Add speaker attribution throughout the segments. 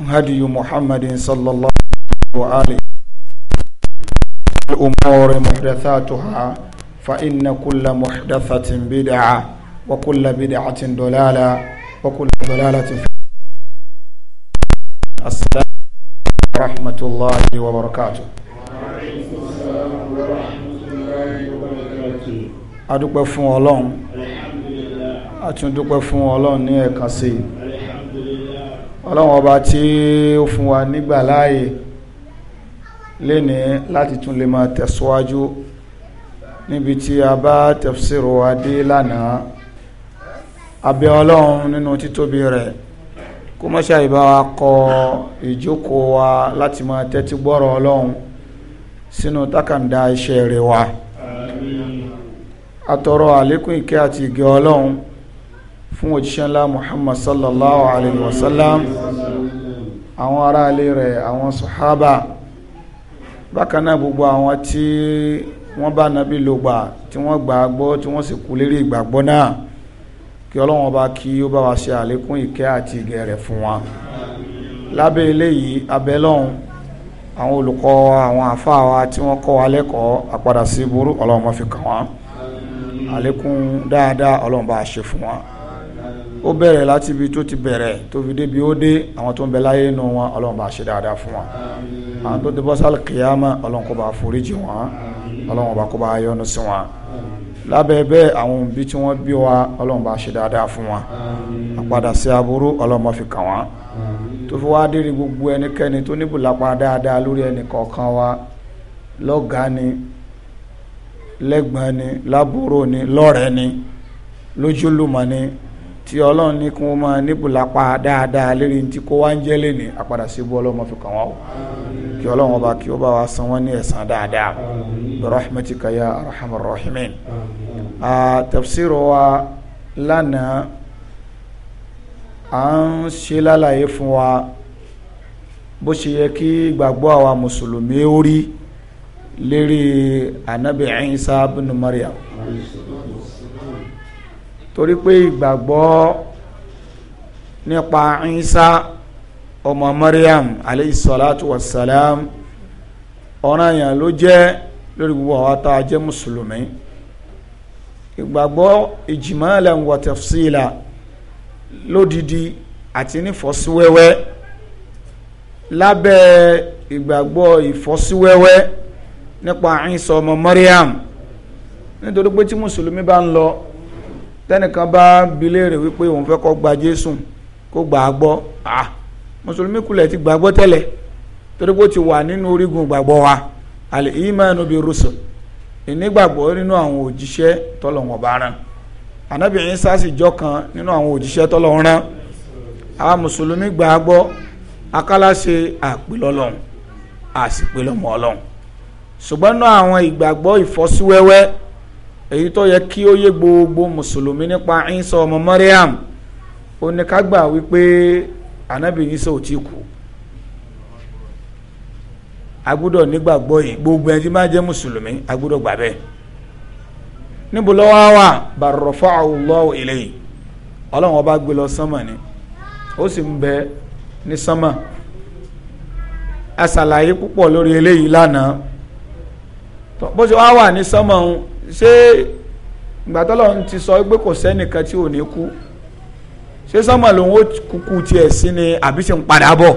Speaker 1: هدي محمد صلى الله عليه وآله الأمور محدثاتها فإن كل محدثة بدعة وكل بدعة ضلالة وكل ضلالة في السلام ورحمة الله وبركاته adúpẹ́ fún ọlọ́run a tún dúpẹ́ fún ọlọ́run ní ẹ̀kan sí i ọlọ́run ọba tí ó fún wa nígbà láàyè léni láti tún lè máa tẹ̀síwájú níbi tí a bá tafsiru wa dé lánàá abẹ́ ọlọ́run nínú títóbi rẹ̀ kó má ṣàì bá wa kọ ìjókòó wa láti máa tẹ́tí gbọ́rọ̀ ọlọ́run sínú tákàndá iṣẹ́ rẹ̀ wa àtọrọ àlékún ìkẹ́ àti ìgẹ́ ọlọ́run fún òjíṣẹ́ ńlá Muhammad sallallahu alayhi wa sallam àwọn ará ilé rẹ̀ àwọn sahaba bákan náà gbogbo àwọn tí wọ́n bá nàbí lò gbà tí wọ́n gbà gbọ́ tí wọ́n sì kú lérí ìgbàgbọ́ náà kí ọlọ́wọ́n bá kí ó bá wa ṣe àlékún ìkẹ́ àti ìgẹ̀ rẹ̀ fún wa lábẹ́ eléyìí abẹ́lọ́hún àwọn olùkọ́ àwọn àfáà wa tí wọ́n kọ́ wa lẹ́kọ̀ọ́ àpadà sí burú ọlọ́run má fi kàn wá àlékún dáadáa ọlọ́run bá ṣe fún wa ó bẹ̀rẹ̀ láti ibi tó ti bẹ̀rẹ̀ tó fi débi ó dé àwọn tó ń bẹ láyé nù wọn ọlọ́run bá ṣe dáadáa fún wọn àwọn tó ti bọ́ sálì kìyàmà ọlọ́run kó bá foríjì wọn ọlọ́run bá kó bá yọ́nú sí wọn lábẹ́ bẹ́ẹ̀ àwọn òbí tí wọ́n bí wa ọlọ́run bá ṣe dáadáa fún wọn àpadà sí aburú ọlọ́run fi kàn wọ́n tó fi wá dérí gbogbo ẹnikẹ́ni tó níbùlápa dáadáa lórí ẹnìkọ̀ọ̀kan wa lọ́gàá ni lẹ́gbọ̀n ni lábúrò ni lọ́rẹ̀ẹ́ ni lójúlùmọ̀ ni tí ọlọ́run ní kí wọ́n máa níbùlápa dáadáa lérí tí kó wá ń jẹ́ lẹ́ni àpadà síbú ọlọ́run máa fi kàn wọ́n o kí ọlọ́run ọba kí ó bá wa san wọ́n ní ẹ̀san dáadáa rahmatika ya arhamar rahimin tafsiru wa lánàá à ń ṣe lálàyé fún wa bó ṣe yẹ kí gbàgbọ́ àwa mùsùlùmí ó rí lérí anabi Isa bin Maryam torí pé ìgbàgbọ́ nípa Isa ọmọ Maryam aleyhi salatu wa salam ọ̀ranyàn ló jẹ́ lórí gbogbo àwa tá a jẹ́ mùsùlùmí ìgbàgbọ́ ijmalan wa tafsila lódidi àti nífọ̀síwẹ́wẹ́ lábẹ́ ìgbàgbọ́ ìfọ́síwẹ́wẹ́ nípa Isa ọmọ Maryam nítorí pé tí mùsùlùmí bá ń lọ tẹnìkan bá bilére wípé òun fẹ́ kọ́ gba jésù kó gbà á gbọ́ ah mùsùlùmí kulẹ̀ ti gbàgbọ́ tẹ́lẹ̀ torí pé ti wà nínú orígun gbàgbọ́ wa àlè ìmánu bi rusul ìnígbàgbọ́ nínú àwọn òjíṣẹ́ tọ́lọ̀wọ̀n bá rán ànábì Ìsá sì jọ kan nínú àwọn òjíṣẹ́ tọ́lọ̀wọ̀n rán àwọn mùsùlùmí gbàgbọ́ akálàṣe àpilọ́lọ́hún àsìpilọ́mọ́ ọlọ́hún ṣùgbọ́n náà àwọn ìgbàgbọ́ ìfọ́síwẹ́wẹ́ èyí tó yẹ kí ó yé gbogbo mùsùlùmí nípa Ìsá ọmọ Mariam ó wípé ànábì Ìsá ò tí kú a nígbàgbọ́ yìí gbogbo ẹni tí máa jẹ́ mùsùlùmí a gbà bẹ́ẹ̀ níbo lọ́wọ́ wà ọba gbé lọ ni ó sì ń bẹ ní sánmà a ṣàlàyé púpọ̀ lórí eléyìí lánàá bó ṣé ìgbàtọ́lọ́run ti sọ pé kò sẹ́nìkan tí ò ní kú ṣé sọ́mọ̀ lòun ó kúkú tiẹ̀ sí ni àbí ṣe ń padà bọ̀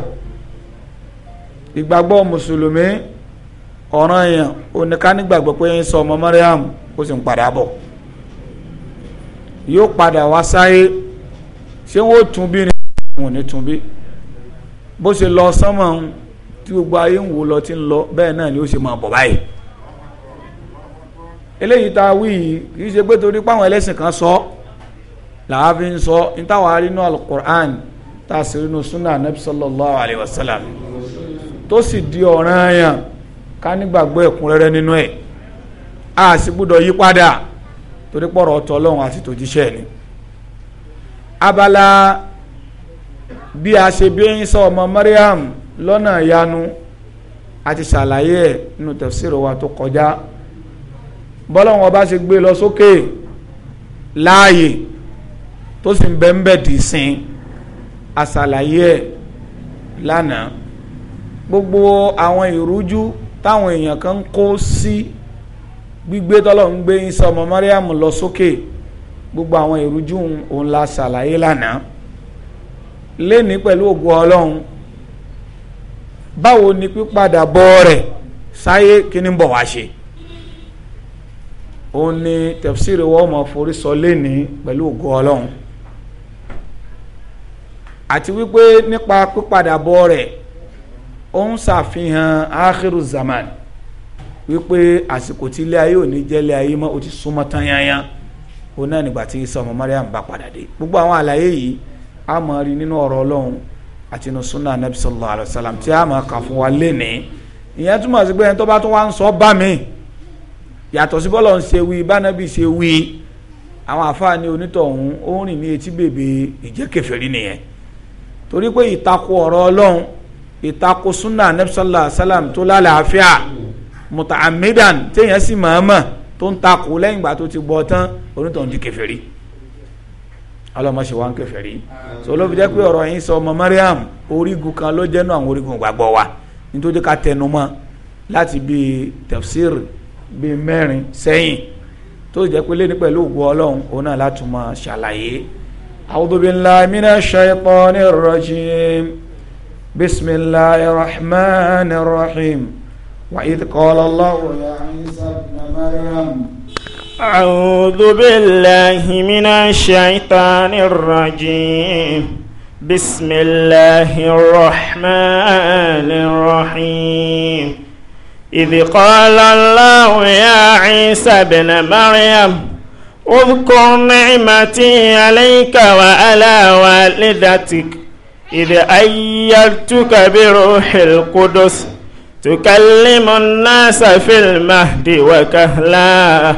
Speaker 1: ìgbàgbọ́ mùsùlùmí ọ̀ràn èèyàn oníkanígbàgbọ́ pé ń sọ ọmọ Mariam ó sì ń padà bọ̀ yóò padà wá sáyé ṣé wọ́n ó tún bí ni wọ́n ò ní tún bí bó ṣe lọ sánmọ̀ tí gbogbo ayé ń wò lọ ti ń lọ bẹ́ẹ̀ náà ni ó ṣe máa bọ̀ báyìí eléyìí tá a wí yìí kì í ṣe pé torí páwọn ẹlẹ́sìn kan sọ làá fi ń sọ ní táwọn arínú alukur'an tá a sì anabi sallallahu alayhi wa sallam tó sì di ọ̀ranyàn ká nígbàgbọ́ ẹ̀kúnrẹ́rẹ́ nínú ẹ̀ a sì gbúdọ̀ yí padà torí pọ̀rọ̀ ọ̀tọ̀ ọlọ́run àti tòjíṣẹ́ ni abala bí a ṣe bí Ìsá ọmọ Maryam lọ́nà ìyanu a ti ṣàlàyé ẹ̀ nínú wa tó kọjá. bọ́lọ́wọ́n ọba ṣe gbé lọ sókè láàyè tó sì ń bẹ́ ń bẹ̀ dì sin àṣàlàyé ẹ̀ lánàá gbogbo àwọn ìrújú táwọn èèyàn kan ń kó sí gbígbé tọ́lọ̀ ń gbé Ìsá ọmọ Mariam lọ sókè gbogbo àwọn ìrújú òun la ṣàlàyé lánàá léni pẹ̀lú ògùn ọlọ́run báwo ni pípadà bọ́ rẹ̀ sáyé kí ni bọ̀ wá ṣe ó ní tẹfsiri wọ́n mọ̀ forí sọ lẹ́ni pẹ̀lú ògo ọlọ́run àti wípé nípa pípadà bọ̀ rẹ̀ ó ń ṣàfihàn áhírù zaman wípé àsìkò tí ilé ayé òní jẹ́ ilé ayé mọ́ ó ti súnmọ́ tán yányán ó náà nígbà tí Isa ọmọ Mariam bá padà dé gbogbo àwọn àlàyé yìí a máa rí nínú ọ̀rọ̀ ọlọ́run àti inú sunna anabi sallallahu alayhi wa sallam tí a máa kà fún wa lẹ́ni ìyẹn túmọ̀ sí pé ẹni tó bá tún wá ń sọ bá mi yàtọ̀ sí bọ́lọ̀ ń ṣe wí bánábì ṣe wí àwọn àfáàní onítọ̀hún ó ń rìn ní etí bèbè ìjẹ́kẹfẹ́rí nìyẹn torí pé ìtakò ọ̀rọ̀ ọlọ́run ìtakò sunna anabisalla salam tó lálàáfíà muta'ammidan téèyàn sì mọ̀ọ́mọ̀ tó ń takò lẹ́yìn ìgbà tó ti gbọ́ tán onítọ̀hún di kẹfẹ́rí ọlọmọṣẹ wa ń kèfèrí so ló fi jẹ́ pé ọ̀rọ̀ yín sọ ọmọ mariam orígun kan ló jẹ́ àwọn orígun ìgbàgbọ́ wa nítorí ká tẹnu láti bíi tafsir bíi mẹ́rin sẹ́yìn tó jẹ́ pé lẹ́ni pẹ̀lú ògo ọlọ́run òun náà láti máa ṣàlàyé. A'udhu billahi minash shaytanir rajim bismillahir rahmanir rahim wa idh qala Allahu ya
Speaker 2: Isa ibn Maryam.
Speaker 1: A'udhu billahi minash
Speaker 2: shaytanir rahim. إذ قال الله يا عيسى ابن مريم اذكر نعمتي عليك وعلى والدتك إذ أيدتك بروح القدس تكلم الناس في المهد وكهلا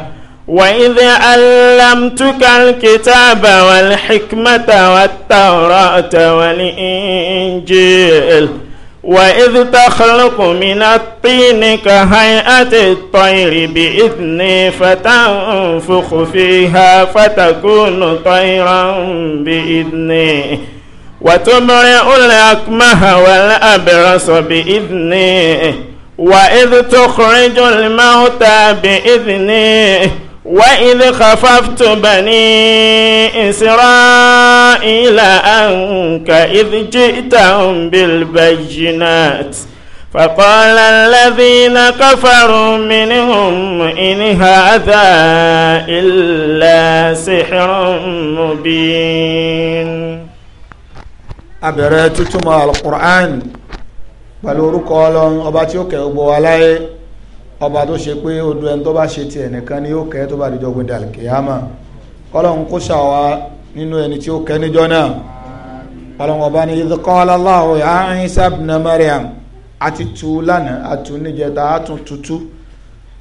Speaker 2: وإذ علمتك الكتاب والحكمة والتوراة والإنجيل وإذ تخلق من الطين كهيئة الطير بإذني فتنفخ فيها فتكون طيرا بإذني وتبرئ الأكمه والأبرص بإذني وإذ تخرج الموتى بإذني وَإِذْ خففت بَنِي إسرائيل أنك إذ جئتهم بالبينات فَقَالَ الَّذِينَ كَفَرُوا مِنْهُمْ إن هذا إلا سِحْرٌ
Speaker 1: مُبِينٌ أبرأت تما القرآن بل أرقى لهم أباتيوك ọba tó ṣe pé odò ẹni tó bá ṣe tiẹ̀ nìkan ni yóò kẹ́ tó bá dìjọ́ gbẹ̀dẹ̀ àlùkìyàmà kọ́lọ́hún kó ṣàwa nínú ẹni tí ó kẹ́ níjọ́ náà kọ́lọ́hún ọba ní idh qala Allahu ya Isa ibn Maryam àti tu lánàá àtún níjẹta àtún tutù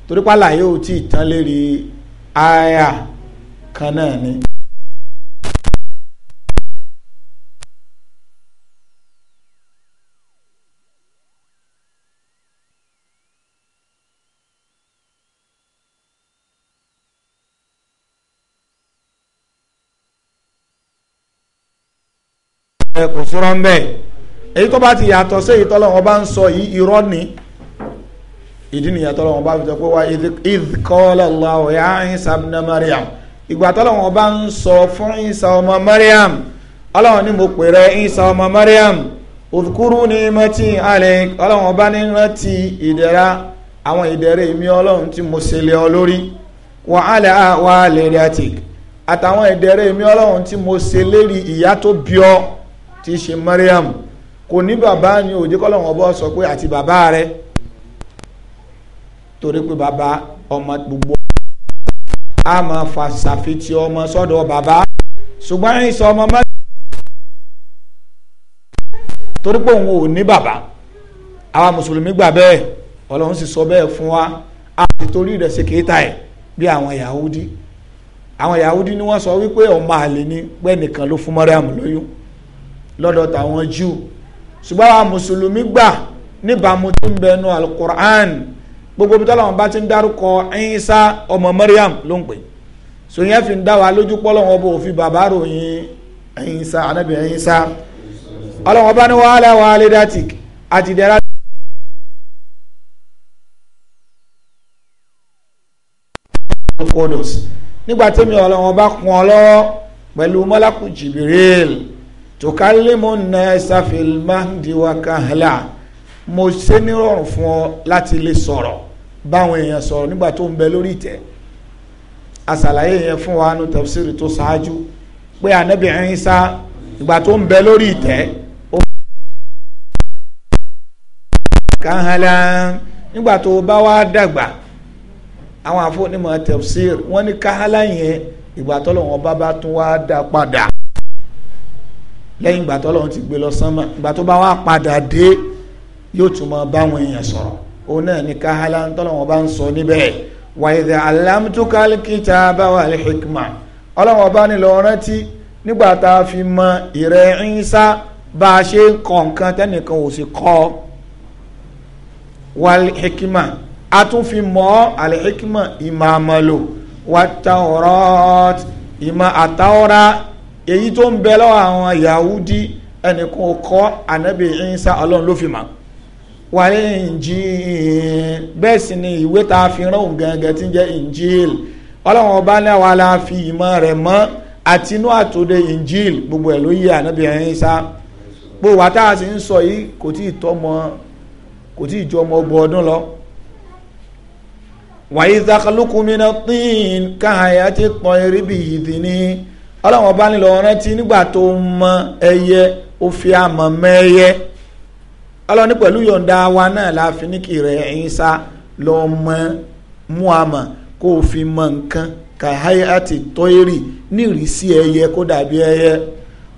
Speaker 1: torípàlà yóò tí tán lérí aya kan náà ni. ẹ kò sọ̀rọ̀ ń bẹ̀ èyí tó bá ti yàtọ̀ sí èyí tọ́lọ́wọ́n bá ń sọ yìí irọ́ ni ìdí nìyà tọ́lọ́wọ́n bá fi sọ pé wá idh qala ya Isa ibn Maryam ìgbà tọ́lọ́wọ́n bá ń sọ fún Isa ọmọ Maryam ọlọ́wọ́n ni mo pè rẹ Isa ọmọ Maryam udhkuru ni'mati alayk ọlọ́wọ́n bá ní rántí ìdẹ̀ra àwọn ìdẹ̀rẹ̀ mi ọlọ́run tí mo ṣe lé ọ lórí wa ala wàhálẹ̀ rẹ̀ àtàwọn ìdẹ̀rẹ̀ mi ọlọ́run tí mo ṣe tí í ṣe Mariam kò ní bàbá ni òjì kọ́lọ́wọ́n bọ́ sọ pé àti bàbá rẹ torí pé bàbá ọmọ gbogbo a máa fa ṣàfitì ọmọ sọ́dọ̀ bàbá ṣùgbọ́n ẹ̀ ń sọ ọmọ mẹ́rin torí pé òun ò ní bàbá àwa mùsùlùmí gbà bẹ́ẹ̀ ọlọ́run sì sọ bẹ́ẹ̀ fún wa a ti torí rẹ̀ ṣe kéétà ẹ̀ bí àwọn Yahudi àwọn Yahudi ni wọ́n sọ wípé ọmọ àlè ni pé ló fún Mariam lóyún lọ́dọ̀ tàwọn Júù ṣùgbọ́n àwọn mùsùlùmí gbà níbàámu tó ń bẹnu alukur'an gbogbo bí tọ́lọ́wọ́n bá ti ń dárúkọ ẹ̀yìnsá ọmọ Maryam ló ń pè sòyìn fi ń dá wa lójú pọ́lọ́wọ́n bò fi bàbá ròyìn ẹ̀yìnsá anábì ẹ̀yìnsá ọlọ́wọ́n bá ní wàhálà wàhálà dátìk àti ìdẹ́ra. kódòs nígbà tí mi ọlọ́wọ́n bá kún ọ lọ́wọ́ pẹ̀lú mọ́lákù jìbìrìlì tukalimu nasa fil mahdi wa kahla mo ṣe nírọ̀rùn fún ọ láti lè sọ̀rọ̀ báwọn èèyàn sọ̀rọ̀ nígbà tó ń bẹ lórí ìtẹ́ àṣàlàyé yẹn fún wa nu tafsiri tó ṣáájú pé anabi Isa ìgbà tó ń bẹ lórí ìtẹ́ ó. kahala nígbà tó bá wá dàgbà àwọn àfọwọ́nìmọ̀ tafsir wọ́n ní kahala yẹn ìgbà tó lọ́wọ́ bá bá tún wá dá padà lẹ́yìn ìgbà tó lọ́run ti gbé lọ sánmà ìgbà tó bá wá padà dé yóò tún máa báwọn èèyàn sọ̀rọ̀ òun náà ní káhálà ń tọ́lọ́wọ́n bá ń sọ níbẹ̀ wàyẹ̀dẹ̀ alámtukal kitaba wal hikma ọlọ́wọ́n bá ní lọ rántí nígbà tá a fi mọ ìrẹ́ ìnsá bá a ṣe ń tẹ́nìkan ò sì kọ́ wal hikma a tún fi mọ́ al hikma ìmọ̀ àmọ́lò wàtàwọ́rọ́t ìmọ̀ àtàwọ́rá èyí tó ń bẹ lọ́wọ́ àwọn yahudi ẹnìkan kọ́ anabi Isa ọlọ́run ló fi mà wàlẹ́ injil bẹ́ẹ̀ sì ni ìwé tá a fi rán òun gangan tí ń jẹ́ injil ọlọ́run ọba ní àwa la fi ìmọ̀ rẹ̀ mọ́ àtinú àtòdè injil gbogbo ẹ̀ ló yẹ anabi Isa bó wa tá a sì ń sọ yìí kò tí ì tọ́mọ kò tí ì ju ọmọ ọgbọ̀n ọdún lọ wàyí zakalukumina tíìn káhayà ti tọ́ eré bíi ìdí ní ọlọ́wọ́n bá nílò rántí nígbà tó mọ ẹyẹ ó fi àmọ̀ mẹ́ẹ̀yẹ ọlọ́ni pẹ̀lú yọ̀ǹda wa náà la fi ní kí rẹ̀ ẹ̀yin sá lọ mọ mú àmọ̀ kó o fi mọ nǹkan kàháyé àti tọ́yẹ̀rì nírìísí ẹyẹ kó dàbí ẹyẹ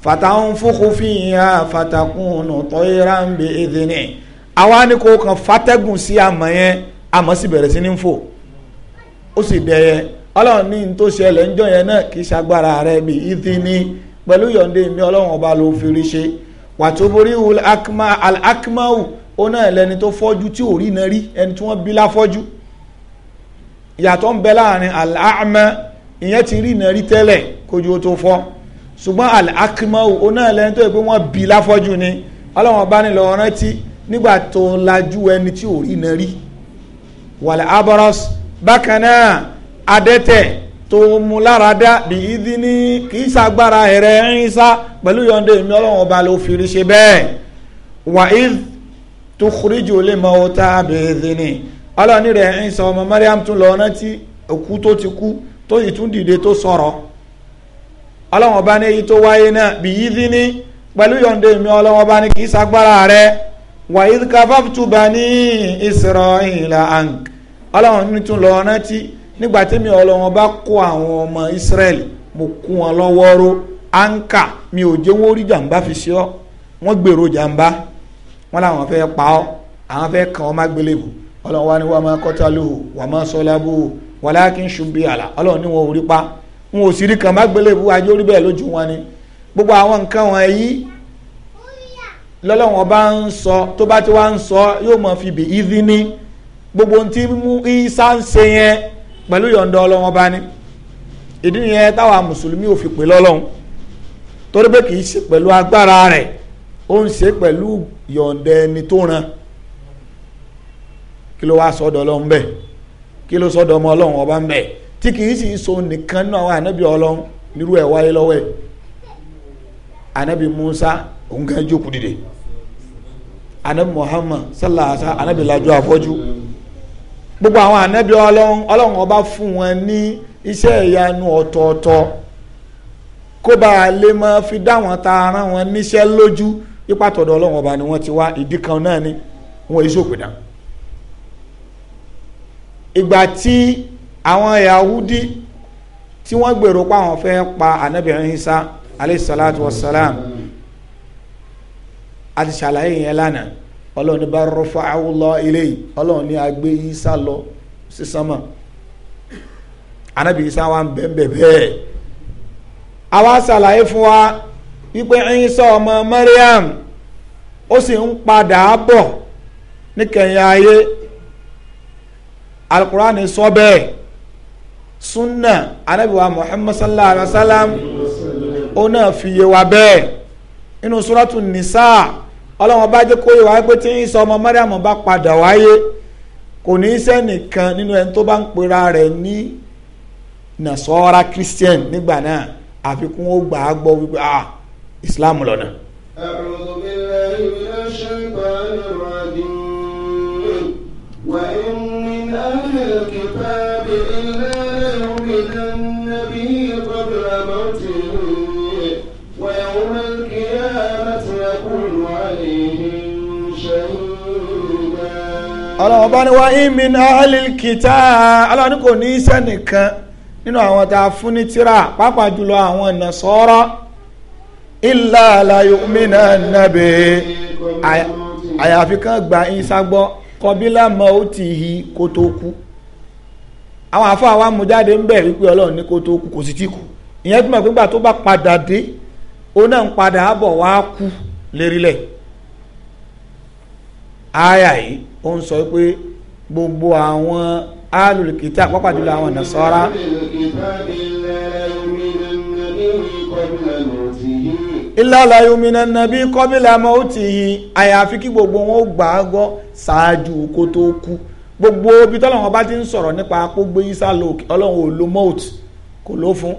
Speaker 1: fàtàkùn fúnkúfìyà fàtàkùn tọ́yẹ̀rà ń bẹ ẹ̀dínì àwa ni kò kàn fàtẹ́gùn sí àmọ̀ yẹn àmọ̀ sì bẹ̀rẹ̀ sí ní fò ó sì dẹ́yẹ ọlọ́run ní n tó ṣẹlẹ̀ ń jọ yẹn náà kì í ṣagbára rẹ bí ìdí ni pẹ̀lú yọ̀ǹde mi ọlọ́run ọba ló fi rí ṣe wàtúborí al-akmahu ó náà lẹni tó fọ́jú tí ò rí iná rí ẹni tí wọ́n bí láfọ́jú ìyàtọ̀ ń bẹ láàrin al-a'ma ìyẹn ti rí iná rí tẹ́lẹ̀ kójú ó tó fọ́ ṣùgbọ́n al-akmahu ó náà lẹni tó yẹ pé wọ́n bí láfọ́jú ni ọlọ́run ọba nílò rántí nígbà tó lajú ẹni tí ò rí iná rí wàlẹ̀ abaros bákan náà adẹ́tẹ̀ tó mú lára dá bí ìdí ní kì í ṣàgbára ẹ̀rẹ́ ẹ̀rínsá pẹ̀lú yọ̀ǹde mi ọlọ́run ọba ló fi rí ṣe bẹ́ẹ̀ wà í tukurijú lè mọ ọ tá a bèè dì ní ọlọ́ọ̀ni rẹ̀ ẹ̀rínsá ọmọ Mariam tún lọ rántí òkú tó ti kú tó yìí tún dìde tó sọ̀rọ̀ ọlọ́run ọba ní èyí tó wáyé náà bí ìdí ní pẹ̀lú yọ̀ǹde mi ọlọ́run ọba ní kì í ṣàgbára rẹ̀ wà í kafaftu bani Isra'ila ank ọlọ́run ní tún lọ rántí nígbà tí mi ọlọ́wọ́n bá kó àwọn ọmọ Israẹli mo kún wọn lọ́wọ́ ró anka mi ò jẹ́ wọ́n rí jàǹbá fi ṣe ọ́ wọ́n gbèrò jàǹbá wọ́n làwọn fẹ́ pa ọ́ àwọn fẹ́ kàn ọ́ má gbélébù ọlọ́wọ́n wa ni wọ́n máa kọ́ta lóhùn wọ́n máa sọ lábúhù wọ́n láàkín ṣubí àlà ọlọ́wọ́n ni wọ́n ò rí pa wọn ò sì rí kàn má gbélébù ajé orí bẹ́ẹ̀ lójú wọn ni gbogbo àwọn nǹkan wọn yí lọ́lọ́wọ́n bá ń sọ tó bá ti wá ń sọ yóò mọ̀ fi bì í dín ní gbogbo ohun tí mú ìsá ń ṣe yẹn pẹ̀lú yọ̀ǹda ọlọ́wọ́n bá ní ìdí nìyẹn táwa mùsùlùmí ò fi pè lọ́lọ́hún torí pé kì í ṣe pẹ̀lú agbára rẹ̀ ó ń ṣe pẹ̀lú yọ̀ǹda ẹni tó ran kí ló wá sọ́dọ̀ ọlọ́run bẹ́ẹ̀ kí ló sọ́dọ̀ ọmọ ọlọ́run ọba ń bẹ́ẹ̀ tí kì sì so nìkan náà àwọn ànábì ọlọ́run nírú ẹ̀ wáyé lọ́wọ́ ẹ̀ ànábì Musa òun jókòó dìde ànábì Muhammad sallallahu alaihi wa sallam ànábì lajú afọ́jú gbogbo àwọn ànábì ọlọ́run ọlọ́run ọba fún wọn ní iṣẹ́ ìyanu ọ̀tọ̀ọ̀tọ̀ kó bá a lè máa fi dá wọn ta ara wọn níṣẹ́ lójú ipa tọ̀dọ̀ ọlọ́run ọba ni wọ́n ti wá ìdí kan náà ni wọ́n èso pè dán. ìgbà tí àwọn Yahudi tí wọ́n gbèrò pa àwọn fẹ́ pa ànábì Ìsá aleyhi salatu wa salam àti ṣàlàyé yẹn lánàá ọlọ́run ní bá rọ́fà áwùlọ ilé yìí ọlọ́run ní agbé isa lọ sí sánmà anabi isa wa ń bẹ́ẹ̀ bẹ́ẹ̀ àwa ṣàlàyé fún wa wípé isa ọmọ Mariam ó sì ń padà bọ̀ níkẹyìn ayé alukur'an sọ bẹ́ẹ̀ sunna anabi wa Muhammad sallallahu alaihi wa sallam ó náà fi yé wa bẹ́ẹ̀ inú suratu nisa ọlọ́wọ́n bá jẹ́ kó yẹ wá pé tí ń sọ ọmọ mọ́ríàmù bá padà wáyé kò ní í sẹ́nìkan nínú ẹni tó bá ń pera rẹ̀ ní nàṣọ́ra christian nígbà náà àfikún ó gbà á gbọ́ wípé ah islam lọ́nà. a'udhu billahi
Speaker 2: minash shaytanir rajim wa in min ahlil kitabi illa layu'minanna.
Speaker 1: ọlọ́run ni ní wá ìmìn alìkìtà ọlọ́run kò ní ninu awọn nínú àwọn tá a fún ní tíra pàápàá jùlọ àwọn ọ̀nà gba isagbo kọbílà mọ́ ó awọn kó tó kú àwọn àfáà wa mú ń bẹ̀ wípé ọlọ́run ní kó tó kú kò sì ti kú ìyẹn tó aya yìí ó ń sọ pé gbogbo àwọn alùlùkìtà pápájùlọ àwọn nàṣọ́ra ìlàlà yomina nàbí kọ́bílà mọ́tìhì àyàfi kí gbogbo wọn ó gbà á gbọ́ ṣáájú kó tó kú gbogbo ibi tọ́lọ́wọ́n bá ti ń sọ̀rọ̀ nípa kó gbé isa lókè ọlọ́run ò lo mọ́ọ̀tì kò ló fún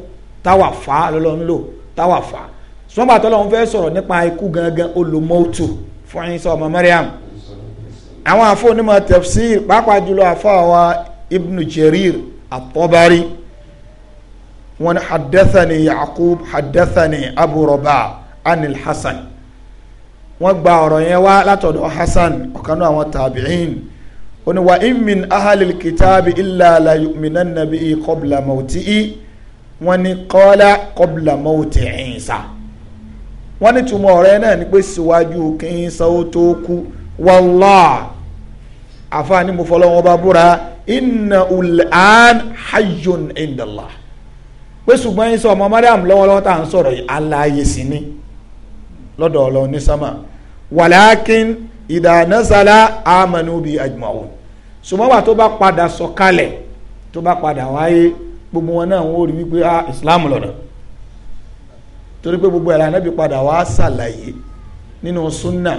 Speaker 1: táwà fà á lọ́lọ́run lò táwà fà á sọ́mbà tọ́lọ́run fẹ́ sọ̀rọ̀ nípa ikú gangan ó lo mọ́ọ̀tì fún isa ọmọ Mariam àwọn àfọ onímọ̀ tafsir pàápàá jùlọ àfọ àwọn ibn Jarir at-Tabari wọn hadathani Yaqub hadathani Abu Rabah anil Hasan wọ́n gba ọ̀rọ̀ yẹn wá látọ̀dọ̀ Hasan ọ̀kanú àwọn tabi'in ó ní wa in min ahalil kitaabi illa la yu'minan nabi qabla mawti'i wọ́n ní qala qabla mawti Isa wọ́n ní túmọ̀ ọ̀rẹ́ náà ni pé síwájú kí Isa ó tó kú wàllá àfààní mo fọlọ́ wọn bá búra inna ul'an hayyun indala pé ṣùgbọ́n yín sọ ọmọ mariam lọ́wọ́lọ́wọ́ tá à ń sọ̀rọ̀ yìí aláàyè sí ni lọ́dọ̀ ọlọ́run ní sámà wàlákin ìdánásálá amanu bíi ajma'un ṣùgbọ́n wà tó bá padà sọ̀kalẹ̀ tó bá padà wáyé gbogbo wọn náà wọ́n rí wípé ah islam lọ́nà torí pé gbogbo ẹ̀rọ anábì padà wá ṣàlàyé nínú sunnah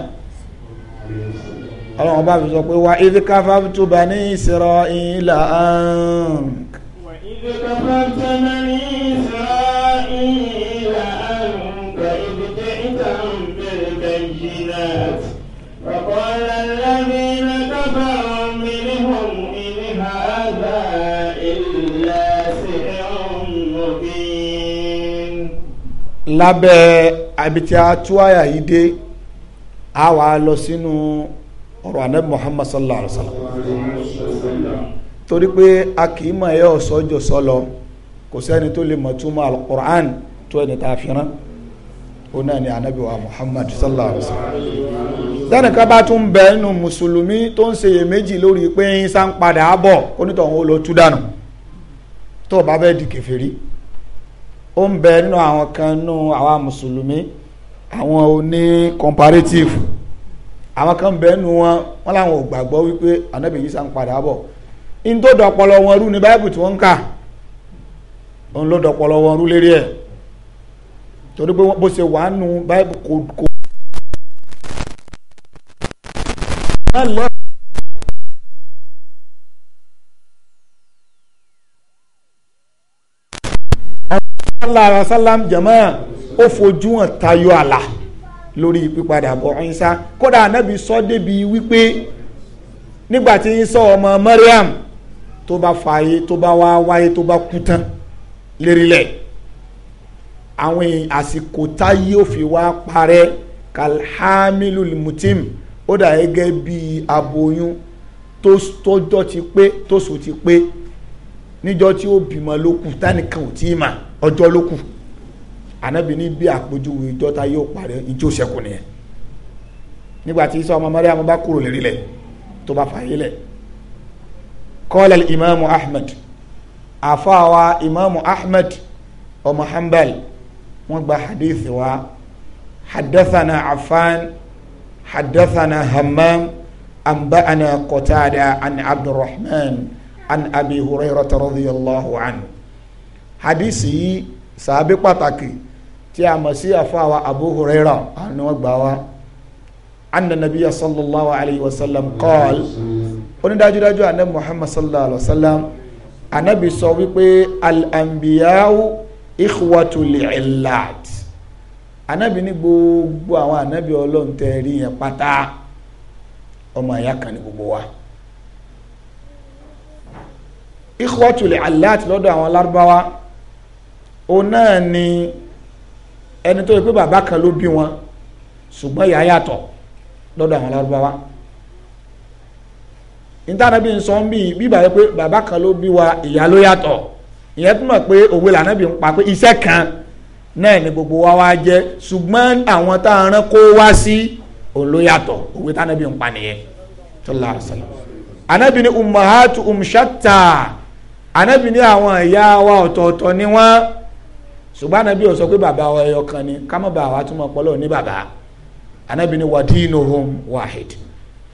Speaker 1: ọlọ́run bá fi sọ pé wa idh kafaftu bani isra'ila ank.
Speaker 2: wa idh kafaftu bani isra'ila anka idh ji'tahum bil bayyinat wa qala alladhina kafaru minhum in hadha illa sihrun mubin.
Speaker 1: lábẹ́ àbítí àtúwáyà yìí dé a wà lọ sínú ọ̀rọ̀ anabi muhammad sallallahu alaihi wa sallam torí pé a kì í mọ̀ ẹ́ ọ̀sọ́jọ́ sọlọ kò sẹ́ni tó lè mọ̀ túmọ̀ alukur'an tó ẹni tá a fi rán òun náà ni anabi wa muhammad sallallahu alaihi wa sallam tẹnika bá tún bẹ nínú mùsùlùmí tó ń ṣeyèméjì lórí pé ń sá ń padà bọ̀ onítọ̀hún ó lọ tú dànù tó o bá bẹ́ẹ̀ di kèfèrí ó ń bẹ nínú àwọn kan nínú àwa mùsùlùmí àwọn oní comparative àwọn kan bẹ́ẹ̀ nu wọn wọn làwọn ò gbàgbọ́ wípé anabi yìí sàn padà bọ̀ in tó dọ̀pọ̀lọ̀ wọn rú ni báyìí tí wọ́n ń kà òun ló dọ̀pọ̀lọ̀ wọn rú lérí ẹ̀ torí pé bó ṣe wàá nu báyìí kò kò. sallallahu jama'a ó fojú hàn tayọ àlà lórí pípadà bọ̀ Ìsá kódà anábì sọ débi wípé nígbà tí Ìsá ọmọ Mariam tó bá fààyè tó bá wá wáyé tó bá kú tán lérílẹ̀ àwọn àsìkò táyé ò fi wá parẹ́ kalhamilu limutim, ó dà gẹ́gẹ́ bí aboyún tójọ́ ti pé tóṣù ti pé níjọ́ tí ó bímọ ló tánìkan ò tí ì mà ọjọ́ ló anabi ní bí àpèjúwe ìjọta yóò parí ìjọ sẹ́kù nìyẹn nígbà tí Isa ọmọ Mariam bá kúrò lérí lẹ̀ tó bá fààyè lẹ̀ qala imaamu Ahmed àfàwà imaamu Ahmed ọmọ Hanbal wọ́n gba hadith wa hadathana Affan hadathana Hammam anba'ana Qatada an Abdurrahman an Abi Hurayrata radiyallahu anhu hadith yìí sàbí pàtàkì tí a mọ̀ sí àfáwà Abu Hurairah àni wọ́n gbà wá anna nabiya sallallahu alayhi wa sallam qal onídájúdájú anabi muhammad sallallahu alayhi wa sallam anabi sọ wípé al-anbiya'u ikhwatu li'illat anabi ní gbogbo àwọn anabi ọlọ́run rí yẹn pátá ọmọ ìyá kan ní gbogbo wa ikhwatu li'illat lọ́dọ̀ àwọn lárúbáwá òun náà ni ẹni tó yẹ pé bàbá kan ló bí wọn ṣùgbọ́n ìyá yàtọ̀ lọ́dọ̀ àwọn alárúbáwá ìtànàbí nsọ ń bí bíbà yẹ pé bàbá kan ló bí wa ìyá ló yàtọ̀ ìyẹn túmọ̀ pé òwe lànàbí ń pa pé iṣẹ́ kan náà ni gbogbo wa wá jẹ́ ṣùgbọ́n àwọn tá a rán kó wá sí òun ló yàtọ̀ òwe tànàbí ń pa nìyẹn sallallahu alaihi wasallam ni umahatu umshata anabi ni àwọn ìyá wa ọ̀tọ̀ọ̀tọ̀ ni wọ́n ṣùgbọ́n anabi ó sọ pé bàbá wa ẹyọ kan ni ká má bàa wa tún mọ ọpọlọ ní bàbá anabi ni wadinuhum wahid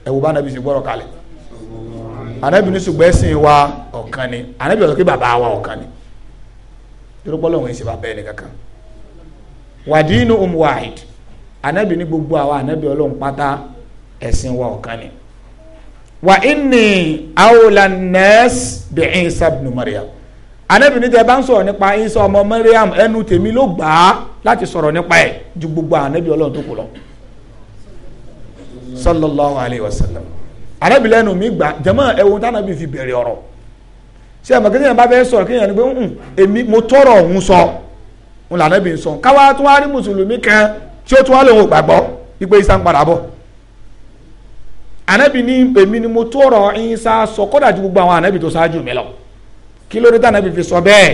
Speaker 1: ẹ̀wù bá anabi sì gbọ́rọ̀ kalẹ̀ anabi ní ṣùgbọ́n ẹ̀sìn wa ọ̀kan ni anabi ó sọ pé bàbá wa ọ̀kan ni torópọ̀ lọ́wọ́ ẹ̀sìn bàbá ẹni kankan wadinuhum wahid anabi ní gbogbo àwa anabi ọlọ́run pátá ẹ̀sìn wa ọ̀kan ni wa inni awlan nas bi Isa ibn anabi níta ẹ bá ń sọ̀rọ̀ nípa isa ọmọ mariam ẹnu tèmi ló gbà á láti sọ̀rọ̀ nípa ẹ̀ ju gbogbo anabi ọlọ́run tó kù lọ sallallahu alayhi wa sallam anabi lẹ́nu mi gbà jama ẹ̀wọ̀n tánabi fi bẹ̀rẹ̀ ọ̀rọ̀ ṣé ẹ̀ mọ̀ kéèyàn bá bẹ́ẹ̀ sọ̀rọ̀ kéèyàn ni pé ń èmi mo tọrọ òun sọ ń là anabi sọ káwá tó wá rí mùsùlùmí kan tí ó tó wá lòun gbàgbọ́ ipe isa ń padà bọ̀ anabi ni èmi ni mo tọrọ isa sọ kódà ju gbogbo àwọn anabi tó ṣáájú mi lọ kí ló dé tànàbí fi sọ bẹ́ẹ̀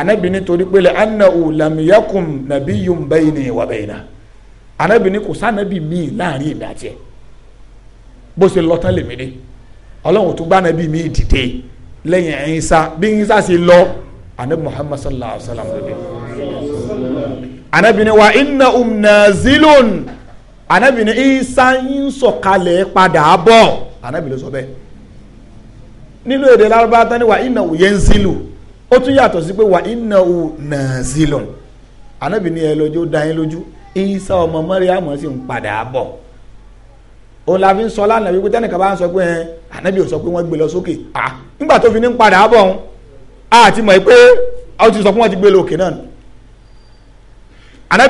Speaker 1: ànábì nítorí pé lè annahu lam yakun nabiyyun bayni wa bayna ànábì ní kò sànàbì míì láàrin èmi àti ẹ bó ṣe lọ tán lèmi ní ọlọ́run tó gbá ànábì míì dìde lẹ́yìn ẹ̀yìnsá bí ẹ̀yìnsá ṣe lọ ànábì muhammad sallallahu alayhi wa sallam lóde ànábì ní wa inna um nazilun ànábì ní ẹ̀yìnsá ń sọ̀kalẹ̀ padà bọ̀ ànábì ló sọ bẹ́ẹ̀ nínú èdè lárúbá tán ní wà iná zilu ó tún yàtọ̀ sí pé wà iná nà zilu ànábì ní ẹ lọ́jọ́ lójú isa ọmọ Màríàmù sì ń padà bọ̀ òun la fi ń sọ lánàá wípé tẹnìkan bá ń sọ pé ẹ ànábì ò sọ pé wọ́n gbé lọ sókè à nígbà tó sọ pé wọ́n ti gbé lọ òkè náà nù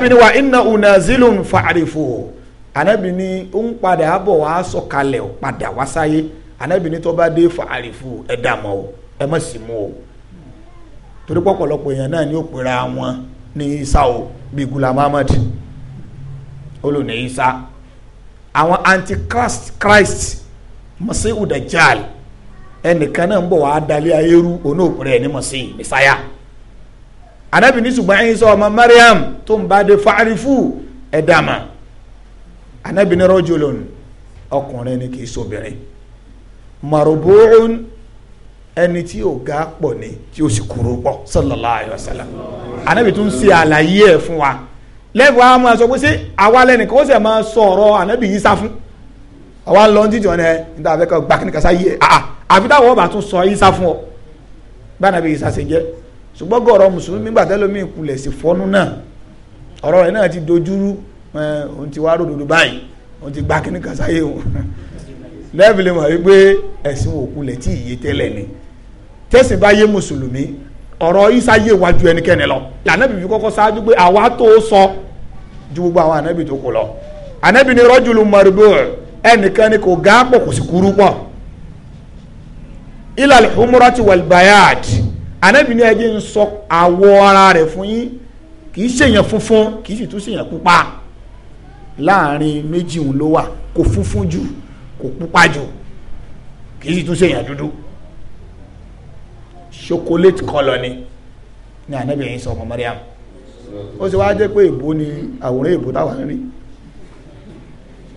Speaker 1: ní wà iná zilu fa àrífò ní ó ń padà bọ̀ wá sọ̀kalẹ̀ padà anabi ní tó bá dé fa àrífù ẹ dà mọ́ o ẹ o torí pọ̀pọ̀lọpọ̀ èèyàn náà ni ó pera wọn ní isa o bíi gula muhammad olùní isa àwọn antichrist christ masihu dajjal ẹnìkan náà ń bọ̀ wá dalẹ̀ ayéru òun ò pèrè ní masihu messiah anabi ní ṣùgbọ́n isa ọmọ mariam tó ń bá dé fa àrífù ẹ dà mọ́ anabi ní ni kì í ṣobìnrin marubuun ẹni tí ò ga pọ̀ ni tí ó sì kúrò pọ̀ sallallahu alayhi wa sallam anabi tún ṣe àlàyé ẹ̀ fún wa lẹ́bùn a máa sọ pé ṣé àwa lẹ́nìkan ó sì máa sọ ọ̀rọ̀ anabi yìí sá fún àwa lọ ní títí wọn ẹ níta àfẹ́kọ̀ gbà kíni kasa yìí ẹ àfi táwọn ọba tún sọ yìí sá fún ọ bá anabi yìí sá ṣe jẹ́ ṣùgbọ́n gọ̀ọ̀rọ̀ mùsùlùmí gbàtẹ́lómi ìkulẹ̀ sí fọ́nú náà ọ̀rọ̀ rẹ̀ náà ti dojúrú ohun ti wá ròdòdó báyìí ohun ti gbà kíni kasa yìí lẹ́ẹ̀bìlì mọ̀ wípé ẹ̀sìn òkulẹ̀ tí ìyé tẹ́lẹ̀ ni tẹ́sìn bá yé mùsùlùmí ọ̀rọ̀ isa yé wájú ẹnikẹ́ni lọ lànàbì fi kọ́kọ́ ṣáájú pé àwa tó sọ ju gbogbo àwọn ànàbì tó kù lọ ànàbì ni rọ́jùlù mọ̀rìbù ẹnìkan ni kò gá pọ̀ kò sì kúrú pọ̀ ilal humurati walbayad ànàbì ni ẹjẹ ń sọ àwọ̀ ara rẹ̀ fún yín kì í ṣèyàn funfun kì í sì tún ṣèyàn pupa láàrin méjì òun ló wà kò funfun jù kò pupa jù kì í sì tún ṣe èèyàn dúdú chocolate colour ni ní ànábì yẹn sọ ọmọ Mariam ó sì wá jẹ́ pé èbó ni àwòrán èbó táwa ń rí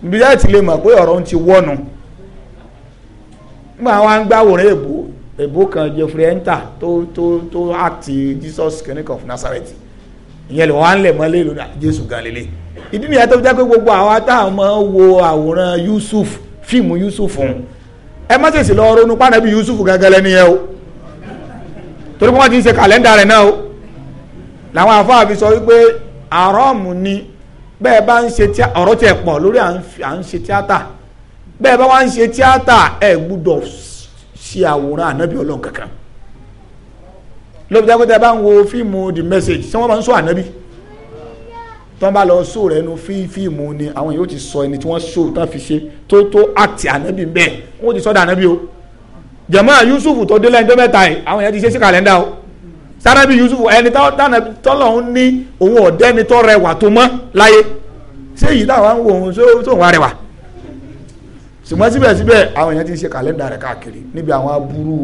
Speaker 1: ibi láì ti lè mọ̀ pé ọ̀rọ̀ ń ti wọ́nu nígbà wa ń gbàwòrán èbó èbó kan Jeffrey Enter tó tó tó act Jesus clinic of Nazareth ìyẹn lè wọ́n á ń lẹ̀ mọ́lẹ́ lónìí Jésù gan lélẹ̀ ìdí nìyẹn tó fi jẹ́ pé gbogbo àwa táwọn wo àwòrán Yusuf fíìmù Yusuf hmm. ẹ má ṣèṣì lọ ronú pàdánù Yusuf gẹ́gẹ́lẹ́ nìyẹn o torí wọ́n ti ń ṣe kàlẹ́ndà rẹ̀ náà o làwọn afáà sọ wípé àrọ́ọ̀mù ni bẹ́ẹ̀ bá ń ṣe tíátà ọ̀rọ̀ tiẹ̀ pọ̀ lórí à ń ṣe tíátà bẹ́ẹ̀ bá wá ń ṣe tíátà ẹ̀ gbúdọ̀ ṣe àwòrán ànábì ọlọ́run kankan lóbi jágbé tẹ́ bá ń wo fíìmù the message tí wọ́n bá ń sọ ànábì tí wọ́n bá lọ sóò rẹ̀ nu fíìmù ni àwọn yóò ti sọ ẹni tí wọ́n sóò tán fi ṣe tó tó àti ànábì bẹ́ẹ̀ wọ́n ti sọ́dọ̀ ànábì o jẹ̀mọ́ Yusuf tó dé lẹ́yìn tó mẹ́ta yìí àwọn yẹn ti ṣe sí kàlẹ́ndà o sárábì Yusuf ẹni tọ́lọ́hún ní òun ọ̀dẹ́ ni tọ́ rẹwà tó mọ́ láyé ṣé èyí táwọn ń wò ó sóhun wa rẹwà ṣùgbọ́n síbẹ̀síbẹ̀ àwọn yẹn ti ṣe kàlẹ́ndà rẹ̀ káàkiri níbi àwọn aburú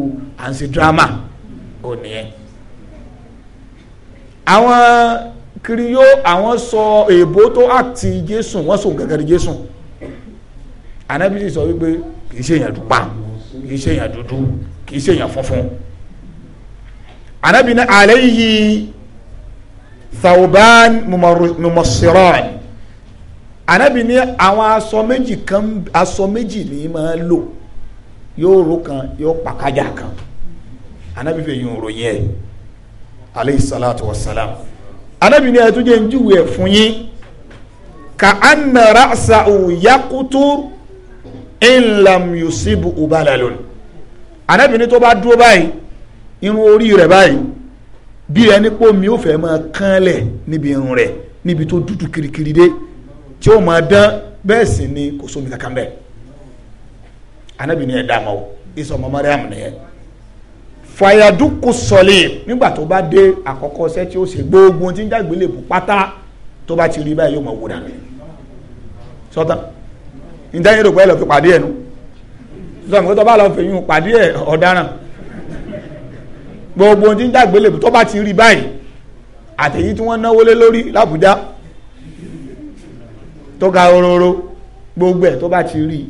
Speaker 1: àǹsí dírámà ò nìyẹn àwọn kiriyó àwọn sọ èèbó tó àti jésù wọ́n sọ gẹ́gẹ́ jésù anabi sì sọ wípé kì í ṣe èèyàn dùpá kì í ṣe èèyàn dúdú kì í ṣe èèyàn funfun anabi ní alẹ́ yìí thawban mumasiran anabi ní àwọn aṣọ méjì kan aṣọ méjì ni máa lò yóò ro kan yóò pàkájà kan anabi fi yun ròyìn ẹ aleyhi salatu wa salam anábì ní ẹtú jẹ́ ń júwe ẹ̀ fún yín ka anna ra'sa yakutu ilam yusibu ubalalon anábì ní tó bá dúró báyìí irun orí rẹ̀ báyìí bí ẹni pò mí ò fẹ́ máa kánlẹ̀ níbi irun rẹ̀ níbi tó dúdú kirikiri dé tí ó máa dán bẹ́ẹ̀ sì ni kò sómi kankan bẹ́ẹ̀ anábì ní ẹ̀ dá ma o ìsọmọ mariam nìyẹn fàyàdúkù sọlẹ̀ nígbà tó bá dé àkọ́kọ́ ṣẹ́ tí ó ṣe gbogbo tí ń jágbe lè bù pátá tó bá ti rí báyìí yóò mọ̀ wò dànù sọ́tà ìdáyẹ̀ rò pé ẹ̀ lọ fi pàdé ẹ̀ nu sọ́tà mọ́tò bá lọ fi yún pàdé ẹ̀ ọ̀daràn gbogbo tí ń jágbe lè bù tó bá ti rí báyìí àtẹ̀yí tí wọ́n náwó lé lórí l'Àbújá tó ga ororo gbogbo ẹ̀ tó bá ti rí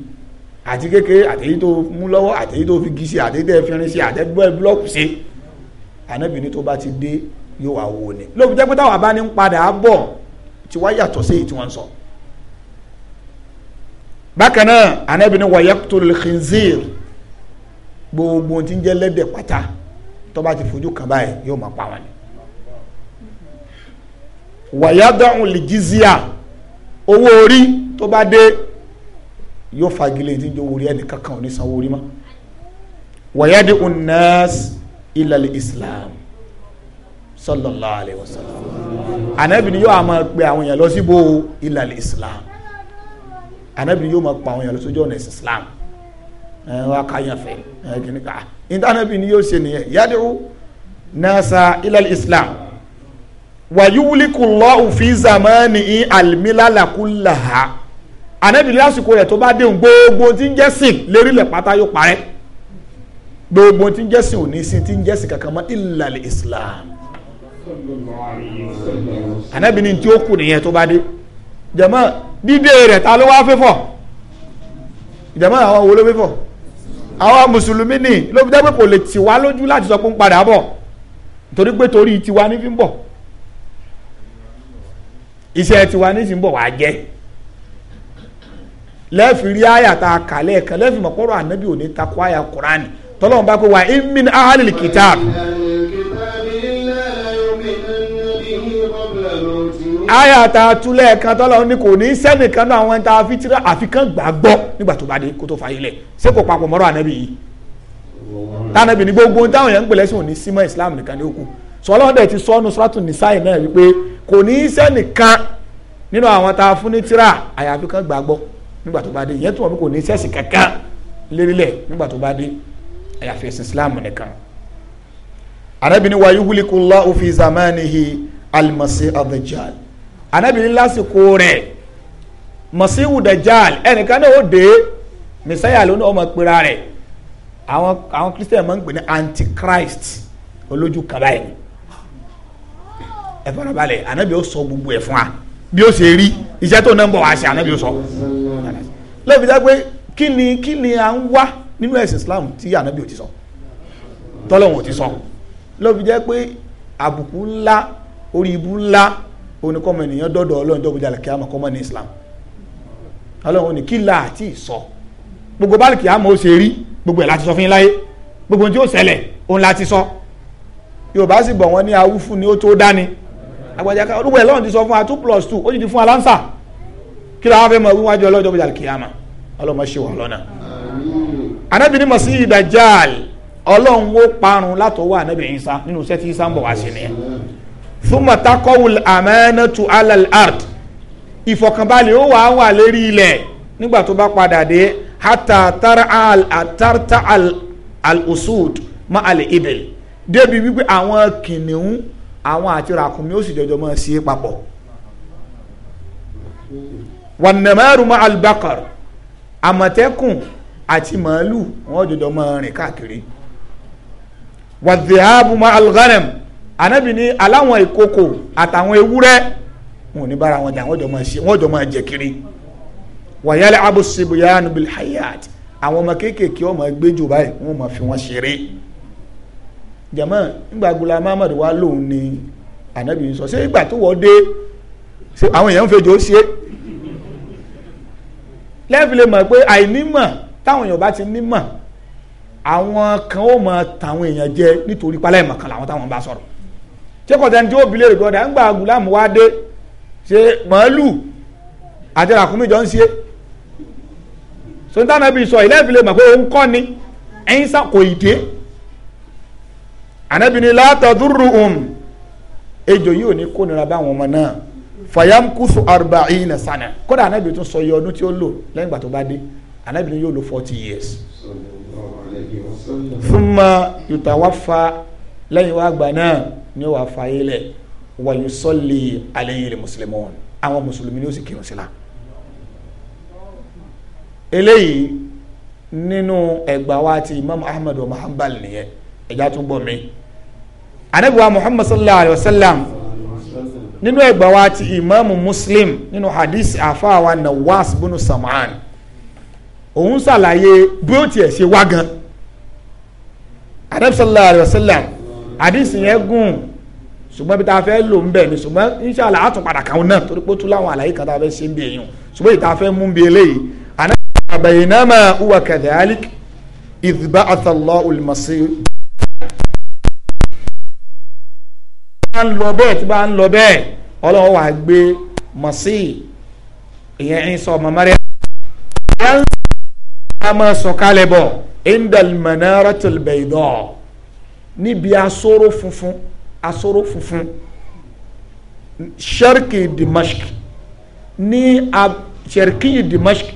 Speaker 1: àti kékeré àtẹ̀yí tó mú lọ́wọ́ àtẹ̀yí tó fi gisi àtẹ̀yí tó fi rin sí àtẹ̀gbọ́ ẹ búlọ́ọ̀kù sí ànábì ní tó bá ti dé yóò wá wo ni lóbi jẹ́ pé táwọn abá ní ń padà bọ̀ tí wá yàtọ̀ sí èyí tí wọ́n ń sọ. bákan náà ànábì ní wa yaqtul khinzir gbogbo tí ń jẹ́ lẹ́dẹ̀ pátá tó bá ti fojú kan báyìí yóò máa pa wọn ni. wa yad'u al-jizya owó orí tó bá dé yóò fagilé tí ń jẹ́ orí ẹni kankan ò ní sanwó orí mọ́ wàyáde unnas ilẹ̀ islam sallallahu alayhi wa sallam anabi ni yóò a máa pe àwọn èèyàn lọ síbò ilẹ̀ islam anabi ni yóò máa pa àwọn èèyàn lọ sójú ọ̀nà islam ẹ wá káyàn fẹ ẹ kìíní ká anabi ni yóò ṣe nìyẹn yáde nasa ilẹ̀ islam wàyúwulikulọ́ òfin zamani almilala kullaha ànábì lásìkò rẹ̀ tó bá dé gbogbo tí ń jẹ́sìn lérílẹ̀ pátá yóò parẹ́ gbogbo tí ń jẹ́sìn ò ní sí tí ń jẹ́sìn kankan mọ́ ìlàlẹ̀ islam ànábì ni tí ó kù nìyẹn tó bá dé jẹ̀mọ́ dídé rẹ̀ ta ló wá fífọ̀ jẹ̀mọ́ àwọn wo ló fífọ̀ àwọn mùsùlùmí ni ló fi jẹ́ pé kò lè tì wá lójú láti sọ pé ń padà bọ̀ torí pé torí tiwa ní fi ń bọ̀ iṣẹ́ tiwa ní sì ń bọ̀ wá jẹ́ lẹ́ẹ̀fì rí àyà tá a kà lẹ́ẹ̀kan lẹ́ẹ̀fì mọ̀ pọ́rọ̀ ànábì ò ní takò àyà kùránì tọ́lọ́run bá pé wà in min ahlil kitab. àyà tá a tú lẹ́ẹ̀kan tọ́lọ́run ni kò ní sẹ́nìkan náà àwọn ẹni tá a tira àfikán gbàgbọ́ nígbà tó bá dé kó tó fa ilẹ̀ ṣé kò papọ̀ mọ́rọ̀ ànábì yìí tànàbì ní gbogbo ohun táwọn èèyàn ń pè lẹ́sìn òní símọ́ islam nìkan ní òkú sọlọ́n dẹ̀ ti sọ́nu sọ́tún nìsáì náà wípé kò ní í sẹ́nìkan nínú àwọn tá a fún ní tíra àyàfi kan gbàgbọ́ nígbà tó bá dé ìyẹn tó wọn kò ní sẹ́sì kankan lérílẹ̀ nígbà tó bá dé àyàfi ẹ̀sìn islam nìkan. arábìnrin wa yuhulikullahu fi zamanihi almasi adajal arábìnrin lásìkò rẹ̀ masiwu dajal ẹnìkan náà ó dé mẹsáyà lónìí ọmọ pera rẹ̀ àwọn àwọn christian máa ń pè ní antichrist olójú kaba yìí ẹ farabalẹ̀ anábìyẹ ó sọ gbogbo ẹ̀ fún wa bí ó ṣe rí iṣẹ́ tó náà ń bọ̀ wá ṣe ànábi ó sọ lọ́bi dá pé kí ni kí ni à ń wá nínú ẹ̀sìn Islam tí ànábi ò ti sọ tọ́lọ́hún ò ti sọ lọ́bi jẹ́ pé àbùkù ńlá orí ibu ńlá oníkọ́mọ ènìyàn dọ́dọ̀ ọlọ́run tó gbẹjà lẹ́kẹ́ àmọ́ kọ́mọ ní Islam ọlọ́run ní kí la àti ìsọ gbogbo báàlìkì àmọ́ ó ṣe rí gbogbo ẹ̀ láti sọ fún yín láyé gbogbo ohun tí ó ṣẹlẹ̀ òun láti sọ Yorùbá sì bọ̀ wọ́n ní awúfún ni ó tó dání àgbàjá olúwẹ̀ lọ́run ti sọ fún wa two plus two ó ti di fún aláǹsà kí lóò fẹ́ mọ wíwájú ọlọ́jọ́ bíi alikiyama ọlọ́mọ ṣe wà lọ́nà. anabi ni masihi dajjal ọlọ́run ó parun látọwọ́ anabi isa nínú iṣẹ́ tí isa ń bọ̀ wá sí nìyẹn. thumma takowul amanatu alal ard ìfọ̀kànbalẹ̀ ó wàá wà lérí ilẹ̀ nígbà tó bá padà dé hata tarta al usud ma al ibil débi wípé àwọn kìnìún àwọn àti ràkúnmí ó sì jọjọ mọ́ sí papọ̀ wànàmẹ́rù mọ́ albakar àmọ̀tẹ́kùn àti màálù wọ́n jọjọ mọ́ rìn káàkiri wàdìhábù mọ́ alghanam anábì ní aláwọn ìkókò àtàwọn ewúrẹ́ wọn ò ní bára wọn jà wọ́n jọ mọ́ jẹ kiri wàyálẹ̀ abu sibuyanu bilhayat àwọn ọmọ kéékèèké ọmọ ẹgbẹ́jù báyìí wọ́n mọ̀ fi wọ́n ṣeré jẹ̀mọ́ nígbà Ghulam Ahmad wá lòun ni ànábì ń sọ ṣé ìgbà tó wọ́ dé ṣé àwọn èèyàn ń fẹjọ́ ṣe é lẹ́ẹ̀fìlẹ̀ mọ̀ pé àìnímọ̀ táwọn èèyàn bá ti nímọ̀ àwọn kan ó mọ tàwọn èèyàn jẹ nítorí pálẹ̀ ìmọ̀ kan làwọn táwọn bá sọ̀rọ̀ ṣé kọ̀tẹ́ni tí ó bilẹ̀ rẹ̀ gbọ́dọ̀ nígbà Ghulam wá dé ṣe màálù àti ràkúnmí jọ ń ṣe sọ̀tàn náà sọ ìlẹ́ẹ̀fìlẹ̀ mọ̀ pé òun kọ́ ni ẹ̀yin sá kò Ànábì ní látàdúrùhùn ejò yìí ò ní kó nira báwọn ọmọ náà fayamkusu arba'ina sana kódà Ànábì tún sọ iye ọdún tí ó lò lẹ́yìn ìgbà tó bá dé Ànábì yóò lò forty years thumma yutawaffa lẹ́yìn wá gbà náà ni ó wà fàyè lẹ̀ wa yusalli alayhi al-muslimun àwọn mùsùlùmí ni ó sì kírun sí la eléyìí nínú ẹgbàá wa ti Imam Ahmad Muhammad nìyẹn ẹ̀já tún gbọ́ mi anabiwa muhammad sallallahu alayhi wa sallam nínú ẹgbà wa ti imaamu muslim nínú hadith afaawa nawas bunu sam'an òun ṣàlàyé bí ó tiẹ̀ ṣe wá gan anabi sallallahu alayhi wa sallam hadith yẹn gùn ṣùgbọ́n bí ta fẹ́ lò ń bẹ̀ ni ṣùgbọ́n inṣàlá àtún padà kàwọn náà torí pé ó tún láwọn àlàyé kan tá a fẹ́ ṣe ń bí èèyàn ṣùgbọ́n ìta fẹ́ mú bí eléyìí anabi sallallahu alayhi wa sallam baynama huwa kadhalik idh ba'atha bá ń lọ bẹ́ẹ̀ tí bá ń lọ bẹ́ẹ̀ ọlọ́run wàá gbé mọ̀sí ìyẹn ń sọ mọ̀mọ́rẹ́. wọ́n á máa sọ̀kalẹ̀ bọ̀ indal manaratul bayda níbi asóró funfun asóró funfun sharki dimashq ní sharki dimashq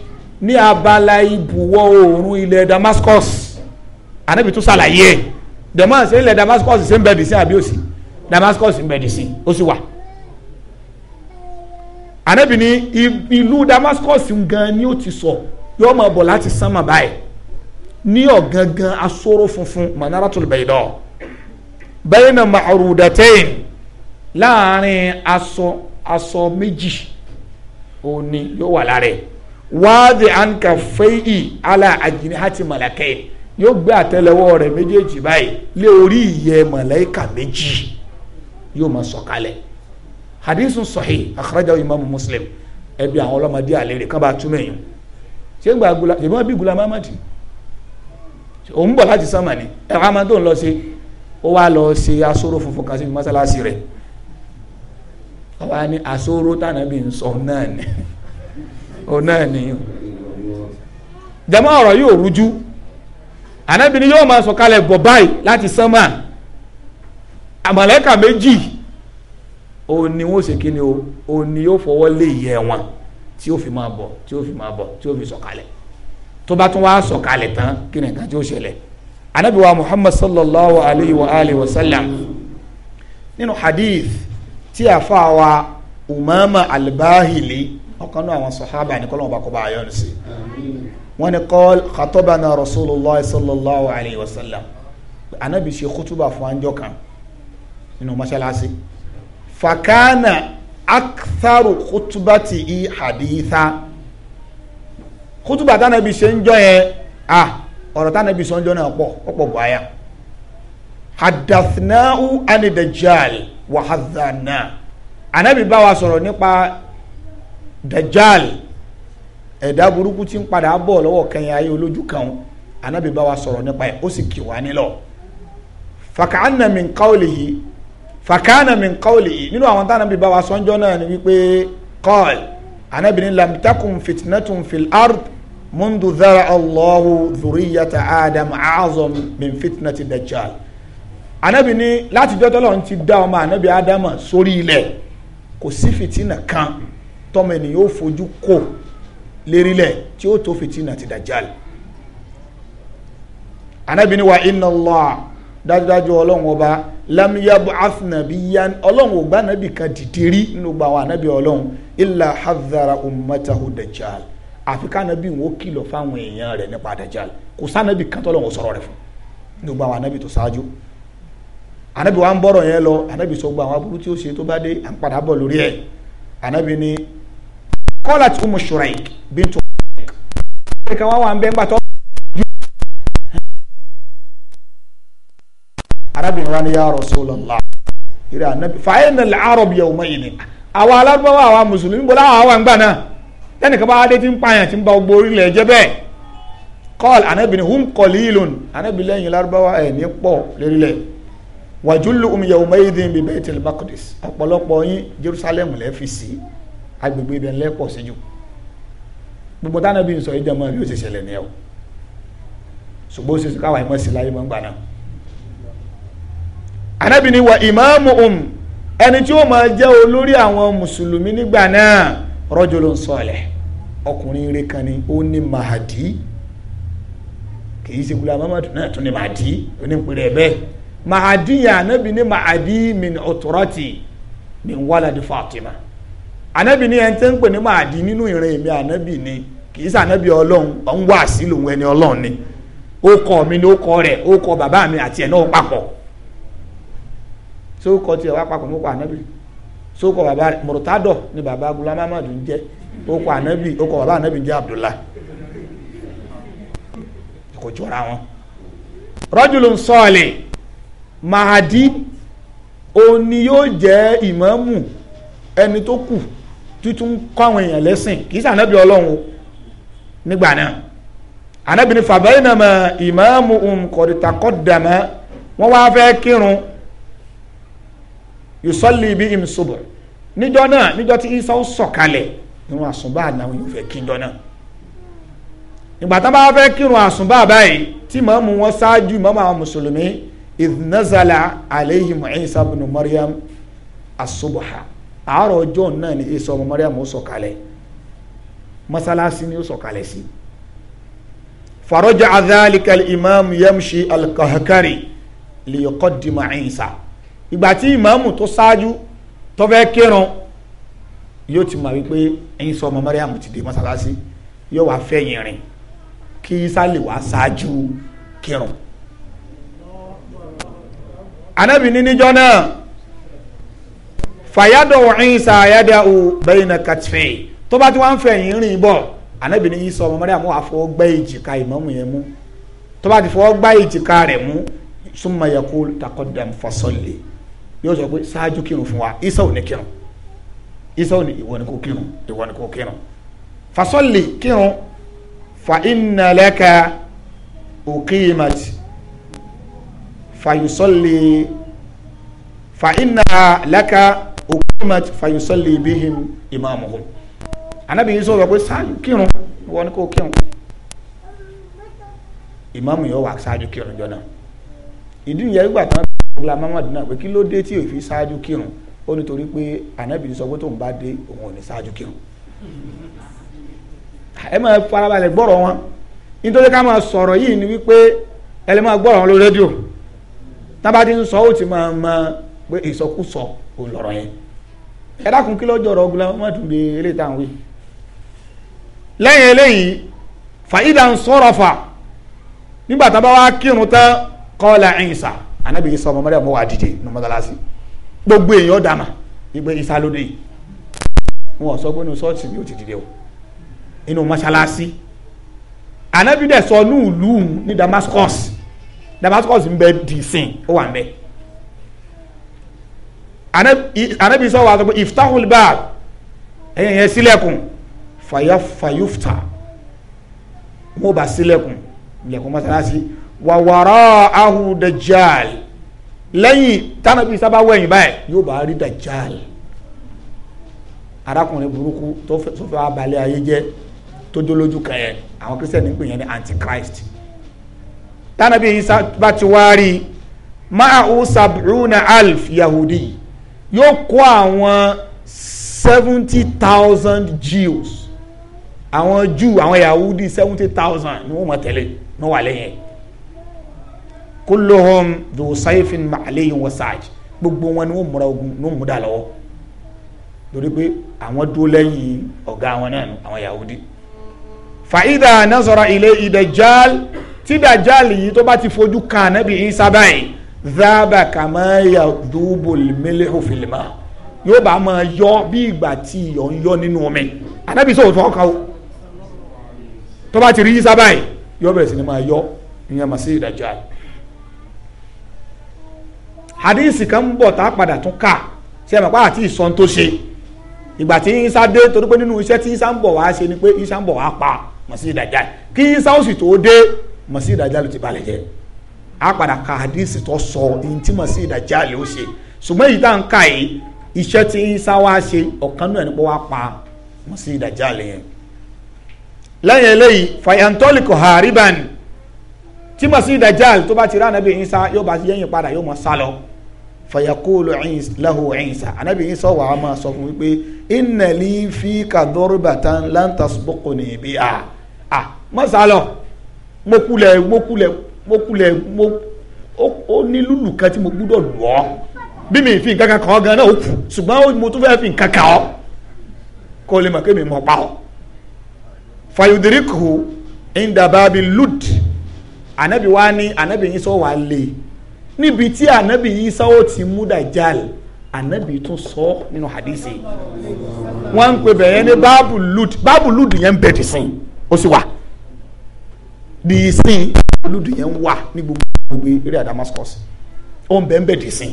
Speaker 1: ní abala ibùwọ̀ oòrùn ilẹ̀ damascus anabi tún ṣàlàyé damascus ilẹ̀ damascus ṣe ń bẹ̀ bìsí àbí Damascus ń bẹ dì sí ó sì wà anabi ni ìlú Damascus gan ni ó ti sọ yóò máa bọ̀ láti sánmà báyìí ní ọ̀gangan asóró funfun manaratul bayda bayna ma'rudatain láàrin aṣọ aṣọ méjì òní yóò wà lára ẹ̀ wáàdì anka fẹ́yì ala ajnihati malakai yóò gbé àtẹ́lẹwọ́ rẹ̀ méjèèjì báyìí lé orí ìyẹ́ màláíkà méjì yóò máa sọ̀kalẹ̀ hadithun sahih akhrajahu imaamu muslim ẹbí àwọn ọlọ́mọdé àlèrè kan bá túmọ̀ èèyàn ṣé ń gba agula ṣèbí wọn bí gula mamadi òun bọ̀ láti sánmà ni ẹ̀rọ amá tó ń lọ sí ó wá lọ ṣe asóró funfun kan sí mọ́sálásí rẹ̀ ọba ní asóró tànàbí ń sọ náà ni òun náà ni jama ọ̀rọ̀ yóò rújú ànábì yóò máa sọ̀kalẹ̀ bọ̀ báyìí láti sánmà àmọ̀lẹ́kà méjì òun ni wọ́n ṣe kíni o òun ni yóò fọwọ́ lé ìyẹ́ wọn tí yóò fi máa bọ̀ tí yóò fi máa bọ̀ tí yóò fi sọ̀kalẹ̀ tó bá tún wá sọ̀kalẹ̀ tán kí ni nǹkan tí ó ṣẹlẹ̀ anabi wa muhammad sallallahu alayhi wa alihi wa sallam nínú hadith tí a fa wa umama albahili ọ̀kan náà àwọn sọ̀hábà ní kọ́lọ́mù bá kọ́ bá a yọ̀nù sí wọ́n ní qala khatobana rasulillah sallallahu alayhi wa sallam anabi ṣe khutuba fún anjọ́ kan nínú mọ́ṣáláṣí fàkánà aktharu kútùbàtì i haditha kútùbà tánàbí ṣe ń jọ yẹn ah ọ̀rọ̀ tánàbí ṣe ń jọ náà pọ̀ ọ̀pọ̀ bùháyà hadathnahu anidajal wahadana anabi bá wa sọ̀rọ̀ nípa dajal ẹ̀dá burúkú tí ń padà bọ̀ lọ́wọ́ kẹyìn ayé olójú kan anabi bá wa sọ̀rọ̀ nípa ẹ̀ ó sì kì wá nílọ fàkànnà min qawlihi fakana min qawli nínú àwọn táwọn bí bá wa sọ́njọ́ náà ni wípé qal anabini lam takun fitnatun fil ard mundu dhara allahu dhuriyata adam azam min fitnati dajjal anabini láti jọ́ tọ́lọ́run ti dá ọmọ anabi adama sórí ilẹ̀ kò sí fitina kan tọ́mọ ènìyàn ó fojú kò lérílẹ̀ tí ó tó fitina ti dajjal anabini wa inna allah dájúdájú ọlọ́run ọba lam yab'ath nabiyyan ọlọ́run ò gbá ànábì kan dìde rí nínú gba àwọn ànábì ọlọ́run illa hadhara ummatahu dajjal àfi kánábì wọn ó kìlọ̀ fáwọn èèyàn rẹ̀ nípa dajjal kò sánábì kan tọ́lọ́run sọ̀rọ̀ rẹ̀ fún nínú gba àwọn ànábì tó ṣáájú ànábì wa ń bọ̀rọ̀ yẹn lọ ànábì sọ gba àwọn aburú tí ó ṣe tó bá dé à ń padà bọ̀ lórí ẹ̀ ànábì ni kọ́lá tí ó mu ṣùrẹ̀ bíntu ẹ̀ka arábìnrin wa ni ya Rasulullah ìrẹ anabi fàáyínà làárọ̀bì yawma ìdìn àwa alárúbáwá àwa mùsùlùmí bọ́lá àwa wà ń gbà náà lẹ́nìkan bá dé tí ń pààyàn tí ń ba gbogbo orílẹ̀ jẹ́ bẹ́ẹ̀ kọ́ọ̀lù anabi ni hum qalilun anabi lẹ́yìn alárúbáwá ẹ̀ ní pọ̀ lérílẹ̀ wàjúlù um yawma ìdìn bi Baitul Maqdis ọ̀pọ̀lọpọ̀ yín Jerusalem lẹ́ fi sí agbègbè ibẹ̀ lẹ́ pọ̀ sí gbogbo tánàbí ń sọ ìjọba bí ó ti ṣẹlẹ̀ ní ẹ̀ o ṣùgbọ́n ó ṣe káwá ìmọ̀ sí láyé mọ́ anábì ní wa ìmáàmù um ẹni tí ó máa jẹ́ olórí àwọn mùsùlùmí nígbà náà rajulun salih ọkùnrin rẹ̀ kan ni ó ní mahadi kì ṣe Ghulam Ahmad náà tún ní mahadi ó ní pèrè bẹ́ẹ̀ mahadi yẹn anábì mahadi min uturati min Fatima anabi ni tẹ́ ń pè ní anabi ni kì í ọlọ́run ọ̀hún ni ó kọ́ mi ni ó kọ́ rẹ̀ ó sókọ tiẹ̀ wá papọ̀ mọ́kọ ànábì sókọ bàbá rẹ̀ ni bàbá Ghulam Ahmad ń jẹ́ ókọ ànábì ókọ bàbá ànábì ń jẹ́ Abdullah kò jọra wọn. rajulun salih Mahadi òun ni yóò jẹ́ ìmáàmù ẹni tó kù títún kọ́ àwọn èèyàn lẹ́sìn kì í sànábì ọlọ́run o nígbà náà ànábì ni fàbẹ́yìn náà mọ̀ ìmáàmù òun kọ̀dìtàkọ́dàmọ́ wọ́n wá fẹ́ kírun yusalli bí im subur níjọ́ náà níjọ́ tí isa ó sọ̀kalẹ̀ irun àsùnbà náà yóò fẹ́ kíjọ́ náà ìgbà tán bá fẹ́ kírun àsùnbà báyìí tí màmú wọn ṣáájú màmú àwọn mùsùlùmí ìdínàzàlà àlẹ́yìn Isa ibn Maryam àṣubuha àárọ̀ ọjọ́ náà ni Isa ọmọ Maryam ó sọ̀kalẹ̀ mọ́sálásí ni ó sọ̀kalẹ̀ sí. faraja adhalika imam yamshi al-kahkari liyuqaddima ìgbà tí ìmáàmù tó ṣáájú tó fẹ́ kírun yóò ti mọ̀ wípé ẹ̀yin sọ ọmọ Mariam ti dé mọ́sálásí yóò wá fẹ̀yìn rìn kí Isa lè wá ṣáájú kírun anabi ní níjọ́ náà fàyàdọ̀ Isa ayádáwò bayna katfẹ́ tó bá ti wá ń fẹ̀yìn rìn bọ̀ anabi ní Isa ọmọ Mariam wà fọwọ́ gbá èjìká ìmáàmù yẹn mú tó bá ti fọwọ́ gbá èjìká rẹ̀ mú súnmọ́ yẹ kó takọ̀dàm fasalli yóò sọ pé ṣáájú kírun fún wa isa ò ní kírun isa ò ní ìwọ ni kò kírun ìwọ ni kò kírun fasọ́lì kírun fa inna laka uqimat fayusọ́lì fa inna laka uqimat fayusọ́lì bihim imamuhum anabi yìí sọ̀rọ̀ pé ṣáájú kírun ìwọ kírun ìmáàmù yóò wà ṣáájú kírun jọ náà ìdí ìyẹn gbà ọgbà mamadu náà pé kí ló dé tí òfin ṣáájú kírun ó nítorí pé ànábì sọ pé tóun bá dé òun ò ní ṣáájú kírun ẹ máa farabalẹ̀ gbọ́rọ̀ wọn nítorí ká máa sọ̀rọ̀ yìí ni wípé ẹ lè máa gbọ́rọ̀ wọn lórí rédíò tábà ti ń sọ ó ti máa mọ pé ìsọkúsọ ò lọ̀rọ̀ yẹn ẹ dákun kí ló jọ̀rọ̀ ọgbà mamadu lè eléyìí tá lẹ́yìn eléyìí fàyídà ń sọ̀rọ̀ fà nígbà tá a bá wá kírun tán kọ́ la ẹ̀yìn anabi yìí sọ ọmọ mẹrẹ mọ wà dìde ní mọ́sálásí gbogbo èèyàn dàmà ìgbẹ́ ìsàlódé yìí wọn sọ pé inú ṣọ́ọ̀ṣì ni ó ti dìde o inú mọ́sálásí anabi dẹ̀ sọ ní ìlú ní Damascus Damascus ń bẹ dìísìn ó wà ń bẹ anabi sọ wà sọ pé iftahul bab ẹ̀yìn yẹn sílẹ̀kùn fàyọ́fà yófta wọn ò bá sílẹ̀kùn ilẹ̀kùn mọ́sálásí wa wara'ahu dajjal lẹ́yìn tánàbí sábà wẹ̀yìn báyìí yóò bá rí dajjal arákùnrin burúkú tó fẹ́ abalẹ̀ ayé jẹ́ tó jólójú kan yẹn àwọn kírísítẹ̀nì ń yẹn ní antichrist tánàbí isa bá ti wá rí ma'ahu sab'una alf yahudi yóò kó àwọn seventy thousand jews àwọn jew àwọn yahudi seventy thousand ni wọ́n mọ̀ tẹ́lẹ̀ ní wọ́n wà kulluhum dhu sayfin ma'aliyin wa sa'aj gbogbo wọn ni wọ́n múra ogun ni wọ́n múdà lọ́wọ́ torí pé àwọn dúró lẹ́yìn ọ̀gá wọn náà nù àwọn Yahudi. fàyídà nasara ilayhi Dajjal tí Dajjal yìí tó bá ti fojú kan ànábì Isa báyìí zaaba kama yadhubu al-milhu fil ma yóò bá máa yọ bí ìgbà tí iyọ̀ ń yọ nínú omi ànábì sọ̀rọ̀ tó kọ́ tó bá ti rí Isa báyìí yóò bẹ̀rẹ̀ sí ni máa yọ ìyẹn mà sí Dajjal hadisi kan bọ̀ tá a padà tún kà ṣe mọ̀ pé àti ìsọ̀n tó ṣe ìgbà tí isa dé torí pé nínú iṣẹ́ tí isa ń bọ̀ wá ṣe ni pé isa ń bọ̀ wá pa Masih Dajjal kí isa ó sì tó dé Masih Dajjal ló ti balẹ̀ jẹ́ a padà ka hadisi tó sọ ohun tí Masih Dajjal ló ṣe ṣùgbọ́n èyí tá à ń kà yìí iṣẹ́ tí isa wá ṣe ọ̀kan náà nípa wá pa Masih Dajjal yẹn lẹ́yìn eléyìí fayantolico hariban tí Masih Dajjal tó bá ti rá nàbí isa yóò bá yẹ́yìn padà yóò mọ̀ sálọ fayakulu lahu Isa anabi Isa wà á máa sọ fún wípé inna li fika dorbatan lan tasbuquni biha à má sá lọ mo kulẹ̀ mo kulẹ̀ mo kulẹ̀ mo ó ní lùlù kan tí mo gbúdọ̀ lù ọ́ bí mi fi nǹkan kan kàn ọ́ gan náà ó kù ṣùgbọ́n mo tún fẹ́ fi nǹkan kàn ọ́ lè mọ̀ pé mi mọ̀ pa ọ́ fayodiriku indabaabi lud anabi wa anabi Isa wà á níbi tí ànábì Ìsá ó ti mú dajjal ànábì tún sọ nínú hadisi wọn ń pè bẹ́ẹ̀ ní báàbù lud báàbù lud yẹn ń bẹ dì sìn ó sì wà dì sìn lud yẹn ń wà ní gbogbo gbogbo eré Damascus ó ń bẹ ń bẹ dì sìn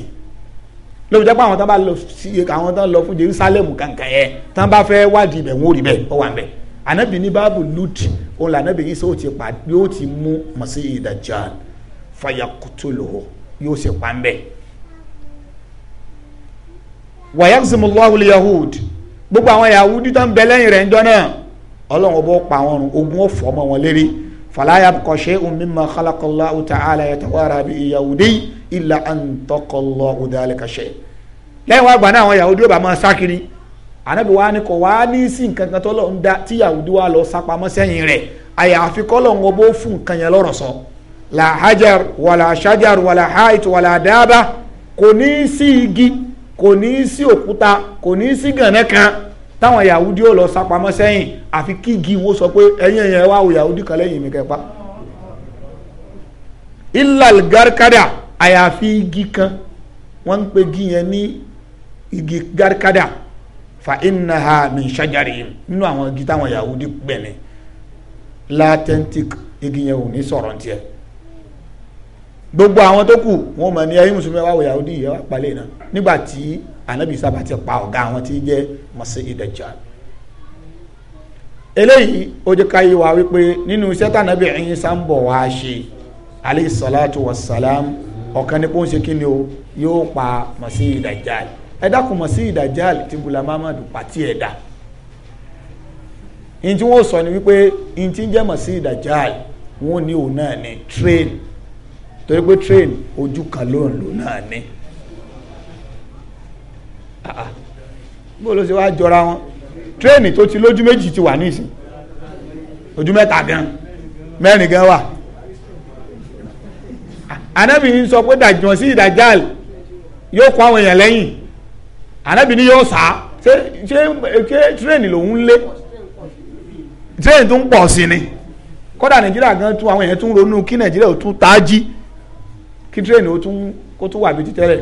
Speaker 1: lóbi jẹ́ pé àwọn tán bá lọ sí àwọn tán lọ fún Jerusalem kankan yẹn tán bá fẹ́ wádìí ibẹ̀ wọn ò rí bẹ́ẹ̀ ó wà ń bẹ̀ ànábì ní báàbù lud òun là ànábì Ìsá ó ti pa yóò ti mú Masih Dajjal fayakutuluhu yóò sì pa ń bẹ̀. wàyàzimullahu yahud gbogbo àwọn yahudi tó ń bẹ lẹ́yìn rẹ̀ ń jọ náà ọlọ́run bó pa wọn run ogun ó fọ́ mọ́ wọn lérí falaya kọ̀ṣe mimma khalaqallahu ta'ala yatawara bi yahudi illa antakallahu dhalika shay lẹ́yìn wá gbà náà àwọn yahudi ó bá máa sá kiri ànábì wa ni kò wá ní sí nǹkan kan tó lọ́n da tí yahudi wa lọ sápamọ́ sẹ́yìn rẹ̀ àyàfi kọ́ lọ́n wọn bó fún nǹkan yẹn lọ́rọ̀ sọ. So la hajar wàlà shajar wàlà hait wàlà daba kò ní sí igi kò ní sí òkúta kò ní sí gànà kan táwọn yahudi ó lọ sápamọ́ sẹ́yìn àfi kí igi wo sọ pé ẹ̀yin ẹ̀yin wá o yahudi kan lẹ́yìn mi kẹpa ilal garkada àyàfi igi kan wọ́n ń pe igi yẹn ní igi garkada fa innaha min shajarihim nínú àwọn igi táwọn yahudi gbẹ̀ni latentic igi yẹn ò ní sọ̀rọ̀ tiẹ̀ gbogbo àwọn tó kù wọn mọ̀ ní ẹ̀yin mùsùlùmí wà wò Yahudi yẹ wà palẹ̀ náà nígbà tí anabi sábà ti pa ọ̀gá àwọn tí jẹ́ Masih Dajjal eléyìí ó jẹ́ ká yí wa wípé nínú iṣẹ́ tànàbí ẹ̀yin sáńbọ̀ wá ṣe alayhi salatu wa salam ọ̀kan ní pé ń ṣe kí ni o yóò pa Masih Dajjal ẹ dákun Masih Dajjal tí bùlá mamadu pàtí ẹ̀ dá ní tí wọ́n sọ ni wípé ní tí ń jẹ́ Masih Dajjal wọ́n ní òun náà ní train torí pé train ojú kan ló ń lò náà ní ah, ah. bó ló ṣe wá jọra wọn train tó ti lójú méjì ti wà ní ìsìn ojú mẹ́ta gan mẹ́rin gan wà anabi ń sọ pé dàjọ sí ìdàjáàlì yóò kó àwọn èèyàn lẹ́yìn anabi ni yóò sá ṣé ṣé tírèènì lòún lé tírèènì tó ń pọ̀ sí ni kódà nàìjíríà gan tún àwọn èèyàn tún ronú kí nàìjíríà ò tún tá a jí kí tírẹ̀nì kó tún wà bí ti tẹ́lẹ̀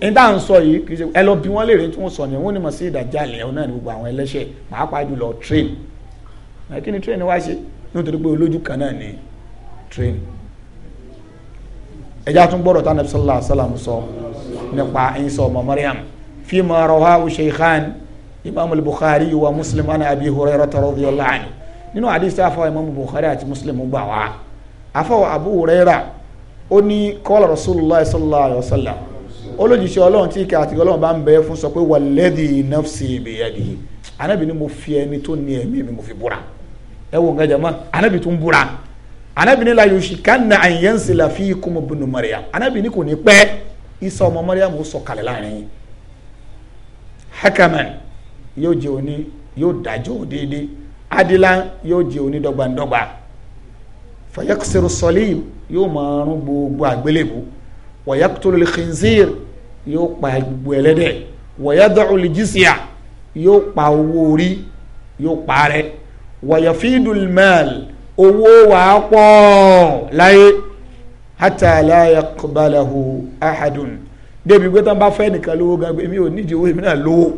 Speaker 1: ní tá à ń sọ yìí kì í ṣe ẹ lọ bí wọ́n lè rí tí wọ́n sọ ni wọ́n ní mọ̀ sí ìdájà ilẹ̀ ọ̀hún náà ní gbogbo àwọn ẹlẹ́ṣẹ̀ pàápàá jùlọ train kí ni train wá ṣe nítorí pé olójú kan náà ni train ẹjá tún gbọ́dọ̀ tánà sallallahu alaihi wasallam sọ nípa ẹ̀yìnsọ ọmọ Maryam fi ma rawahu shaykhan imam al-bukhari wa muslim ana abi hurairah radiyallahu anhu nínú àdìsí àfọwọ́ imam bukhari àti muslim gbà wá afọwọ́ Abu Huraira ó ní kọ́lá rasulullah sallallahu alayhi wa sallam olójúṣe ọlọ́run tí ìkà àti ọlọ́run bá ń bẹ fún sọ pé walladhi nafsi biyadihi anábì ni mo fi ẹni tó ní ẹ̀mí mi mo fi búra ẹ wo nǹkan jẹ́mọ́ anábì tó ń búra anábì ni la yushikanna an yansila fikum ibnu Maryam anábì ni kò ní pẹ́ Isa ọmọ Maryam mo sọ kalẹ̀ láàrin hakaman yóò jẹ́ òní yóò dájọ́ òdeede adilan yóò jẹ́ òní dọ́gbandọ́gba fayakusiru sọlíìm yóò máa rún gbogbo àgbélébù wàyàkutulu lixinzir yóò pa gbogbo ẹlẹ́dẹ̀ wàyàdọ̀ọ́ lìjísíà yóò pa owó orí yóò pa rẹ̀ wàyàfídùl mẹ́ẹ̀lì owó wàá pọ̀ láyé hata la yaqbalahu ahadun débi wípé tán bá fẹ́ nìkan lówó gan pé mi ò nídìí owó èmi náà lówó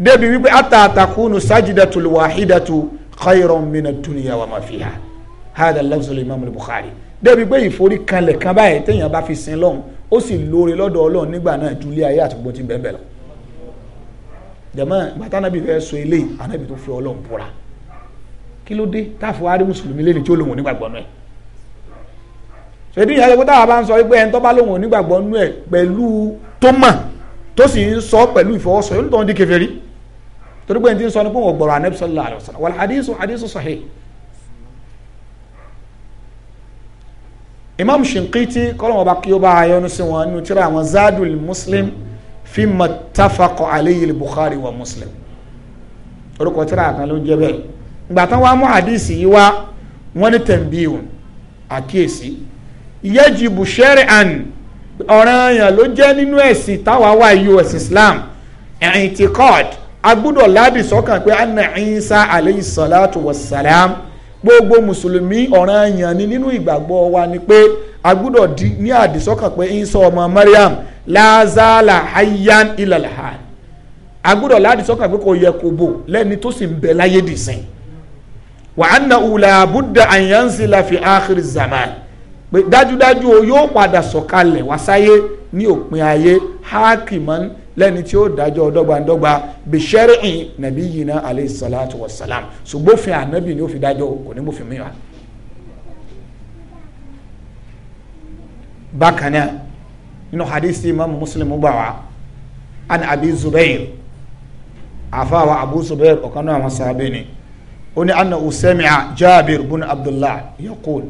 Speaker 1: débi wípé ata àtàkùnù sájìdàtù wàhídàtù khayran mina dunya wa ma fiha hada lafzul imam al-bukhari débi pé ìforíkanlẹ̀ kan báyìí téèyàn bá fi sin lọ́hùn ó sì lóore lọ́dọ̀ ọlọ́run nígbà náà ju ilé ayé àtúgbò tí bẹ́ẹ̀ bẹ́ẹ̀ lọ. jẹ̀mọ́ gbàtánábì fẹ́ sọ eléyìí anábì tó fi ọlọ́run búra kí ló dé táàfù wárí mùsùlùmí lẹ́ni tí ó lòun onígbàgbọ́ nù ẹ̀. ṣèdí ìyá ẹgbẹ́ táwa bá ń sọ pé ẹni tó bá lòun onígbàgbọ́ nù ẹ̀ pẹ̀lú tó mọ̀ tó sì ń sọ pẹ̀lú ìfọwọ́sọ imam shinkiti kọ́lọ́mù ọba kí ó bá ayọ́nu sí wọn nínú tíra àwọn zadul muslim fi mattafaq alayhi bukhari wa muslim orúkọ tíra kan ló ń jẹ bẹ́ẹ̀ ìgbà tán wàá mú hadisi yìí wá wọ́n ní tẹ̀m̀bíhùn àkíyèsí yajibu shar'an ọ̀ràn yẹn ló jẹ́ nínú ẹ̀sìn táwa wà yìí islam ẹ̀yìn ti kọ́ọ̀d agbúdọ̀ ládìsọ́kàn pé anna Isa alayhi salatu wa salam gbogbo mùsùlùmí ọ̀ràn àyàn ni nínú ìgbàgbọ́ wa ni pé a gbúdọ̀ di ní àdìsọ́kàn pé Isa ọmọ Mariam lazala hayyan ilalaha a gbúdọ̀ ládìsọ́kàn pé kò yẹ kó bò lẹ́ni tó sì ń bẹ láyé dìsìn wa annahu la budda an yanzila fi akhir zaman pé dájúdájú o yóò padà sọ̀kalẹ̀ wá sáyé ní òpin ayé hakiman lẹ́ni tí ó dájọ́ dọ́gbandọ́gba bishari'i nabiyyina alayhi salatu wa salam ṣùgbọ́fin ànábì ni ó fi dájọ́ kò ní bófin mìíràn. bákan náà nínú hadisi imaamu muslim gbà wá an abi zubair àfàwà abu zubair ọ̀kan náà wọn sábẹ́ ni ó ní anna usami'a jabir bun abdullah yaqul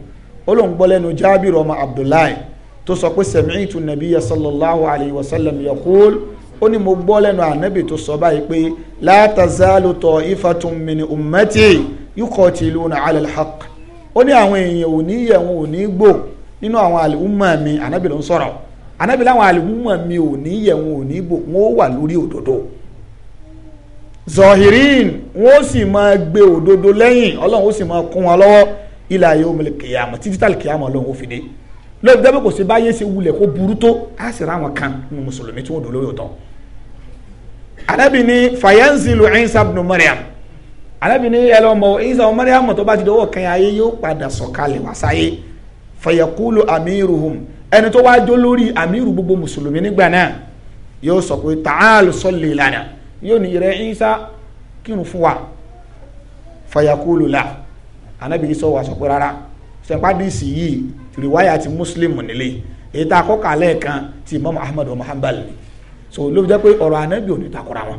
Speaker 1: olóńgbọ́lẹ́nu jabir ọmọ abdullah tó sọ pé sami'tu nabiyya sallallahu alayhi wa sallam yaqul ó ní mo gbọ́ lẹ́nu ànábì tó sọ báyìí pé la tazalu ta'ifatun min ummati yuqatiluna ala al-haqq ó ní àwọn èèyàn ò ní yẹ wọn ò ní gbò nínú àwọn àlùmọ̀ mi ànábì ló ń sọ̀rọ̀ ànábì láwọn àlùmọ̀ mi ò ní yẹ wọn ò ní gbò wọn ó wà lórí òdodo zọ̀hìrín wọn ó sì máa gbé òdodo lẹ́yìn ọlọ́run ó sì máa kún wọn lọ́wọ́ ila yawmil qiyamah títí tàlì kìyàmọ̀ ọlọ́run ó fi dé lóòótọ́ bí kò sí báyé ṣe wulẹ̀ kó burú tó á sì ra àwọn kan nínú mùsùlùmí tí wọ́n dò lórí òtọ́ anabi ni fayanzilu isa ibn mariam anabi ni ẹ lọ mọ isa ibn mariam tó bá ti dọwọ́ kan ayé yóò padà sọ̀kalẹ̀ wá sáyé fayakulu amiruhum ẹni tó wá jó lórí amiru gbogbo mùsùlùmí nígbà náà yóò sọ pé ta'alu salli lana yóò ní rẹ isa kírun fún wa fayakulu la anabi isa wà sọ pé rárá sẹpádìsì yìí rìwáyà ti muslim nílé èyí tá kan ti imam ahmad muhammad so ló fi jẹ́ pé ọ̀rọ̀ ànábì ò ní takora wọn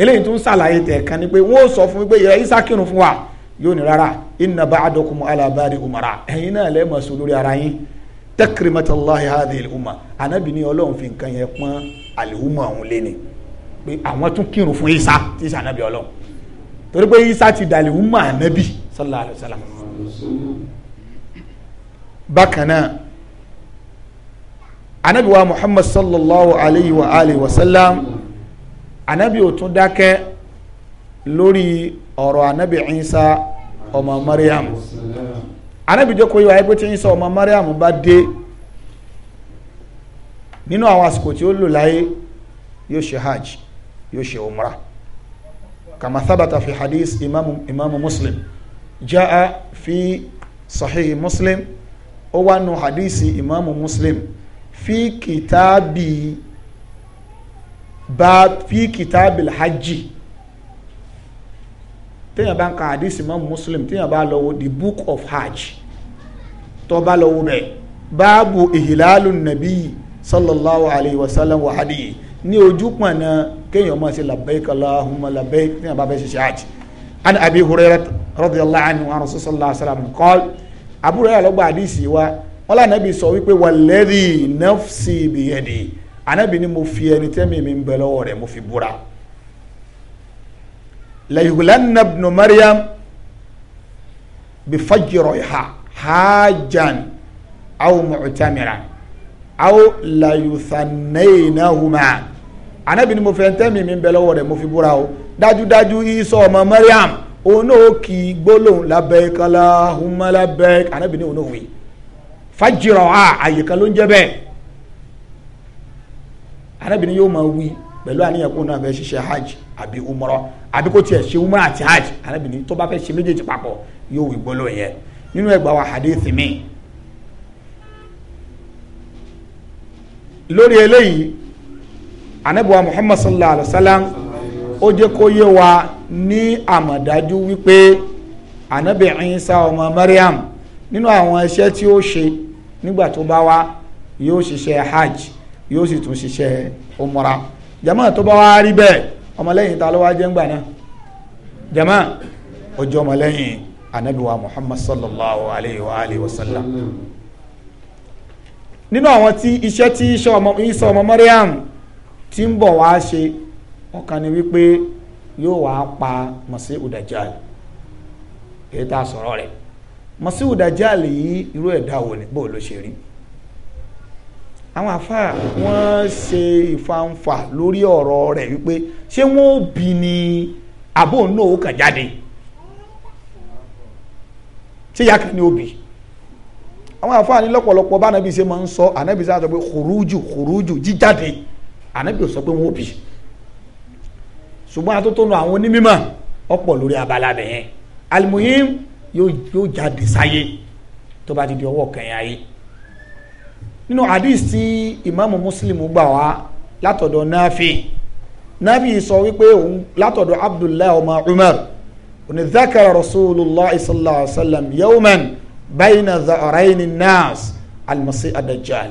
Speaker 1: eléyìí tó ń ṣàlàyé tẹ̀ kan ni pé wọ́n sọ fún mi pé ìyá isa kírun fún wa yóò ní rárá inna ba'dakum ala ba'di umara ẹ̀yin náà lẹ́ẹ̀ mọ̀ sí olórí ara yín takrimatullahi hadhihi al-umma ànábì ní ọlọ́run fi nǹkan yẹn pọ́n al-umma òun pé àwọn tún kírun fún isa tí isa ànábì ọlọ́run torí pé isa ti dàlẹ́ umma ànábì sallallahu alayhi wa sallam bákan náà anabi wa muhammad sallallahu alayhi wa alayhi wa sallam anabi ò tún dákẹ́ lórí ọ̀rọ̀ anabi Isa ọmọ mariam anabi jẹ́ kó yíwa ẹgbẹ́ tí Isa ọmọ mariam bá dé nínú àwọn àsìkò tí ó lò láyé yóò ṣe hajj yóò ṣe umra kama thabata fi hadith imamu, imamu muslim jaa fi sahih muslim ó wà nù hadith imamu muslim fi kitabi bá fi kitabi hajji téèyàn bá ń ka hadith imam muslim téèyàn bá lọ the book of hajj tó bá lọ wo bẹ́ẹ̀ báàbù ìhìlálù nàbí sallallahu alayhi wa sallam wa hadiyi ní ojú pọ̀nà kéèyàn máa ṣe labbaik allahumma labbaik téèyàn bá fẹ́ ṣe hajj an abi hurairah radiyallahu anhu wa rasul sallam qala abu hurairah hadith wa wọn lànàbí sọ wípé wàlẹ́rì nẹ́fṣì bìyẹ̀dì ànàbí ni mo fi ẹni tẹ́mi mi ń bẹ lọ́wọ́ rẹ̀ mo fi búra. layugulanna ibnu mariam bifajiro ha haajan aw mu'tamira aw layuthannaynahuma ànàbí ni mo fi ẹni tẹ́mi mi ń bẹ lọ́wọ́ rẹ̀ mo fi búra o dájúdájú Ìsá ọmọ mariam òun gbólóhùn labẹ́ẹ́kálá hùmá labẹ́ẹ́k ànàbí ni òun náà fajirọ a àyè kan ló ń jẹ́ bẹ́ẹ̀ arábìnrin yóò máa wí pẹ̀lú àníyàn kó náà fẹ́ ṣiṣẹ́ hajj àbí umrọ àbí kó tiẹ̀ ṣe umrọ àti hajj arábìnrin tó bá fẹ́ ṣe méjèèjì papọ̀ yóò wí gbọ́lọ̀ yẹn nínú ẹgbàá wa hadith mi lórí eléyìí anabiwa muhammad sallallahu alaihi wa sallam ó jẹ́ kó yé wa ní àmọ̀dájú wípé anabi Isa ọmọ mariam nínú àwọn iṣẹ́ tí ó ṣe nígbà tó bá wá yóò ṣiṣẹ́ hajj yóò sì tún ṣiṣẹ́ umra jama tó bá wá rí bẹ́ẹ̀ ọmọlẹ́yìn ta ló wá jẹ́ ńgbà náà jama ọjọ́ ọmọlẹ́yìn anabiwa muhammad sallallahu alayhi wa alayhi wa sallam nínú àwọn tí iṣẹ́ tí Ìsá ọmọ Mariam ti ń bọ̀ wá ṣe ọ̀kan ni wípé yóò wá pa Masiihu Dajjal èyí tá a sọ̀rọ̀ rẹ̀ masiwu dajali yìí irú ẹ̀dá wo ni bó ló ṣe rí àwọn àfáà wọ́n ṣe ìfanfà lórí ọ̀rọ̀ rẹ̀ wípé ṣé wọ́n ó bí ni àbò náà ó kàn jáde ṣé yá kan ni ó bí àwọn àfáà ní lọ́pọ̀lọpọ̀ bá anabi ṣe máa ń sọ anabi ṣe àtọ pé kòrújù kòrújù jíjáde anabi ò sọ pé wọ́n ó bí ṣùgbọ́n atótónu àwọn onímọ̀ ọ̀pọ̀ lórí abala bẹ̀yẹn alimuhim yóò jáde sáyé tó bá ti di ọwọ́ kẹyìn ayé nínú hadith tí ìmáàmù muslim gbà wá látọ̀dọ̀ náfi náfi sọ wípé òun látọ̀dọ̀ abdullahi ọmọ umar òní zakara rasulullah sallallahu alaihi wa sallam yawman bayna za'arayni nas almasi adajal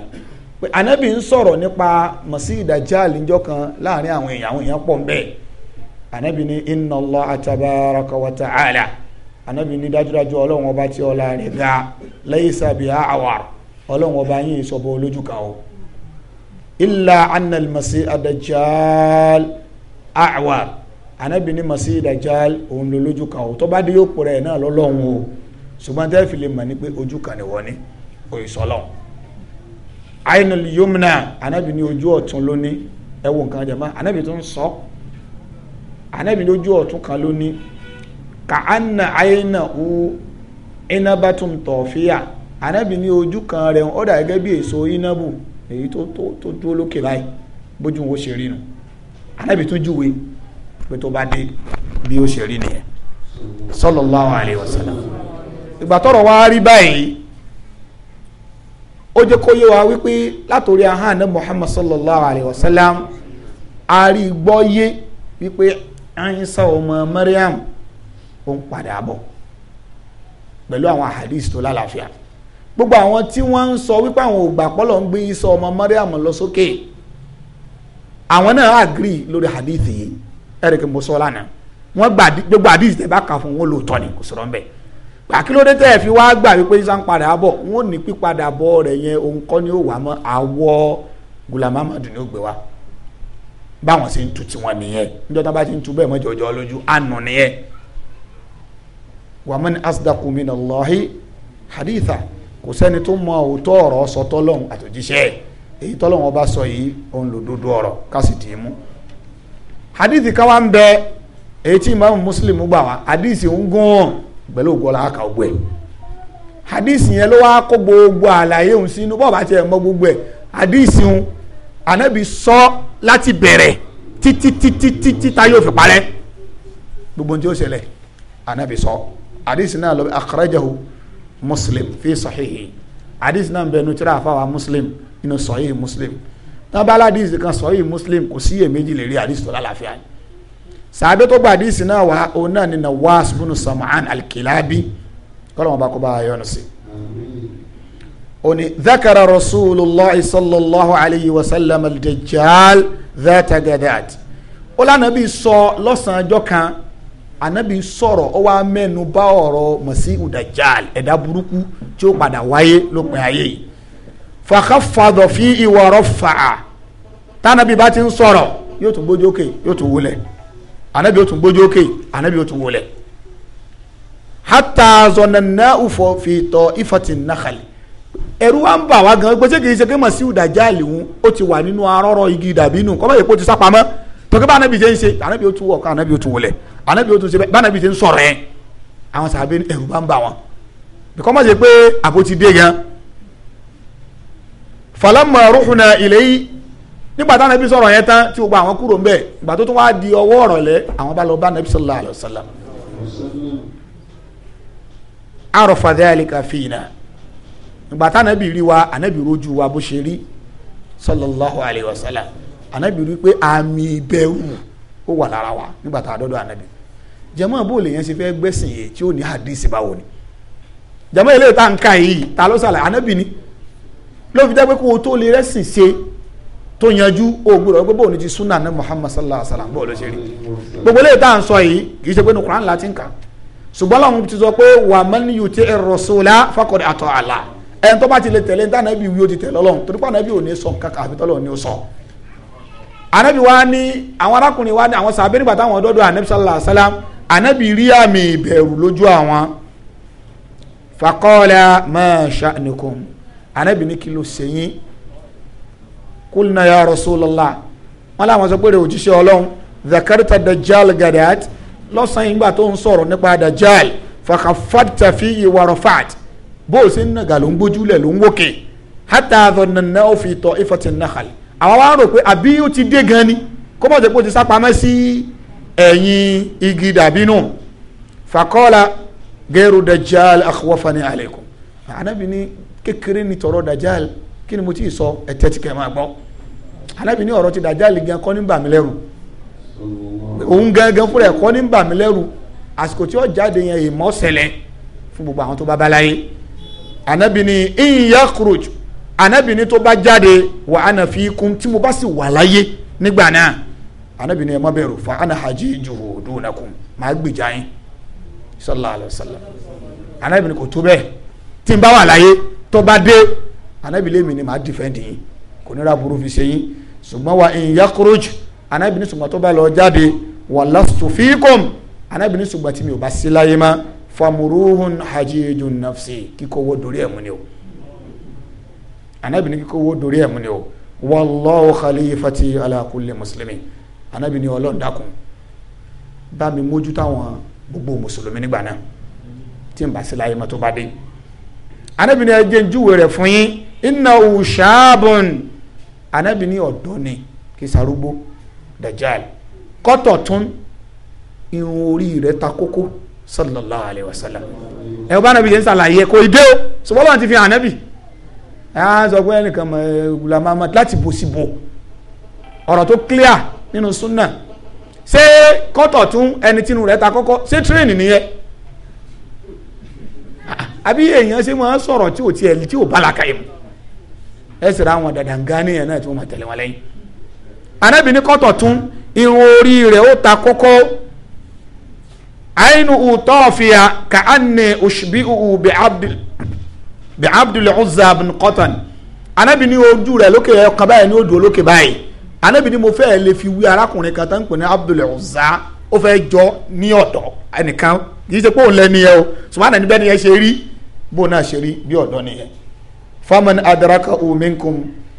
Speaker 1: pé anabi ń sọ̀rọ̀ nípa masi adajal níjọ́ kan láàrin àwọn èèyàn àwọn èèyàn pọ̀ ń bẹ́ẹ̀ anabi ní inna allah atabaraka ta'ala anabi ní dájúdájú ọlọ́run ọba tí ọlá rẹ̀ ga laysa biha awar ọlọ́run ọba yín ìsọ̀bọ̀ olójú kan o illa anna al-masih ad-dajjal awar anabi ní masih ad-dajjal òun ló lójú kan o tó bá dé yóò pèrè ẹ̀ náà lọ́lọ́run o ṣùgbọ́n tẹ́ fi lè mọ̀ ní pé ojú kan ni wọ́n ní òyìnbó ainul yumna anabi ní ojú ọ̀tún lóní ẹ wo nǹkan mọ́ anabi tó ń sọ anabi ní ojú ọ̀tún kan lóní kàánà àyínà hu inábàtún tọ̀fíà ànábì ní ojú kan rẹ̀ ó dà gẹ́gẹ́ bí èso inábù èyí tó tó tó dúró lókè báyìí bójú wo ṣe rí nu ànábì tún júwe pé tó bá dé bí ó ṣe rí nìyẹn sallallahu alayhi wa sallam ìgbà tọ́rọ̀ wá rí báyìí ó jẹ́ kó yé wa wípé látòrí ahán Muhammad sallallahu alayhi wa sallam a rí gbọ́ yé wípé Isa ọmọ Maryam ó ń padà bọ̀ pẹ̀lú àwọn ahadith tó lálàáfíà gbogbo àwọn tí wọ́n ń sọ wípé àwọn ògbà pọ́lọ̀ ń gbé Ìsá ọmọ Maryam lọ sókè àwọn náà àgírí lórí hadith yìí eric musolana wọ́n gbà gbogbo hadith tẹ̀ bá kà fún wọn lóòótọ́ ni kò sọ̀rọ̀ mbẹ́ àkílódé tẹ́ ẹ̀ fi wá gbà wípé Ìsá ń padà bọ̀ wọ́n ní pípadà bọ̀ rẹ̀ yẹn òun kọ́ ni ó wà mọ́ àwọ̀ gulamamadu ni ó gbé wa báwọn ṣe ń tu tiwọn nìyẹn níjọ́ tá bá ti ń tu bẹ́ẹ̀ mọ́jọ́jọ́ lójú àná nìyẹn wàmán asdaqu minallahi haditha kò sẹ́ni tó mọ òótọ́ ọ̀rọ̀ sọ tọ́lọ́hún àtòjíṣẹ́ èyí tọ́lọ́hún ọba sọ yìí òun lò dodo ọ̀rọ̀ kásì tì í mú. hadithi káwa ń bẹ èyí tí imaamu muslim gbà wá hadithi ń gún pẹ̀lú ògbọ́lá àkà ògbẹ́ hadithi yẹn ló wá kó gbogbo àlàyé òun sínú bọ́ọ̀ tiẹ̀ mọ gbogbo ẹ̀ hadithi ń anabi sọ láti bẹ̀rẹ̀ títí títí títí tá yóò fi parẹ́ gbogbo ohun tí ó ṣẹlẹ̀ anabi sọ. So hadith náà lọ akhrajahu muslim fi sahihi hadith náà bẹnu tíra àfàwà muslim inú sahihi muslim tábàlá hadith kan sahihi muslim kò sí iyèméjì lè rí hadith tó lálàáfíà ni sàbẹ tó gba hadith náà wà òun náà ni nawas bunu sam'an alkilabi kọ́lọ́ wọn bá kó bá a yọnu sí. ó ní dhakara rasulillah sallallahu alayhi wa sallam al-dajjal dhata gadat ó lánàá bí anabi sọ̀rọ̀ ó wá mẹ́nu bà ọ̀rọ̀ masihu dajjal ẹ̀dá burúkú tí ó padà wáyé lópin ayé yìí fàkàfàdọ̀ fi ìwọ̀rọ̀ fàá tànàbí bá ti ń sọ̀rọ̀ yóò tún gbójú òkè yóò tún wọlẹ̀ anabi yóò tún gbójú òkè anabi yóò tún wọlẹ̀ hata zọnana ufọ fitọ ifati nakali ẹ̀rù wa ń bà wá gan gbèsè kìí ṣe pé masihu dajali ń ó ti wà nínú arọ́rọ́ igi dàbí nù kọ́mọ́ yẹ kó ti sápamọ́ tọ́kẹ́ bá anabi ṣe ń ṣe anabi yóò tún wọ̀ ká anabi yóò tún wọlẹ̀ anabi yóò tún ṣe bẹ́ẹ̀ bánabi ti ń sọ̀rọ̀ yẹn àwọn sàbẹ̀ ẹ̀rù bá ń bà wọn bìkọ́ má ṣe pé àpótí dé gan falamma ruhuna ilayhi nígbà táwọn ẹbí sọ̀rọ̀ yẹn tán tí gbogbo àwọn kúrò ń bẹ̀ ìgbà tó tún wá di ọwọ́ ọ̀rọ̀ lẹ àwọn bá lọ bá nàbí sallallahu alayhi wa sallam arafa ìgbà táwọn ẹbí rí wa ànábì rojú wa bó ṣe rí sallallahu alayhi wa sallam ànábì rí pé àmì ìbẹ̀rù ó wà lára wa nígbà tá a dọ́dọ̀ ànábì jẹmọ́ bó lè yẹn ṣe fẹ́ gbẹ́sìn yìí tí ó ní hadith báwo ni jẹmọ́ ilé ìta nǹkan yìí ta ló ṣàlàyé anábì ni ló fi dágbé kó o tó lè rẹ́sìn ṣe tó yanjú ògbó rẹ̀ gbogbo òní ti súnà ní Muhammad sallallahu alayhi wa sallam bó ló ṣe rí gbogbo ilé ìta ń sọ yìí kì í ṣe pé ní Quran láti ń ṣùgbọ́n làwọn ti sọ pé wa man yuti ar-rasula faqad ata Allah ẹn tó bá ti lè tẹ̀lé ní tànàbí wí ó ti tẹ̀lé Ọlọ́run torí pé ànàbí ò ní ni ó sọ ànàbí wa ní àwọn arákùnrin wa ní àwọn sàbẹ̀ táwọn ọdọ́dọ̀ ànàbí sallallahu alayhi wa sallam ànábì rí àmì ìbẹ̀rù lójú àwọn fakọ́lá máa ṣàníkùn ànábì ní kí ló ṣe yín kúlùnà ya Rasulullah wọn làwọn sọ pé rẹ òjíṣẹ́ ọlọ́run zakarta dajjal gadat lọ́sàn-án ìgbà tó ń sọ̀rọ̀ nípa dajjal fakafatta fi ìwàrọ̀fàt bó o ṣe ń nàgà ló ń gbójúlẹ̀ ló ń wókè hátà àdọ̀nàna ó fi tọ̀ nàkàlẹ̀ àwọn wa rò pé àbí ó ti dé gan ni kó mọ̀ jẹ́ pé ó ti sápamẹ́ sí ẹ̀yìn igi dàbínú fàkọ́lá gẹ́rù dajjal akhwafani alaykum anabi ní kékeré ní tọrọ dajjal kí ni mo ti sọ ẹ̀tẹ́ ti kẹ́ máa gbọ́ anabi ní ọ̀rọ̀ ti dajjal gan kọ́ ní bà mí lẹ́rù òun gangan fúnra ẹ̀ kọ́ ní bà mí lẹ́rù àsìkò tí ó jáde yẹn ìmọ̀ ṣẹlẹ̀ fún gbogbo àwọn tó bá balaye anabi ní in yakhruj anabi ní tó bá jáde wa ana fikum tí mo bá sì wà láyé nígbà náà anabi ni ẹ má bẹ̀rù fa ana hajijuhu dunakum màá gbèjà yín sallallahu alayhi wa sallam anabi ni kò tó bẹ́ẹ̀ tí n bá wà láyé tó bá dé anabi lèmi ni màá dìfẹ́ǹdì yín kò ní ra burú fi ṣe yín ṣùgbọ́n wa in yakhruj anabi ni ṣùgbọ́n tó bá lọ jáde wa lastu fikum anabi ni ṣùgbọ́n tí mi ò bá sí láyé má famuruhun hajijun nafsi kíkọ́ wo dorí ẹ̀ mú ni o anabi ni kíkọ́ wo dorí ẹ̀ mú ni o wallahu khalifati ala kulli muslimin anábì ní ọlọ́run dákun bá mi mójú táwọn gbogbo mùsùlùmí nígbà náà tí n bá sí láyé mọ́ tó bá dé anábì ní ẹjẹ́ njúwe rẹ̀ fún yín iná òṣàbùn anábì ní ọ̀dọ́ ni kí dajal kọ́tọ̀ tún irun orí rẹ̀ ta kókó sallallahu alayhi wa sallam ẹ o bá nàbí yẹn sàlàyé kò ìdé o sọfọlọ́wọ́n ti fi hàn nàbí ẹ á sọ pé ẹnìkan mọ̀ ẹ gbùlámàmà láti bò sí bò ọ̀rọ̀ tó clear nínú súnà ṣé kọ́tọ̀ tún ẹni tínú rẹ̀ ta kọ́kọ́ ṣé tírèènì nìyẹn àbí èèyàn ṣe máa sọ̀rọ̀ tí ò tiẹ̀ tí ò bálaka yìí mu ẹ sì ra àwọn dandan nìyẹn náà tí wọ́n máa tẹ̀lé wọn lẹ́yìn. anábì ní kọ́tọ̀ tún irun orí rẹ̀ ó ta kókó àìnú ùtọ́ fìyà ka anni òṣìbí ùhù bí abdul uzza bin Qatan anábì ní ojú rẹ̀ lókè ọkàn báyìí ní odò olókè báyìí anabi ni mo fẹ́ lè fi wí arákùnrin kan tó ń pè ní Abdul Uzza ó fẹ́ jọ ní ọ̀dọ̀ ẹnìkan kì í ṣe pé òun lẹ́ni yẹn o ṣùgbọ́n àná níbẹ̀ ni yẹn ṣe rí bó náà ṣe rí bí ọ̀dọ́ nìyẹn faman adraka minkum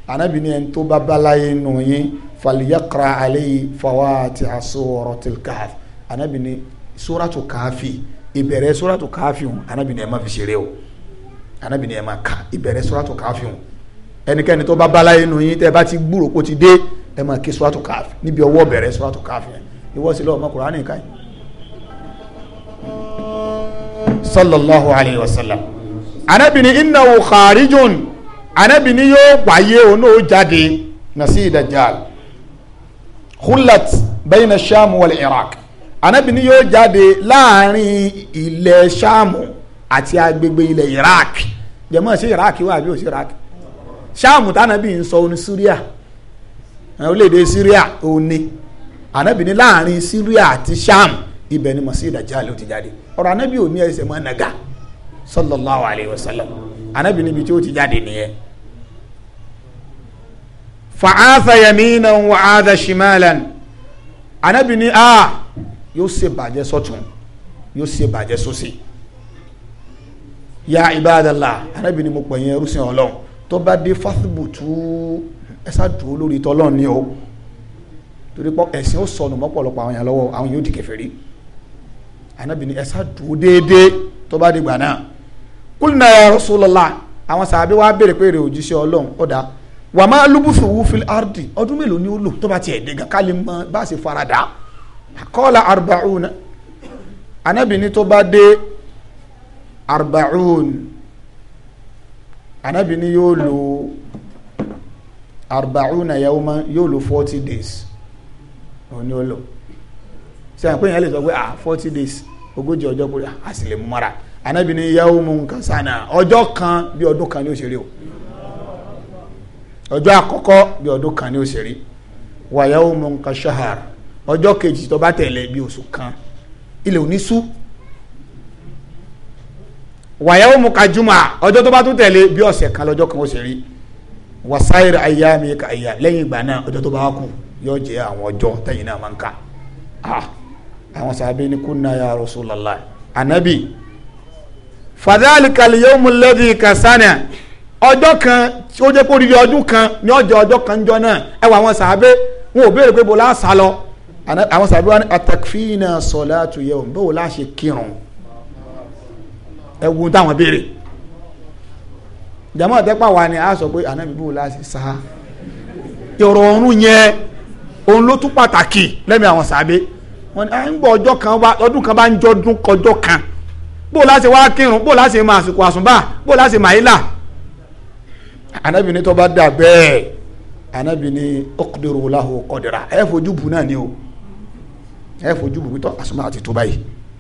Speaker 1: anabi ni ẹni tó bá balaye nù yín falyaqra alayhi fawatiha suratul kahf anabi ni suratul kahfi ìbẹ̀rẹ̀ suratul kahfi hùn anabi ni ẹ má fi ṣeré o anabi ni ẹ má ka ìbẹ̀rẹ̀ suratul kahfi hùn ẹnikẹ́ni tó bá balaye nù yín tẹ́ bá ti gbúrò kó ti dé ẹ máa ké sọ́wọ́tò káàfì níbi ọwọ́ bẹ̀rẹ̀ sọ́wọ́tò káàfì yẹn ìwọ́ sí lọ́wọ́ ọmọkùnrin ànìkà yìí. sallallahu alayhi wa sallam anabini innahu kharijun anabini yóò wáyé òun náà jáde nasi dajjal hulat bayna sham wal iraq anabini yóò jáde láàrin ilẹ̀ sham àti agbègbè ilẹ̀ iraq jẹ́mọ́ sí iraq wà bí ó sí iraq sham tánàbí ń sọ ní syria orílẹ̀-èdè Syria òní ànábì ní láàrin Syria àti Sham ibẹ̀ ni Masih Dajjal ló ti jáde ọ̀rọ̀ ànábì ò ní ẹsẹ̀ mọ́ nàgà sallallahu alayhi wa sallam ànábì níbi tí ó ti jáde nìyẹn. fa'atha yaminan wa aadha shimalan ànábì ní a yóò ṣe bàjẹ́ sọ́tún yóò ṣe bàjẹ́ sósì ya ibadallah ànábì ní mo pè yín ẹrú ọlọ́run tó bá dé fásibùtù ẹ sá dúró lórí tọ́lọ́run ni o torí pọ́ ẹ̀sìn ó sọnù mọ́pọ̀lọpọ̀ àwọn yàn lọ́wọ́ àwọn yóò di kèfèrí Ànábì ní ẹ sá dúró déédéé tó bá dìgbà náà kúlìnà ya Rasulullah àwọn sàbí wa béèrè pé èrè òjíṣẹ́ ọlọ́run ọ̀dà wà máa lúbùsù wúfil ardi ọdún mélòó ni ó lò tó bá tiẹ̀ dé gan kálí bá a farada kọ́lá arbaun Ànábì ní tó bá dé arbaun Ànábì ní yóò lò arbauna yawma yóò lo forty days òun ni ó lò sẹ́yìn pé yẹn lè sọ pé ah forty days ogójì ọjọ́ pé a sì lè mú mọ́ra anabi ni yawmun kasana ọjọ́ kan bí ọdún kan ni ó ṣe rí o ọjọ́ àkọ́kọ́ bí ọdún kan ni ó ṣe rí wa ọjọ́ kejì tó bá tẹ̀lé bí oṣù kan ilẹ̀ òní sú wa yawmun kajuma ọjọ́ tó bá tún tẹ̀lé bí ọ̀sẹ̀ kan lọ́jọ́ kan ó wasaayiri ayami ka aya lẹ́yìn ìgbà náà ọjọ́ tó bá kù yóò jẹ́ àwọn ọjọ́ tẹ̀yìn náà máa ń kà ah àwọn sàbẹ ni kunna ya rasulallah anabi fadhalika kaliyo yawm alladhi kasana ọjọ́ kan tí ó jẹ́ kó rírí ọdún kan ní ọjọ́ ọjọ́ kan jọ náà ẹ wọ àwọn sàbẹ wọn ò béèrè pé bó láǹsà lọ àwọn sàbẹ wọn atakfina salatu yawm bó láǹsà kírun ẹ wo táwọn béèrè jàmọ́ àtẹ́pà wa ni a sọ pé ànábì bò láti sá ìrọ̀ ọ̀run yẹn òun ló tún pàtàkì lẹ́mìí àwọn sàbẹ̀ wọn ni à ah, ń gbọ́ ọjọ́ kan wá ọdún kan bá ń jọdún kọjọ́ kan bó láti wá kírun bó láti máa àsìkò àsùnbà bó láti máa ilà ànábì ni tó bá dà bẹ́ẹ̀ ànábì ni ọkùnrin làwọn ọ̀dẹ̀rà ẹ̀ fojú bù náà ni o ẹ̀ fojú bù pítọ́ àsùnbà àti tó báyìí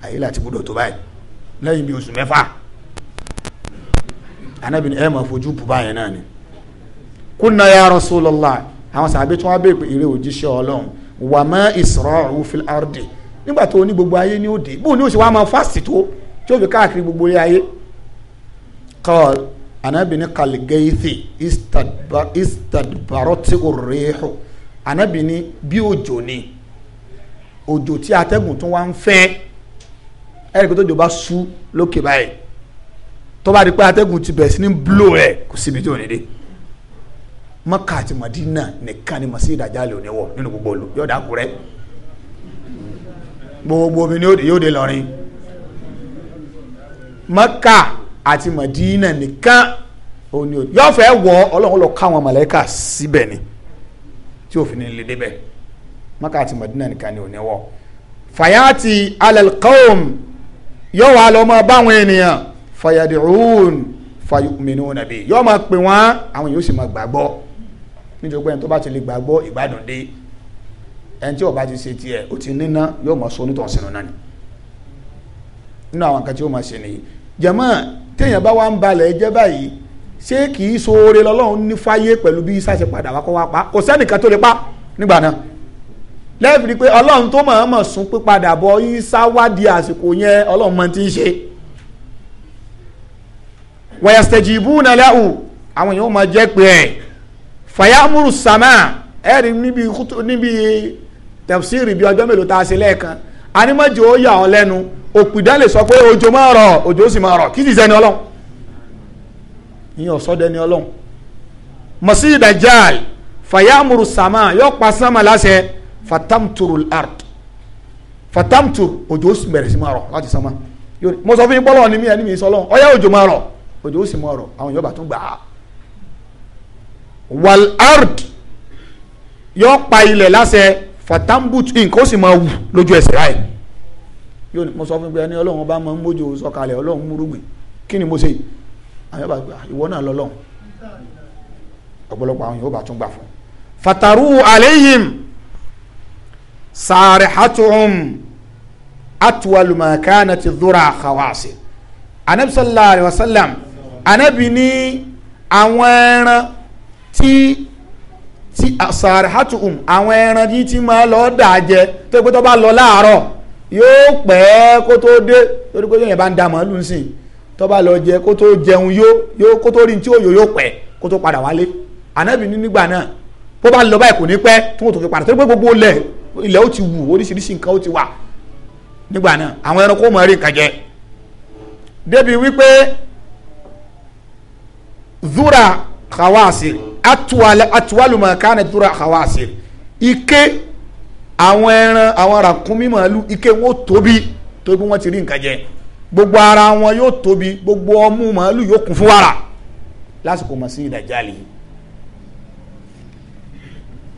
Speaker 1: àyílà àti búdọ̀ tó báyìí lẹ́yìn bí oṣù mẹ́fà anabi ẹ máa fojú bù báyẹn náà ni kúnna ya Rasulullah àwọn sàbẹ̀ tí wọ́n bẹ̀ pé eré òjíṣẹ́ ọlọ́run wà má isra'u fil ardi nígbà tó ní gbogbo ayé ní òde bó ní òṣèwà máa fásitì tó tí ó fi káàkiri gbogbo ayé kọ́ọ̀l anabi ní kalgeithi istadbaroti oreho anabi ní bí òjò ni òjò tí atẹ́gùn tún wá ń fẹ́ ẹ̀rí tó jọba sú lókè báyìí tó bá di pé atẹ́gùn ti bẹ̀rẹ̀ sí ní blo ẹ̀ kò síbi tí ò ní dé mọ́kà àti mọ̀dínà nìkan ni màsí ìdájà lè oníwọ̀ nínú gbogbo olù yóò dákú rẹ gbogbo omi yóò dé lọrin mọ́kà àti mọ̀dínà nìkan òní òní yóò fẹ́ wọ ọlọ́run lọ káwọn mọ̀lẹ́kà síbẹ̀ ni tí òfin ní lè débẹ̀ mọ́kà àti mọ̀dínà nìkan ni oníwọ̀ fàyàtì alẹ́ kọ́ọ̀m yóò wà lọ́mọ báwọn ènìyàn fayad'un fayu'minuna bi yóò máa pè wọ́n àwọn yóò sì máa gbàgbọ́ nítorí pé ẹni tó bá ti lè gbàgbọ́ ìgbádùn dé ẹni tí ó bá ti ṣe tiẹ̀ ó ti níná yóò máa sọ onítọ̀ sínú náà ni nínú àwọn kan tí ó máa ṣe nìyí jẹ̀mọ́ téèyàn bá wá ń balẹ̀ jẹ́ báyìí ṣé kì í ṣoore lọ́lọ́run ní fáyé pẹ̀lú bí sáṣẹ padà wá kọ́ wá pa kò sẹ́nìkan tó lè pa nígbà náà lẹ́ẹ̀fì ni pé ọlọ́run tó mọ̀ọ́mọ̀ sún pípadà bọ̀ yín sáwádìí àsìkò yẹn ọlọ́run mọ̀ ti ń ṣe wayastajibuna lahu àwọn èèyàn máa jẹ́ pé ẹ̀ fayamuru sama ẹ̀ rí níbi níbi tafsiri bíi ọjọ́ mélòó tá a ṣe lẹ́ẹ̀kan animọ́jọ́ ó yà ọ́ lẹ́nu òpìdán lè sọ pé òjò máa rọ̀ òjò sì máa rọ̀ kí sì sẹ́ni ọlọ́run ìyẹn ọ̀sọ́dẹ́ni ọlọ́run masi dajjal fayamuru sama yóò pa sama láṣẹ fatamturu ard fatamturu òjò bẹ̀rẹ̀ sí máa rọ̀ láti sama mo sọ fún yín pọ́lọ́ ni mí ẹni mi sọ lọ́wọ́ òjò ó sì mọ ọ̀rọ̀ àwọn yóò bá tún gbà á wal ard yóò pa ilẹ̀ láṣẹ fatambut nǹkan ó sì máa wù lójú ẹsẹ̀ ráì yóò ní mo sọ fún pé ẹni ọlọ́run bá máa ń mójú sọ̀kalẹ̀ ọlọ́run múrùgbìn kí ni mo ṣe àwọn yóò bá gbà ìwọ náà lọ́lọ́run ọ̀pọ̀lọpọ̀ àwọn yóò bá tún gbà fún fataru aleyhim sarihatuhum atwalu ma kanat dhura khawasi wa sallam anabi ní àwọn ẹran tí tí asarihatuhum àwọn ẹran yìí ti máa lọ dà jẹ tó yẹ pé tó bá lọ láàárọ̀ yóò pẹ́ kó tó dé torí pé yẹn bá ń da màálù ń sìn tó bá lọ jẹ kó tó jẹun yó yó kó tó rí tí òyò yóò pẹ́ kó tó padà wálé anabi ní nígbà náà bó bá lọ báyìí kò ní pẹ́ tó wọ́n tó fi padà torí pé gbogbo ilẹ̀ ilẹ̀ ó ti wù oríṣiríṣi nǹkan ó ti wà nígbà náà àwọn ẹranko mọ̀ rí nǹkan jẹ débi wípé dhura khawasir atuwal atuwaluma kana dhura khawasir ike àwọn ẹran àwọn ràkúnmí màálù ike wọn tóbi tó bí wọn ti rí nǹkan jẹ gbogbo ara wọn yóò tóbi gbogbo ọmú màálù yóò kún fún wàrà lásìkò màsí ìdàjálì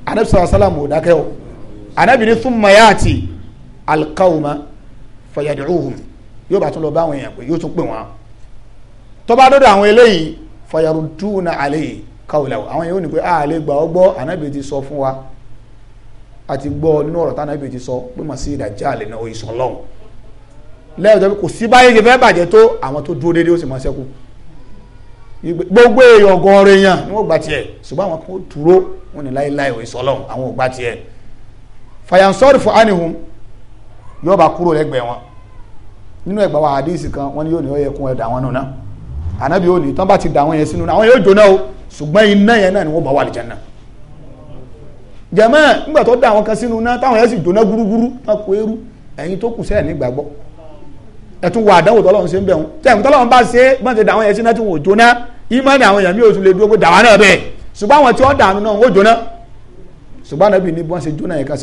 Speaker 1: anabi sọlá sálàmù ò dákẹ́ o anabi ní thumma yati alqawma fayad'uhum yóò bá tún lọ bá àwọn èèyàn pé yóò tún pè wọn tó dọ́dọ̀ àwọn eléyìí fayaruduna alayhi kawulawo àwọn yóò ní pé a lè gbà ọ́ ti sọ fún wa a ti gbọ́ nínú ọ̀rọ̀ tánábì ti sọ pé màsí ìdájà àlẹ́ náà ìsàn lọ́hùn lẹ́yìn tó kò sí báyé ṣe fẹ́ bàjẹ́ tó àwọn tó dúró déédéé ó sì máa ṣẹ́kù gbogbo èèyàn ọgọ́rin èèyàn ni wọ́n gba tiẹ̀ ṣùgbọ́n àwọn kan dúró wọn ni láéláé òye sọlọ́n àwọn ò gba tiẹ̀ fàyànsọ́rì fún anihun yóò kúrò lẹ́gbẹ̀ẹ́ wọn nínú ẹgbàá wa hadisi kan wọ́n ní yóò ní ó kún ẹ̀dá wọn náà ànábì ó ní tán bá ti dà àwọn yẹn sínú àwọn yóò jóná o ṣùgbọ́n iná yẹn náà ni wọ́n bá wà lìjẹ́ náà jẹ́mọ́ nígbà tó dà àwọn kan sínú náà táwọn yẹn sì jóná gúrúgúrú náà kó eru ẹ̀yin tó kù sẹ́yìn nígbàgbọ́ ẹ̀tún wà àdánwò tọ́lọ́run ṣe ń bẹ̀ wọn tẹ̀kùn tọ́lọ́run bá ṣe bọ́n ti dà àwọn yẹn sínú tí wọn ò jóná ìmọ̀ni àwọn èèyàn mi ò tún lè dúró náà tí wọ́n jóná ṣùgbọ́n ànábì ní yẹn ká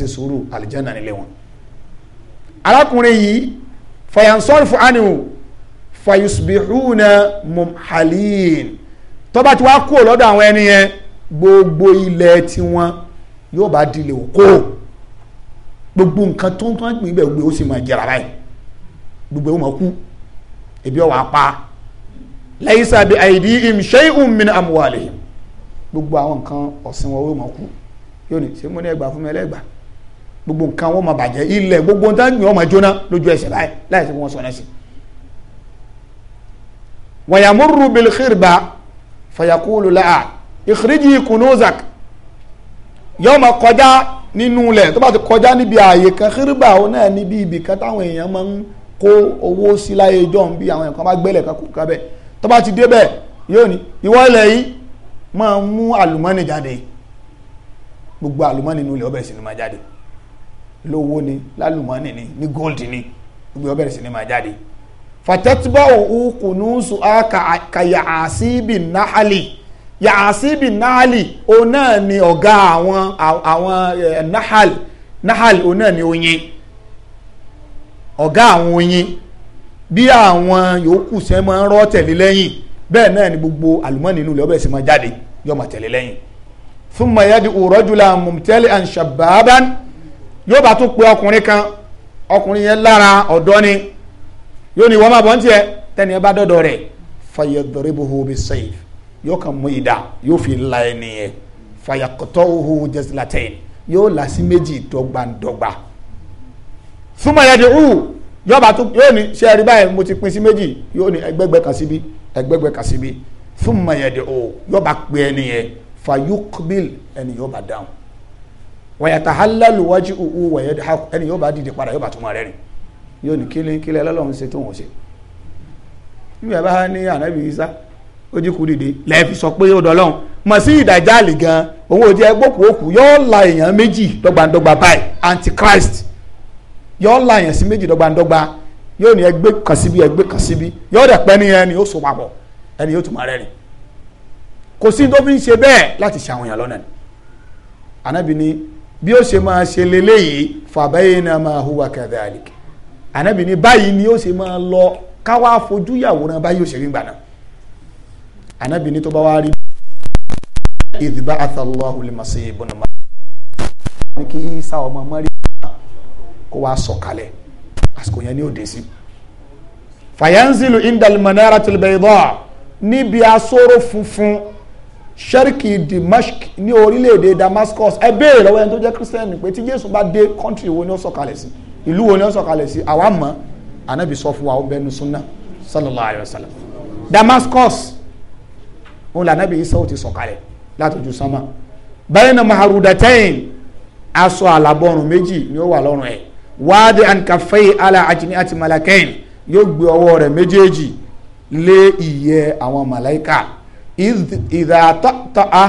Speaker 1: fayusbihuna mumhalin tó bá ti wá kúrò lọ́dọ̀ àwọn ẹni yẹn gbogbo ilẹ̀ tiwọn yóò bá dilẹ̀ òkó gbogbo nǹkan tó ń tó ń pè bẹ́ẹ̀ gbé ó sì máa jẹrà báyìí gbogbo ẹ̀ ó máa kú ebi ó wá pa laysa bi aidihim shay'un min amwalihim gbogbo àwọn nǹkan ọ̀sìn wọn ó máa kú yóò ní ṣé mo ní ẹgbàá fún mi ẹlẹ́gbà gbogbo nǹkan wọn máa bàjẹ́ ilẹ̀ gbogbo nǹkan wọn máa jóná lójú ẹsẹ̀ báyìí láì sí wọn sọ náà sí i wàyàmúrú bilkhirba فيقول láà ìkìríjì كنوزك yóò máa kọjá nínú ilẹ̀ tó bá ti kọjá níbi ààyè kan khirba ó náà níbi ibì kan táwọn èèyàn máa ń kó owó sí láyé john bí àwọn nǹkan bá gbẹ́lẹ̀ kan kú kábẹ́ tó bá ti débẹ̀ yóò ní ìwọ ilẹ̀ yìí máa mú àlùmọ́nì jáde gbogbo àlùmọ́nì nínú ilẹ̀ ó sí ní máa jáde lówó ni lálùmọ́nì ni ní gold ni gbogbo ó sí ní máa jáde fàtẹ́tìbá òhun kùnúùsù á kà yàásíbì náhálì yàásíbì náhálì òun náà ni ọ̀gá àwọn àwọn náhálì eh, náhálì òun náà ni oyin ọ̀gá àwọn oyin bí àwọn yòókù sẹ́ máa ń rọ́ tẹ̀lé lẹ́yìn náà ni gbogbo àlùmọ́ọ́nì inú ilẹ̀ ọbẹ̀ sì máa jáde yóò máa tẹ̀lé lẹ́yìn thumma yad'u rajulan mumtali'an shababan yóò bá tún pe ọkùnrin kan ọkùnrin yẹn lára ọ̀dọ́ ni yóò ní wọ́n máa bọ́ ń tiẹ̀ tẹ́ni ẹ bá dọ́dọ̀ rẹ̀ fayadribuhu bisayf yóò kàn mú ìdá yóò fi la ẹni yẹn fayaqta'uhu jazlatayn yóò là sí méjì dọ́gbandọ́gba thumma yad'uhu yọba tó yóò ní ṣe ẹrí báyìí mo ti pín sí méjì yóò ní ẹgbẹgbẹ kan síbi ẹgbẹgbẹ kan síbi thumma yad'uhu yọba pé ẹni yẹn fayuqbil ẹni yọba dáhùn wa yatahallalu wajhuhu wa yadhaku ẹni yọba dìde padà yọba tó máa rẹ́rìn yóò ní kílé kílé ọlọ́run ṣe tó wọ́n ṣe níbi àbá ní ànábì isa ojú kù dìde lẹ́ẹ̀fi sọ pé ó dọ́lọ́run màsí ìdájálì gan òun ò jẹ́ yóò la èèyàn méjì dọ́gbandọ́gba báyìí antichrist yóò la èèyàn sí méjì dọ́gbandọ́gba yóò ní ẹgbẹ́ kan síbi ẹgbẹ́ kan síbi yóò dẹ̀ pẹ́ ní ẹni ó so papọ̀ ẹni yóò tún máa rẹ́rìn kò sí tó fi ń ṣe bẹ́ẹ̀ láti ṣe àwọn èèyàn lọ́nà ni ànábì ni bí ó ṣe máa ṣe leléyìí fàbẹ́yìn náà máa hùwà kadhalik ànábì ní báyìí ni ó ṣe máa lọ káwá fojú yàwòrán báyìí ó ṣe rí gbà náà ànábì ní tó bá wá rí ìdìbà àtàlọ́hùn lè máa ṣe ìbọnà máa ní kí isa ọmọ mọ́rí kó wá sọ̀kalẹ̀ àsìkò yẹn ni ó dé sí. fàyẹ́nsìlù indalmanara tìlbẹ̀dọ́ níbi asóró funfun sẹ́ríkì dimashq ní orílẹ̀-èdè damascus ẹ béèrè lọ́wọ́ ẹni tó jẹ́ kírísítẹ́nì pé tí jésù bá dé kọ́ńtì wo ni ó sọ̀kalẹ̀ sí i ìlú wo ni ó sọ̀kalẹ̀ sí àwa mọ̀ anabi sọ fún wa ó bẹnu súnà sallallahu alayhi wa sallam Damascus òun là anabi Isa ó ti sọ̀kalẹ̀ látòjú sánmà bẹ́ẹ̀ na maharudatain aṣọ àlàbọ̀rùn méjì ni ó wà lọ́rùn ẹ̀ wáàdì ànkàfẹ́ ala àjìní àti malakain yóò gbé ọwọ́ rẹ̀ méjèèjì lé ìyẹ́ àwọn màláìka ìdàtọ̀tọ̀ a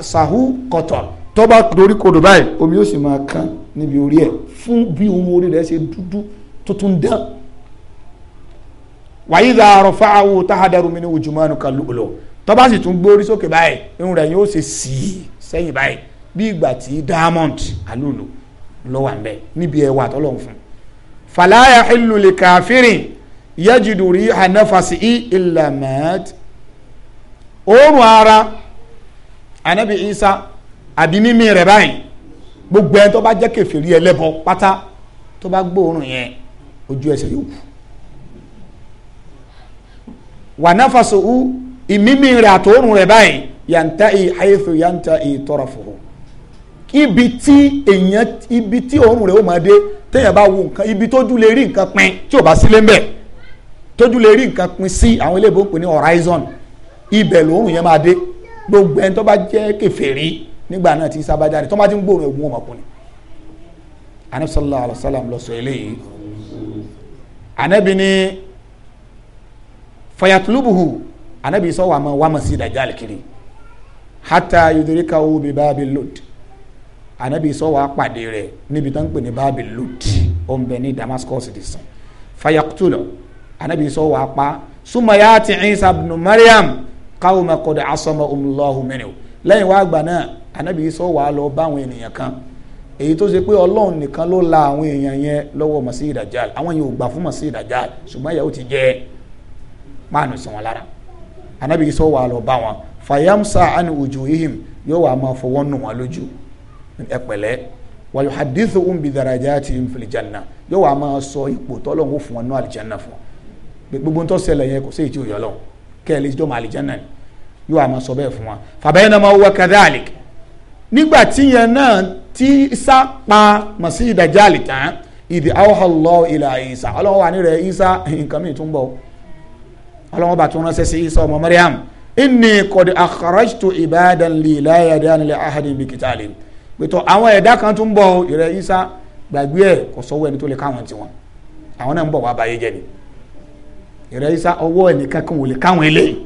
Speaker 1: sahu kọ̀tọ̀ tó bá dorí kodò báyìí omi yóò sì máa kán níbi orí ẹ̀ fún bí ohun orí rẹ̀ ṣe dúdú tó tún dán wàyí dà àròfà àwò táhàdàrú mi ní ojúmọ́nù kan lòlò tó bá sì tún gbórí sókè báyìí irun rẹ̀ yóò ṣe sí i sẹ́yìn báyìí bí ìgbà tí diamond alolo ló wà nbẹ níbi ẹwà tọ́lọ́hún fún falaya ìlú lè kàfírìn yẹjìdùrí ànáfàsì ìlàmẹ́tì ara anabi isa àbí mímí báyìí gbogbo ẹni tó bá jẹ́ kèfèrí ẹlẹ́bọ pátá tó bá gbóòórùn yẹn ojú ẹsẹ̀ yóò kù wà náfàṣọ u ìmímí rẹ̀ àtòórùn rẹ̀ báyìí yàntá ì àyèfò yàntá ì tọrọ fòrò ibi tí èèyàn ibi tí òórùn rẹ̀ ó máa dé téèyàn bá wo nǹkan ibi tójú lè rí nǹkan pin tí ò bá sílé ń tójú lè rí nǹkan pin sí àwọn ilé ìbò ń pè ní horizon ibẹ̀ lòórùn yẹn máa dé gbogbo ẹni tó bá jẹ́ kèfèrí nígbà náà tí sábà jáde tó bá ti ń gbóòórùn ẹ̀gbọ́n ọmọkùnrin anabi sallallahu alayhi wa sallam lọ sọ eléyìí anabi ni fayatulubuhu anabi sọ wàmọ wàmọ sí dajjal kiri hata yudurikawo bi baabi lod anabi sọ wàá pàdé rẹ̀ níbi tó ń pè ní baabi lod ó ní damascus ti sàn fayakutulo anabi sọ wàá pa sumayati isa ibn mariam kawuma kodo asoma umulahu mẹniw lẹ́yìn wàá gbà náà anabi Isa wà lọ bá àwọn ènìyàn kan èyí tó ṣe pé ọlọ́run nìkan ló la àwọn èèyàn yẹn lọ́wọ́ Masih Dajjal àwọn yẹn ò gbà fún Masih Dajjal ṣùgbọ́n ìyàwó ti jẹ́ páànù sí wọn lára anabi Isa wà lọ bá wọn fayamsa an wujuhihim yóò wà máa fọwọ́ nù wọn lójú ẹ pẹ̀lẹ́ wa yuhaddithuhum bi darajatihim fil janna yóò wà máa sọ ipò tọ́lọ́run ó fún wọn ní àlìjánná fún gbogbo ń tó ṣẹlẹ̀ yẹn kò sí èyí nígbà tí yẹn náà ti sá pa màsí ìdájálì tán ìdí awọ́hàlọ́ ilà Isa ọlọ́wọ́ wà ní rẹ̀ Isa nǹkan mi tún bọ̀ ọlọ́wọ́ bá tún ránṣẹ́ sí Isa ọmọ Mariam inni kọ̀dí akharajtu ibadan li la yadani li ahadin bi kitali pẹ̀tọ́ àwọn ẹ̀dá kan tún bọ̀ ìrẹ̀ Isa gbàgbé ẹ̀ kò sọ́wọ́ ẹni tó lè káwọn tiwọn àwọn náà ń bọ̀ wá báyé jẹ́ ni ìrẹ̀ Isa ọwọ́ ẹnìkan kan wò lè káwọn eléyìí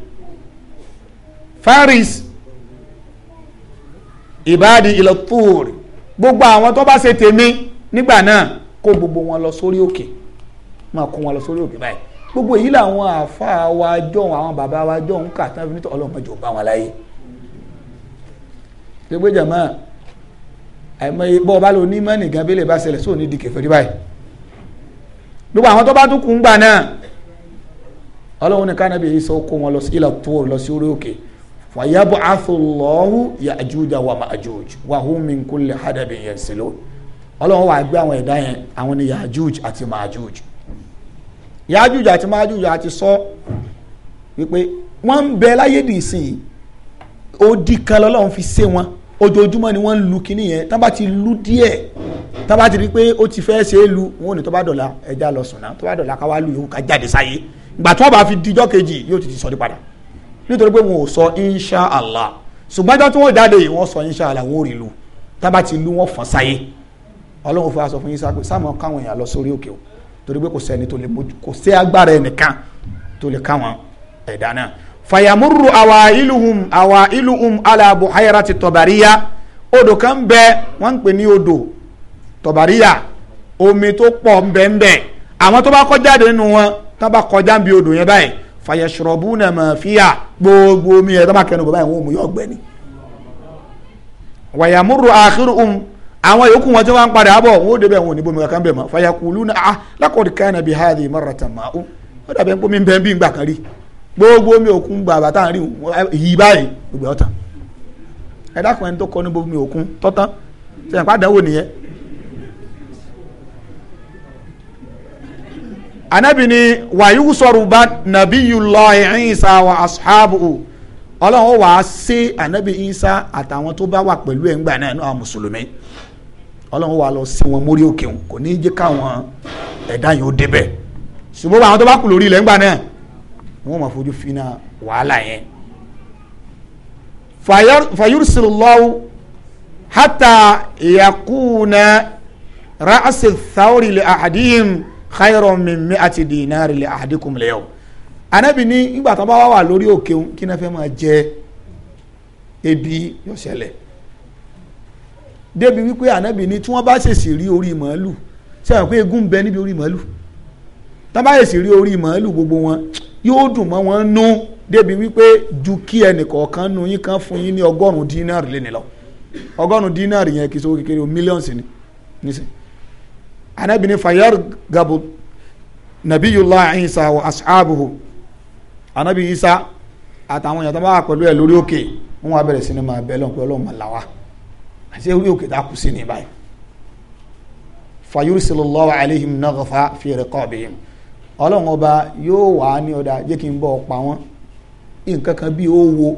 Speaker 1: ìbáàdì ilẹ̀ tóòrì gbogbo àwọn tó bá ṣe tèmi nígbà náà kó gbogbo wọn lọ sórí òkè máa kó wọn lọ sórí òkè báyìí gbogbo èyí làwọn àáfàá wa jọ̀hún àwọn bàbá wa jọ̀hún kà tán fi ní ọlọ́mọdé ò bá wọn láyé. gbogbo jàmọ́ àìmọye bọ́ ọba ló ní mọ́nì gan bí lè bá ṣẹlẹ̀ sóò ní di kẹfẹ́ rí báyìí. gbogbo àwọn tó bá tún ń gbà náà ọlọ́run nìkan náà bí sọ kó wọn lọ sí ilẹ̀ lọ sí orí òkè. Okay fàyàbọ̀ àtòlọ́hù yàjújà wà màjúj wà hùmín kúlẹ̀ hádàbí yẹn sílò ọlọ́run wà gbé àwọn ẹ̀dá yẹn àwọn ni yàjúj àti màjúj yàjúj àti màjúj àti sọ wípé wọ́n ń bẹ láyé dìísìn odi kan lọ́lọ́run fi ṣe wọn ojoojúmọ́ ni wọ́n lu kinní yẹn tá ti lu díẹ̀ tá ti rí pé ó ti fẹ́ ṣe lu wọn ò ní tó dọ̀la ẹja lọ sùn náà tó dọ̀la ká lu yòówù ká jáde sáyé ìgbà fi dijọ́ kejì yóò ti ti sọ ní padà nítorí pé wọn ò sọ insha allah ṣùgbọ́n ẹjọ́ tí wọ́n jáde yìí wọ́n sọ insha allah wọn ò rí lu tábà ti lu wọn fọ́n sáyé ọlọ́run fún wa sọ fún yín sáà sáà máa káwọn èèyàn lọ sórí òkè o torí pé kò sẹ́ni tó lè mójú kò sí agbára ẹnìkan tó lè káwọn ẹ̀dá náà fàyàmúrù àwa ìlúhùn àwa ìlúhùn aláàbò hayara ti tọ̀bàríyá odò kan bẹ wọ́n ń pè ní odò tọ̀bàríyà omi tó pọ̀ ń bẹ àwọn tó bá kọjá dé wọn tó bá kọjá ń odò yẹn báyìí fàyẹ̀sọ̀rọ̀bù náà mà fíà gbogbo omi ẹ̀ tọ́ba kẹnu bàbá ẹ̀ wọ́n mú yọ ọgbẹ́ni. wàyàmúrò àkírù um àwọn yòókù wọn tí wọ́n ń padà bọ̀ wọ́n ó débẹ̀ wọn ò ní bomi kankan bẹ̀ mọ́ fàyàkùlù náà ah lákòdì káyọ̀nà bíi háàdì mọ́ràtàn máa um. ó ó dàbẹ̀ pé mi ń bẹ́ẹ̀ bí ìgbà kan rí gbogbo omi òkun gbà bàtà rí yìí báyìí gbogbo ọ̀tàn ẹ̀dá kan ẹni tó kọ́ ní bomi òkun tọ́tán sẹ́yìn anabi ni wàyú sọ̀rọ̀ bá nabiyullahi Isa wa ashabu ọlọ́run wàá sí anabi Isa àtàwọn tó bá wà pẹ̀lú ẹ̀ ń gbà náà náà mùsùlùmí ọlọ́run wàá lọ sí wọn mórí òkè wọn kò ní jẹ́ káwọn ẹ̀dá yẹn ó ṣùgbọ́n àwọn tó bá kù lórí ilẹ̀ ń náà ni máa fojú fina wàhálà yẹn. fayursilullahu hatta yakuna ra'asi thawri li ahadihim khayro min mi'ati dinari li ahadikum lẹ́yọ̀ anabi ní ìgbà tó bá wà wà lórí òkè òun kí náà fẹ́ máa jẹ ebi yóò ṣẹlẹ̀ débi wípé anabi ní tí wọ́n bá ṣèṣì rí orí màálù sẹ́wọ̀n pé egun bẹ níbi orí màálù tá bá ṣèṣì rí orí màálù gbogbo wọn yóò dùn mọ́ wọn nú débi wípé ju kí ẹnìkọ̀ọ̀kan nu yín kan fún yín ní ọgọ́rùn-ún dínárì lé nílọ ọgọ́rùn-ún dínárì yẹn kì í o mílíọ̀nù ni nísìnyí anabi ni fayar gabu nabiyullah isa wa ashabuhu anabi isa àtàwọn èèyàn tó bá wà pẹ̀lú ẹ̀ lórí òkè wọn wá bẹ̀rẹ̀ sí ni máa bẹ̀ lọ́n pé ọlọ́run máa là wá àti orí òkè tá a kù sí ní báyìí fayurisilillahu alayhim naghafa fi riqabihim ọlọ́run ọba yóò wà á ní ọ̀dà jẹ́ kí n bọ́ pa wọ́n nǹkan kan bí ó wo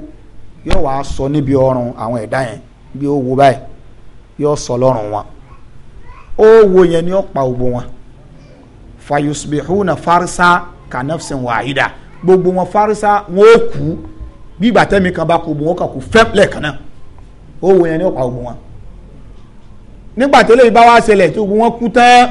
Speaker 1: yóò wà sọ níbi ọrùn àwọn ẹ̀dá yẹn bí ó wo báyìí yóò sọ lọ́rùn wọn owó yẹn ni ó pa ògbó wọn fayusbihuna farisa kanafsin wahida gbogbo wọn farisa wọn ó kú bí ìgbà tẹ́mi kan bá kú wọn kà kú fẹ́pẹ́lẹ̀ kan náà owó yẹn ni ó pa ògbó wọn nígbà tó lè bá wá ṣẹlẹ̀ tó wọn kú tán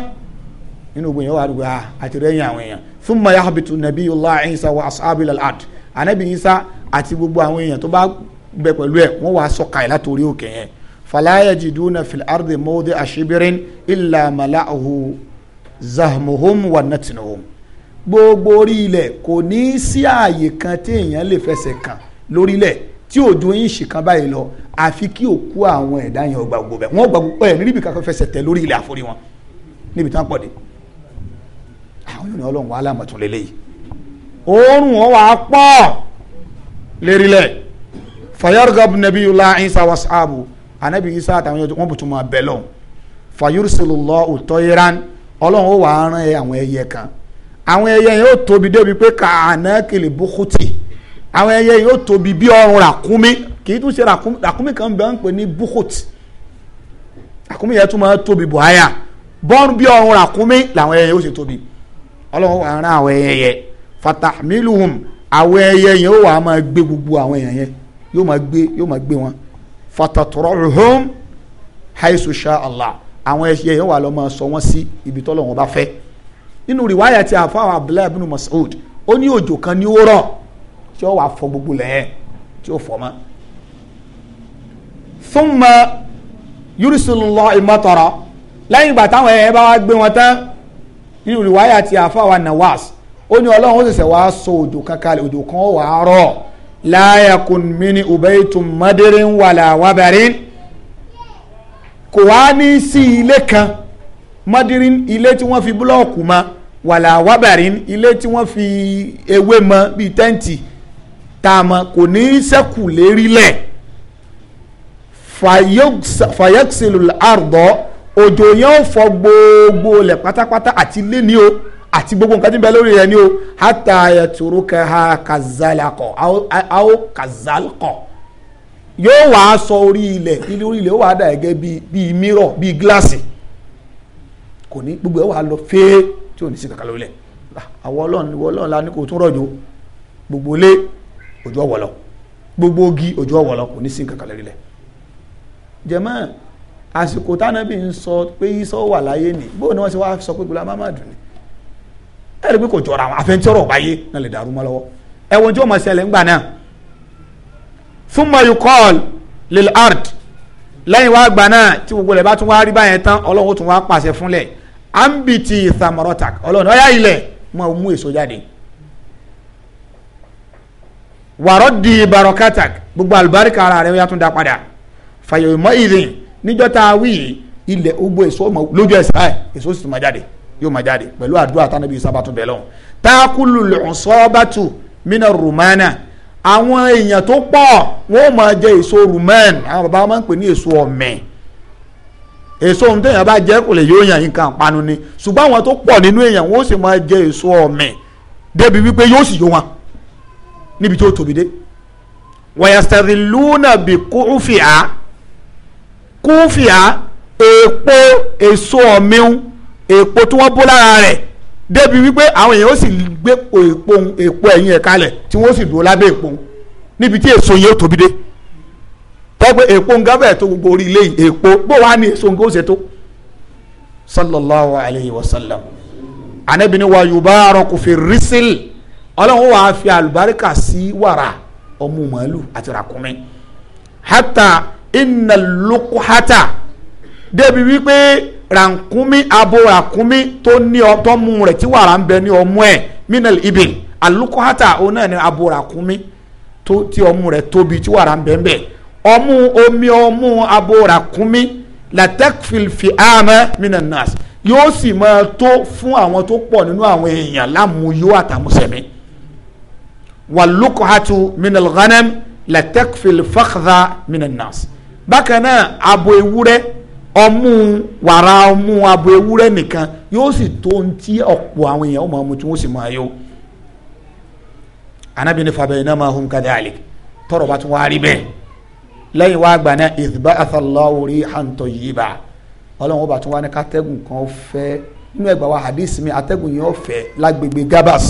Speaker 1: nínú ògbó yẹn wà dùgbò ah, àti rẹ́yìn àwọn èèyàn thumma yahbitu nabiyullahi Isa wa ashabil al-ard anabi Isa àti gbogbo àwọn èèyàn tó bá bẹ pẹ̀lú ẹ̀ wọ́n wàá sọ̀kalẹ̀ látòrí òkè yẹn فلا يجدون في الأرض موضع شبر إلا ملأه زهمهم ونتنهم. natinuhum gbogbo orí ilẹ̀ kò ní í sí ààyè kan tí èèyàn lè fẹsẹ̀ kàn lórílẹ̀ tí òjò yín ṣì kan báyìí lọ àfi kí òkú àwọn ẹ̀dá yẹn ọgbà gbogbo bẹ̀ wọ́n gbà gbogbo ẹ̀ níbi kankan fẹsẹ̀ tẹ̀ lórí ilẹ̀ àforí wọn níbi tí wọ́n pọ̀ dé àwọn ènìyàn ọlọ́run wà lámọ̀tún lélẹ́yìí oorun wọn wà á pọ̀ lérílẹ̀ fayargab nabiyullah isa wasaabu anabi isa àtàwọn yẹn wọ́n bùtù máa bẹ̀ lọ fayurusilulọ òtọ́ iran ọlọ́run ó wàá rán àwọn ẹyẹ kan àwọn ẹyẹ yẹn ó tóbi débi pé kàánà kìlì bùkútì àwọn ẹyẹ yẹn ó tóbi bí ọrùn ràkúnmí kì í tún ṣe ràkúnmí ràkúnmí kan bẹ́ẹ̀ ń pè ní bùkútì ràkúnmí yẹn tún máa tóbi bùháyà bọ́ọ̀rù bí ọrùn ràkúnmí làwọn ẹyẹ yẹn ó ṣe tóbi ọlọ́run wàá rán àwọn ẹyẹ yẹn fatahmiluhum àwọn ẹyẹ yẹn ó wàá máa gbé gbogbo àwọn ẹyẹ yẹn yóò máa gbé yóò máa gbé wọn fataturaruhum haisu sha allah àwọn ẹyẹ yẹn wà lọ máa sọ wọn sí ibi tọ́lọ̀ wọn bá fẹ́ nínú rìwáyà tí wa abdullahi ibn mas'ud ó ní òjò kan ní ó tí ó wàá fọ gbogbo lẹ́yìn tí ó fọ mọ́. thumma yurisulullah al-matara lẹ́yìn ìgbà táwọn ẹyẹ bá wá gbé wọn tán nínú rìwáyà tí àfáwọn nawas ó ní ọlọ́run ó sì ṣẹ̀ wá sọ òjò kan òjò kan ó wàá rọ̀ láyàkùn mini ubaitun madirin wàlà wàbàrin kò wá ní sí ilé kan madirin ilé tí wọ́n fi búlọ́ọ̀kù ma wàlà wàbàrin ilé tí wọ́n fi ewé mọ bíi tẹ́ǹtì tá a mọ kò ní sẹ́kù lérí lẹ̀ fàyẹ́kìsìlù àrùdọ́ òjò yẹn fọ gbogbo lẹ̀ pátápátá àti lé o àti gbogbo nǹkan tí ń bẹ lórí rẹ ni o hata yaturuka ha kazalakọ awo kazalakọ yóò wá sọ orí ilẹ̀ ilé orí ilẹ̀ ó wà dà gẹ́gẹ́ bíi mirror bíi gíláàsì kò ní gbogbo ẹ̀ wà lọ fẹ́ẹ́ tí ò ní sí kankan lórí ilẹ̀ ah, àwọn ọlọ́run ìwọ ọlọ́run la ní kò tún rọ̀jò gbogbo ilé òjò ọ̀wọ̀lọ̀ gbogbo ogi òjò ọ̀wọ̀lọ̀ kò ní sí kankan ilẹ̀ jẹ̀mọ́ àsìkò tánàbí ń sọ pé yíṣọ́ wà láyé nì bóun ni wọ́n ti wá sọ pé gbọ́dọ̀ má má ẹ̀rí pé kò jọra àwọn afẹ́ntẹ́rọ̀ wáyé náà lè dàrú mọ́ lọ́wọ́ ẹ̀wọ̀n tí ó mọ̀ ṣẹlẹ̀ ńgbà náà thumma yuqal lil ard lẹ́yìn wá gbà náà tí gbogbo rẹ̀ bá tún wá rí báyẹn tán ọlọ́run tún wá pàṣẹ fúnlẹ̀ ambiti thamarotak ọlọ́run ọ̀yá ilẹ̀ mọ̀ mú èso jáde wàrọ́dì barokatak gbogbo àlùbáríkà ara rẹ̀ ó yá tún dá padà fàyẹ̀wò mọ́ ìrìn níjọ́ tá a wí ilẹ̀ gbogbo èso lójú ẹ̀sán ẹ̀ èso sì tún máa jáde yóò máa jáde pẹ̀lú àdúrà tánàbí sábàtún bẹ̀ lọ́hùn tákùlù lọ́sọ́bàtù mina rumana àwọn èèyàn tó pọ̀ wọ́n máa jẹ èso rumen àwọn bàbá máa ń pè ní èso ọ̀mẹ́ èso ohun téèyàn bá jẹ kò lè yóò yàn yín kan panu ni ṣùgbọ́n àwọn tó pọ̀ nínú èèyàn wọ́n sì máa jẹ èso ọ̀mẹ́ débi wípé yóò sì yó wọn níbi tó tóbi dé wọ̀yẹ̀sẹ̀rì lúnà bí kúfìá kúfìá èèpo èso ọ̀mẹ́hún èpo tí wọ́n bó lára rẹ̀ débi wípé àwọn èèyàn ó sì gbé èpo èpo ẹ̀yìn ẹ̀ kalẹ̀ tí wọ́n sì dúró lábẹ́ èpo níbi tí èso yẹn ó tóbi dé tọ́pẹ́ èpo ń gábẹ̀ tó gbogbo orí ilé yìí èpo bó wàá ní èso nǹkan ó ṣe tó sallallahu alayhi wa sallam anabi ni wa yubaraku fi risil ọlọ́run wàá fi àlùbáríkà sí wàrà ọmú màálù àti ràkúnmí hata inna lukuhata débi wípé rànkúnmí abo rànkúnmí tó ní ọtọ́ mu rẹ̀ tí wàrà ń bẹ ní ọmú ẹ̀ minel ibil alukohata òun náà ní abo rànkúnmí tó tí ọmú rẹ̀ tóbi tí wàrà ń bẹ ń bẹ ọmú omi ọmú abo rànkúnmí latekfil fi amẹ minel nas yóò sì máa tó fún àwọn tó pọ̀ nínú àwọn èèyàn lámúyó àtàmúsẹ̀mí walukohatu minel ghanem latekfil fakda minel nas bákan náà abo ewúrẹ́ ọmú wàrà ọmú abo ewúrẹ́ nìkan yóò sì tó ń tí ọ̀pọ̀ àwọn èèyàn ọmọ ọmọ tí wọ́n sì máa anabi ní fàbẹ̀yìn náà tọrọ bá tún wá rí bẹ́ẹ̀ lẹ́yìn wá gbà náà rí hàǹtọ̀ yìí bá ọba tún wá ní kan ẹgbà wa hadith mi lágbègbè gabas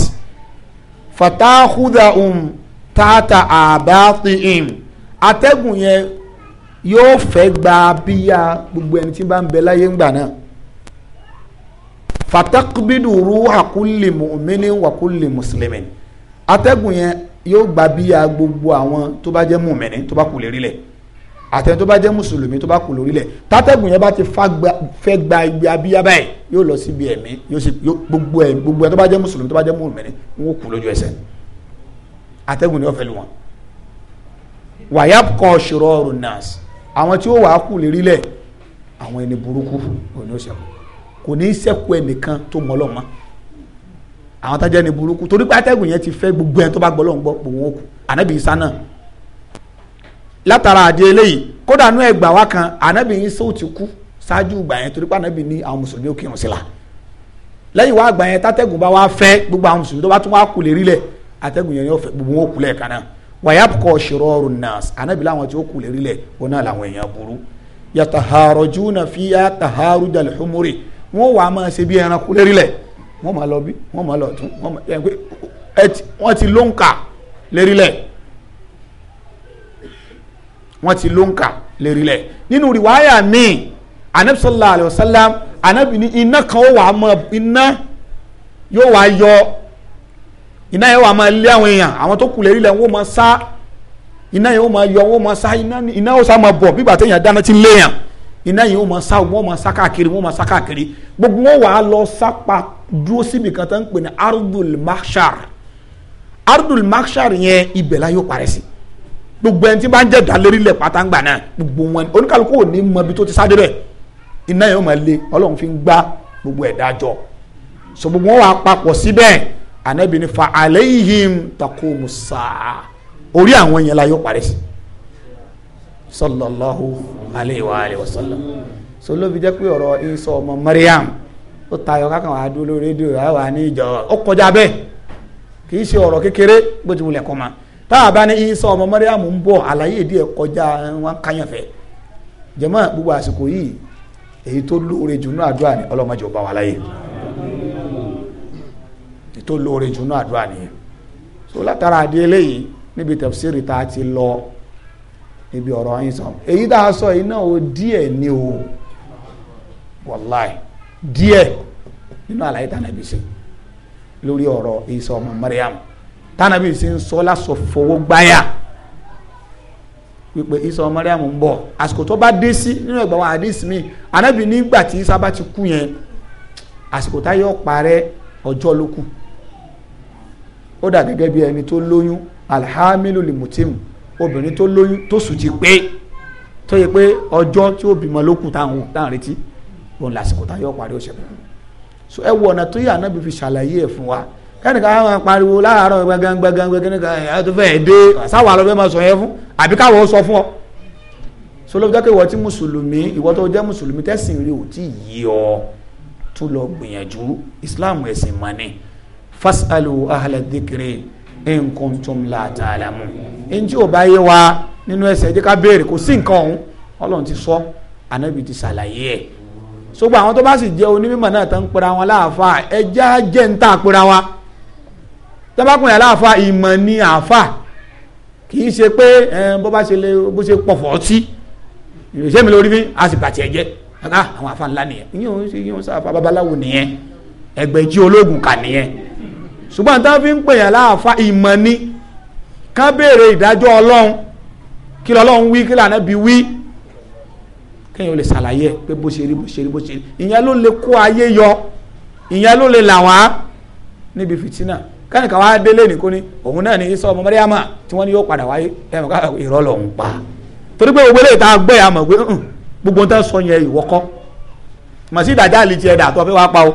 Speaker 1: tata abatihim yẹn yóò fẹ́ gba bíyà gbogbo ẹni tí bá ń bẹ láyé ńgbà náà fatakubidu ruha kulli mu'mini wa kulli muslimin atẹ́gùn yẹn yóò gba bíyà gbogbo àwọn tó bá jẹ́ mu'mini tó bá kù lérí lẹ̀ àtẹni tó bá jẹ́ mùsùlùmí tó bá kù lórílẹ̀ tátẹ́gùn yẹn bá ti fẹ́ gba ibi abíyá báyìí yóò lọ síbi ẹ̀mí gbogbo ẹ̀ gbogbo ẹ̀ tó bá jẹ́ mùsùlùmí tó bá jẹ́ mùmìnì ń kú lójú ẹsẹ̀ àtẹ́gùn ni wọ́n lu wọn. wàyà kọ́ ṣòro ọ̀rùn nọ́ọ̀sì àwọn tí ó wàá kù lérí lẹ̀ àwọn ẹni burúkú òní òṣèlú kò ní í ṣẹ́kù ẹnìkan tó mọ́ lọ́mọ́ àwọn tájẹ́ ẹni burúkú torí pé atẹ́gùn yẹn ti fẹ́ gbogbo ẹni tó bá gbọ́ lọ́ngbọ́ òun ó kù ànábì Ìsá náà látara àdé eléyìí kódà nú ẹgbà wá kan ànábì Ìsá ó ti kú ṣáájú ìgbà yẹn torí pé ànábì ní àwọn mùsùlùmí ò kírun sílá lẹ́yìn wá àgbà yẹn tátẹ́gùn bá wá fẹ́ gbogbo àwọn mùsùlùmí tó bá tún wá kù lérí lẹ̀ àtẹ́gùn yẹn yóò fẹ́ gbogbo wọn ò lẹ́ẹ̀kan náà wàyàpọ̀ ṣòro nas anabi làwọn tí ó kù lérí lẹ̀ ó náà làwọn èèyàn burú yataharujuna fiya taharujal humuri wọn wà á máa ṣe bí ẹranko lérí lẹ̀ wọ́n máa lọ bí wọ́n máa lọ tún wọ́n ti ló ń kà lérí lẹ̀ wọ́n ti ló ń kà lérí lẹ̀ nínú rìwáyà míì anabi sallallahu alayhi wa sallam anabi ni iná kan wà á iná yóò wá yọ iná yẹn wà máa lé àwọn èèyàn àwọn tó kù lérí lẹ̀ wọ́n máa sá iná yẹn wọ́n máa yọ wọ́n máa sá iná yóò sá máa bọ̀ bígbà téèyàn dáná ti léèyàn iná yẹn wọ́n máa sá wọ́n máa sá káàkiri wọ́n máa sá káàkiri gbogbo wọn wà á lọ sápa dúró síbi kan tó ń pè ní ardul mahshar ardul mahshar yẹn ibẹ̀ la yóò parẹ́ sí gbogbo ẹni tí bá ń jẹ́ ìdálérí lẹ̀ pátáǹgbà náà gbogbo wọn oníkàlùkù ò ní mọ ibi tó ti sáré rẹ̀ iná yẹn wọ́n máa lé ọlọ́run fi ń gbá gbogbo ẹ̀dá jọ so gbogbo wọn wà á papọ̀ síbẹ̀ anabi ni fa aleihim takumu saa orí àwọn yẹn la yóò parí sí sallallahu alayhi wa alayhi wa sallam so ló fi jẹ́ pé ọ̀rọ̀ Isa ọmọ Mariam ó tayọ kákan wàá dúró rédíò àwa ní ìjọ ó kọjá bẹ́ẹ̀ kì í ṣe ọ̀rọ̀ kékeré bó ti wulẹ̀ ma táwa bá ní Isa ọmọ Mariam ń bọ̀ àlàyé ìdí kọjá wọn kányànfẹ́ jẹ́mọ́ gbogbo àsìkò yìí èyí tó lóore jù nínú àdúrà ni ọlọ́mọdé ò bá wà láyé tó lóore jù náà àdúrà nìyẹn so látara àdé eléyìí níbi tafsiri tá a ti lọ níbi ọ̀rọ̀ yín sọ èyí tá a sọ yìí náà o díẹ̀ ni o wàláì díẹ̀ nínú àlàyé tànàbí sí lórí ọ̀rọ̀ Ìsá ọmọ Mariam tànàbí sí ń sọ lásọ fowó gbáyà wípé Ìsá ọmọ Mariam ń bọ̀ àsìkò tó bá dé sí nínú ẹgbẹ́ wa àdìs mi ànábì nígbà tí Ìsá bá ti kú yẹn àsìkò táyọ̀ parẹ́ ọjọ́ ló kù ó dà gẹ́gẹ́ bí ẹni tó lóyún alhamilu limutim obìnrin tó lóyún tó sùn ti pé tó yẹ pé ọjọ́ tí ó bímọ ló kù táwọn táwọn retí òun lásìkò táyọ̀ parí òṣèlú so ẹ wo ọ̀nà tó yà náà fi ṣàlàyé ẹ̀ fún wa kẹ́nìkan á máa pariwo láàárọ̀ gbẹgangbegan kẹ́nìkan ẹ̀ tó fẹ́ dé sáwà lọ́fẹ́ máa sọ yẹn fún àbí káwọ́ sọ fún ọ. so ló fi jẹ́ pé ìwọ tí mùsùlùmí ìwọ tó jẹ́ mùsùlùmí tẹ́sìn rí ò tí ọ tún lọ gbìyànjú Islam ẹ̀sìn mọ́ni fasalu ahla dhikri in kuntum la ta'lamun ẹnjí ò bá yé wa nínú ẹsẹ̀ jẹ́ ká béèrè kò sí nǹkan ọ̀hún ọlọ́run ti sọ ànábì ti ṣàlàyé ẹ̀ sọgbà àwọn tó bá sì jẹ́ onímọ̀ náà tó ń pera wọn láàfa ẹja jẹ́ ń tà pera wa tọ́bákùnrin aláàfa ìmọ̀ ni àfa kì í ṣe pé bó bá ṣe lè bó ṣe pọ̀fọ̀ ọtí ìrèsé mi lórí mi a sì bàtì ẹ̀jẹ̀ àwọn afa ńlá nìyẹn ìyẹn ṣe ìyẹn òun sáfa babaláwo nìyẹn ẹgbẹ̀jì ológun kà nìyẹn ṣùgbọ́n tá fi ń pèyàn láàfa ìmọ̀ ni ká béèrè ìdájọ́ ọlọ́run kí lọ́lọ́run wí kí lànà bí wí kéèyàn lè ṣàlàyé pé bó ṣe rí bó ṣe rí bó ṣe rí ìyẹn ló lè kó ayé yọ ìyẹn ló lè là wá níbi fìtínà kẹ́nìkan wá délé nìkó ni òun náà ní Ìsá ọmọ Màríyámà tí wọ́n ní yóò padà wáyé ẹ̀mọ̀ ká ah, irọ́ lọ́hùn pa torí pé gbogbo eléyìí tá a gbé mm, gbogbo ń tẹ́ sọ yẹn ìwọ́kọ́ màsí ìdájà àlè tiẹ̀ dà tó pa o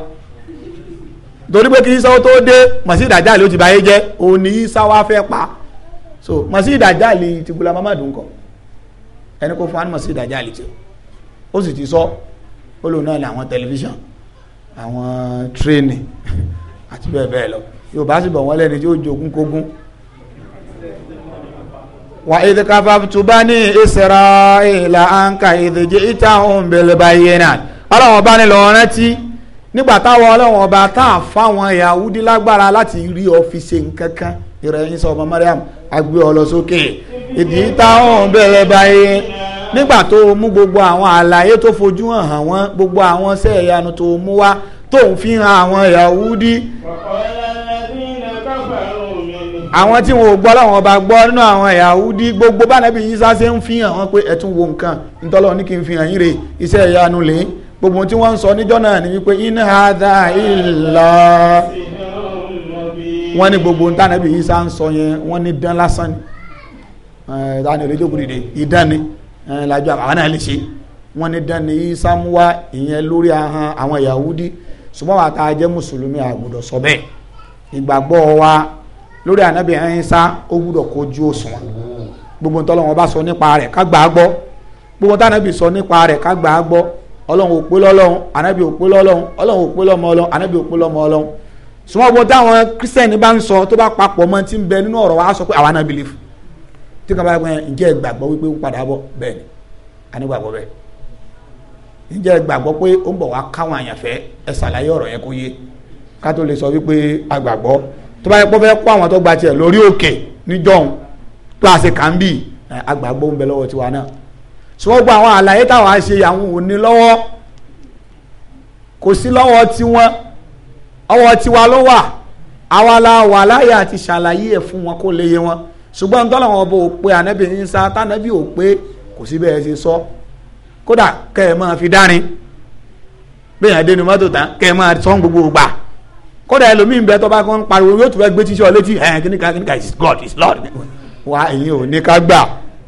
Speaker 1: torí pé kí Isa tó dé Masih Dajjal ló ti báyé jẹ́ òun ni Isa wá pa so Masih Dajjal lè ti Ghulam Ahmad ńkọ́ ẹni kó fún Masih Dajjal lè ti ó sì ti sọ ó lòun náà làwọn tẹlifíṣàn àwọn tírénì àti bẹ́ẹ̀ bẹ́ẹ̀ lọ Yorùbá sì bọ̀ wọ́n lẹ́ni tí ó jogún kógún wa idh kafaftu bani Isra'ila anka idh ji'tahum bil bayyinat ọlọ́wọ́n bá ní lọ́ọ́ rántí nígbà táwọn ọlọ́wọ́n ọba tá a fáwọn Yahudi lágbára láti rí ọ́fíìsì nǹkan kan ìrẹ̀yìn sọ ọmọ Mariam agbé ọ lọ sókè ìdí táwọn bẹ̀rẹ̀ báyìí nígbà tó mú gbogbo àwọn àlàyé tó fojú hàn wọ́n gbogbo àwọn iṣẹ́ ìyanu tó mú wá tó ń fi hàn àwọn Yahudi àwọn tí wọn ò gbọ́ láwọn ọba gbọ́ nínú àwọn Yahudi gbogbo bánẹ́bí yín sá ń fi hàn wọ́n pé ẹ̀tún wo nǹkan ntọ́lọ́ gbogbo tí wọ́n ń sọ níjọ́ náà ni wípé in hadha illa wọ́n ní gbogbo ntànàbí yìí sá ń sọ yẹn wọ́n ní dán lásán ni ta ni olójókòó dìde ìdán ni làjọ àwọn náà lè ṣe wọ́n ní dán ni yìí sá ń wá ìyẹn lórí àwọn Yahudi ṣùgbọ́n wa ta jẹ́ mùsùlùmí àgùdọ̀ sọ bẹ́ẹ̀ ìgbàgbọ́ wa lórí ànábì ẹ̀yìnsá ó gbúdọ̀ kojú òṣùwọ̀n gbogbo ntọ́lọ́wọ́n bá sọ nípa rẹ̀ ká gbà gbọ́ gbogbo ntànàbí sọ nípa rẹ̀ ká gbà gbọ́ ọlọ́run ò pé lọ́lọ́run ànábì ò lọ́lọ́run ọlọ́run ò pé lọ́mọ ọlọ́run ànábì ò lọ́mọ ọlọ́run bá ń sọ tó bá papọ̀ mọ́ ti ń bẹ nínú ọ̀rọ̀ wa sọ pé àwa náà tí bá yẹ ǹjẹ́ wípé ó padà bọ̀ bẹ́ẹ̀ ni bẹ́ẹ̀ pé ó ń bọ̀ wá káwọn àyànfẹ́ ẹ sọ wípé àgbàgbọ́ tó pé àwọn náà so wọ́n gba àwọn àlàyé táwọn á ṣe àwọn òní lọ́wọ́ kò sí lọ́wọ́ tiwọn ọwọ́ tiwa ló wà àwa la wà láyé àti ṣàlàyé ẹ̀ fún wọn kó lè yé wọn ṣùgbọ́n tọ́lọ̀ wọn bò pé ànábì Ìsá tànábì ò pé kò sí bẹ́ẹ̀ ṣe sọ kódà kẹ́ ẹ̀ máa fi dárin bẹ́ẹ̀ yẹn dénú mọ́tò tán kẹ́ ẹ̀ máa sọ gbogbo gbà kódà ẹlòmíín bẹ́ẹ̀ tó bá kàn ń pariwo yóò tún fẹ́ gbé tíṣọ́ létí ẹ̀ kíníkà kíníkà is God is Lord wa ẹ̀yin ò ní ká gbà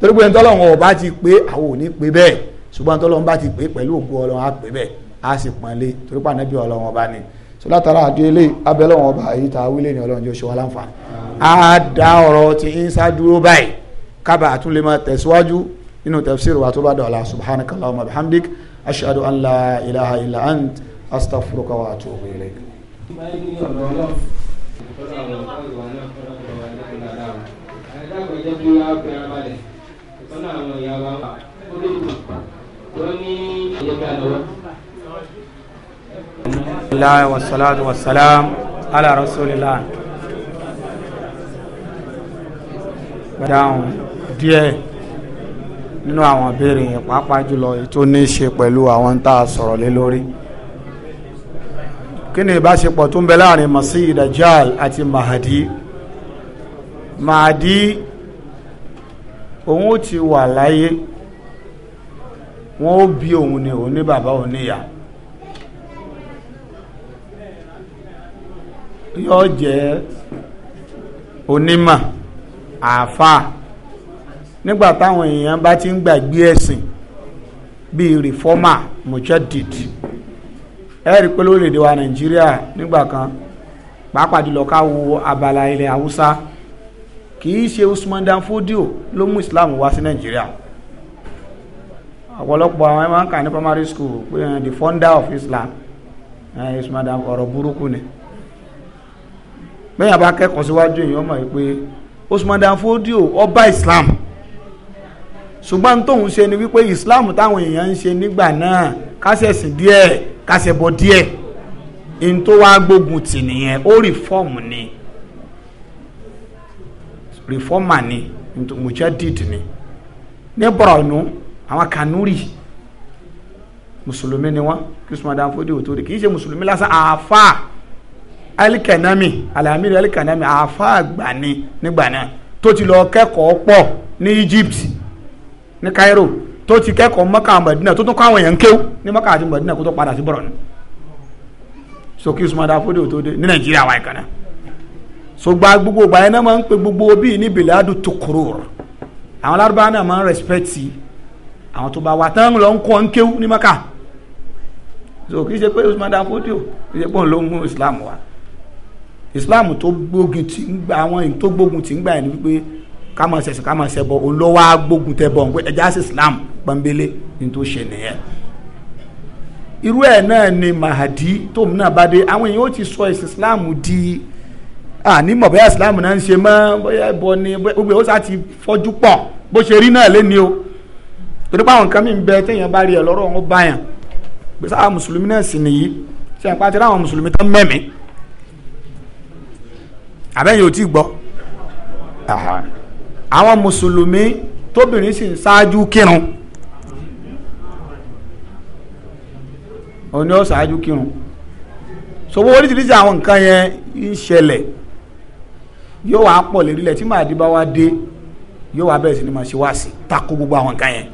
Speaker 1: torí pé ntọ́lọ́wọ́n ọba ti pé àwọn ò ní pé bẹ́ẹ̀ ṣùgbọ́n ntọ́lọ́wọ́n bá ti pé pẹ̀lú ògbó ọlọ́wọ́n á pé bẹ́ẹ̀ á sì pọ́nlé torí ànábì ọlọ́wọ́n ọba ni sọlátara àdúyẹlé abẹ́lọ́wọ́n ọba èyí tá a wílé ní ọlọ́run jọ ṣe wá láǹfààní. a dá ọ̀rọ̀ ti ìsá dúró báyìí kábà àtún lè máa tẹ̀síwájú nínú tafsir wa tó bá dọ̀la subhanakallahumma wa bihamdik ashhadu an la ilaha illa ant astaghfiruka wa atubu ilayk
Speaker 2: ẹ̀dá kò jẹ́ kí wọ́n á bẹ̀rẹ̀ balẹ̀ lọ́nà àwọn ìyá wa ó lè wù ó ní ìyẹ́gbẹ́ àlọ́wọ́.
Speaker 1: الله والصلاة والسلام على رسول الله dáhùn díẹ̀ nínú àwọn ìbéèrè yẹn pàápàá jùlọ èyí tó ní í ṣe pẹ̀lú àwọn tá a sọ̀rọ̀ lé lórí kí ni ìbáṣepọ̀ tó ń bẹ láàrin masih dajjal àti mahadi mahadi òun ó ti wà láyé wọn ó bí òun ni òun ní bàbá òun níyà yóò jẹ onímọ̀ àáfàá nígbà táwọn èèyàn bá ti ń gbàgbé ẹ̀sìn bíi rìfọ́mà mujadid ẹ rí pé lórílẹ̀‐èdè wa nàìjíríà nígbà kan pàápàá jùlọ ká wo abala ilẹ̀ haúsá kì í ṣe Usman Dan Fodio ló mú Islam wá sí Nàìjíríà ọ̀pọ̀lọpọ̀ àwọn ẹ̀ máa ń kà ní primary school pé eh, the founder of Islam eh, Usman Dan ọ̀rọ̀ burúkú ni bẹ́ẹ̀ bá kẹ́kọ̀ọ́ síwájú èèyàn mọ̀ pé Usman Dan ọba Islam ṣùgbọ́n tóun ṣe ni wípé Islam táwọn èèyàn ń ṣe nígbà náà kásẹ̀sìn díẹ̀ kásẹ̀bọ̀ díẹ̀ in tó wá gbógun tì nìyẹn ó rí fọ́ọ̀mù ni reformer ni mujadid ni ní Borno àwọn kanuri mùsùlùmí ni wọn kí usman di. ò tó rí kì í ṣe mùsùlùmí lásán àáfà alikanami alamiri alikanami àáfà àgbà ni nígbà náà tó ti lọ kẹ́kọ̀ọ́ pọ̀ ní Egypt ní Cairo tó ti kẹ́kọ̀ọ́ Mẹ́kà Mẹ́dínà tó tún kọ́ àwọn èèyàn kéw ní Mẹ́kà àti Mẹ́dínà kó tó padà sí Borno so kí usman danfodi ò tó dé ní Nàìjíríà wáyé kan náà sogba gbogbo ụba yẹn náà máa ń pe gbogbo bíi ní biladu tukurur àwọn lárúbá náà máa ń àwọn tó bá wà tán lọ ń maka so kì í ṣe pé Usman Dan Fodio kì í ṣe pé òun ló ń mú Islam wá Islam tó gbógun ti ń gba àwọn tó gbógun ti gba yẹn ni wípé gbógun tẹ bọ̀ pé ẹja sí Islam pọ́nbélé tó ṣe nìyẹn irú ẹ̀ náà ni Mahadi náà bá dé àwọn èèyàn sọ Islam di àní mọ̀ bóyá islam náà ń ṣe mọ́ bóyá ìbọn ni gbogbo ó sá ti fọ́jú pọ̀ bó ṣe rí náà lé ni o torí pé àwọn nǹkan mi ń bẹ téèyàn bá rí ẹ lọ́rọ̀ wọn bá yàn gbèsè àwọn mùsùlùmí náà sì nìyí ṣe àpá àti ráwọn mùsùlùmí tán mẹ́mí àbẹ́yìn ò tí gbọ́ àwọn mùsùlùmí tóbìnrin sì ń ṣáájú kírun òun ni ó ṣáájú kírun sọ wọ́n oríṣiríṣi àwọn nǹkan yẹn ń ṣẹlẹ̀ yóò wá pọ̀ lérílẹ̀ tí màdí bá wá dé yóò wá bẹ̀rẹ̀ sí ni màá ṣe wá sí tako gbogbo àwọn nǹkan yẹn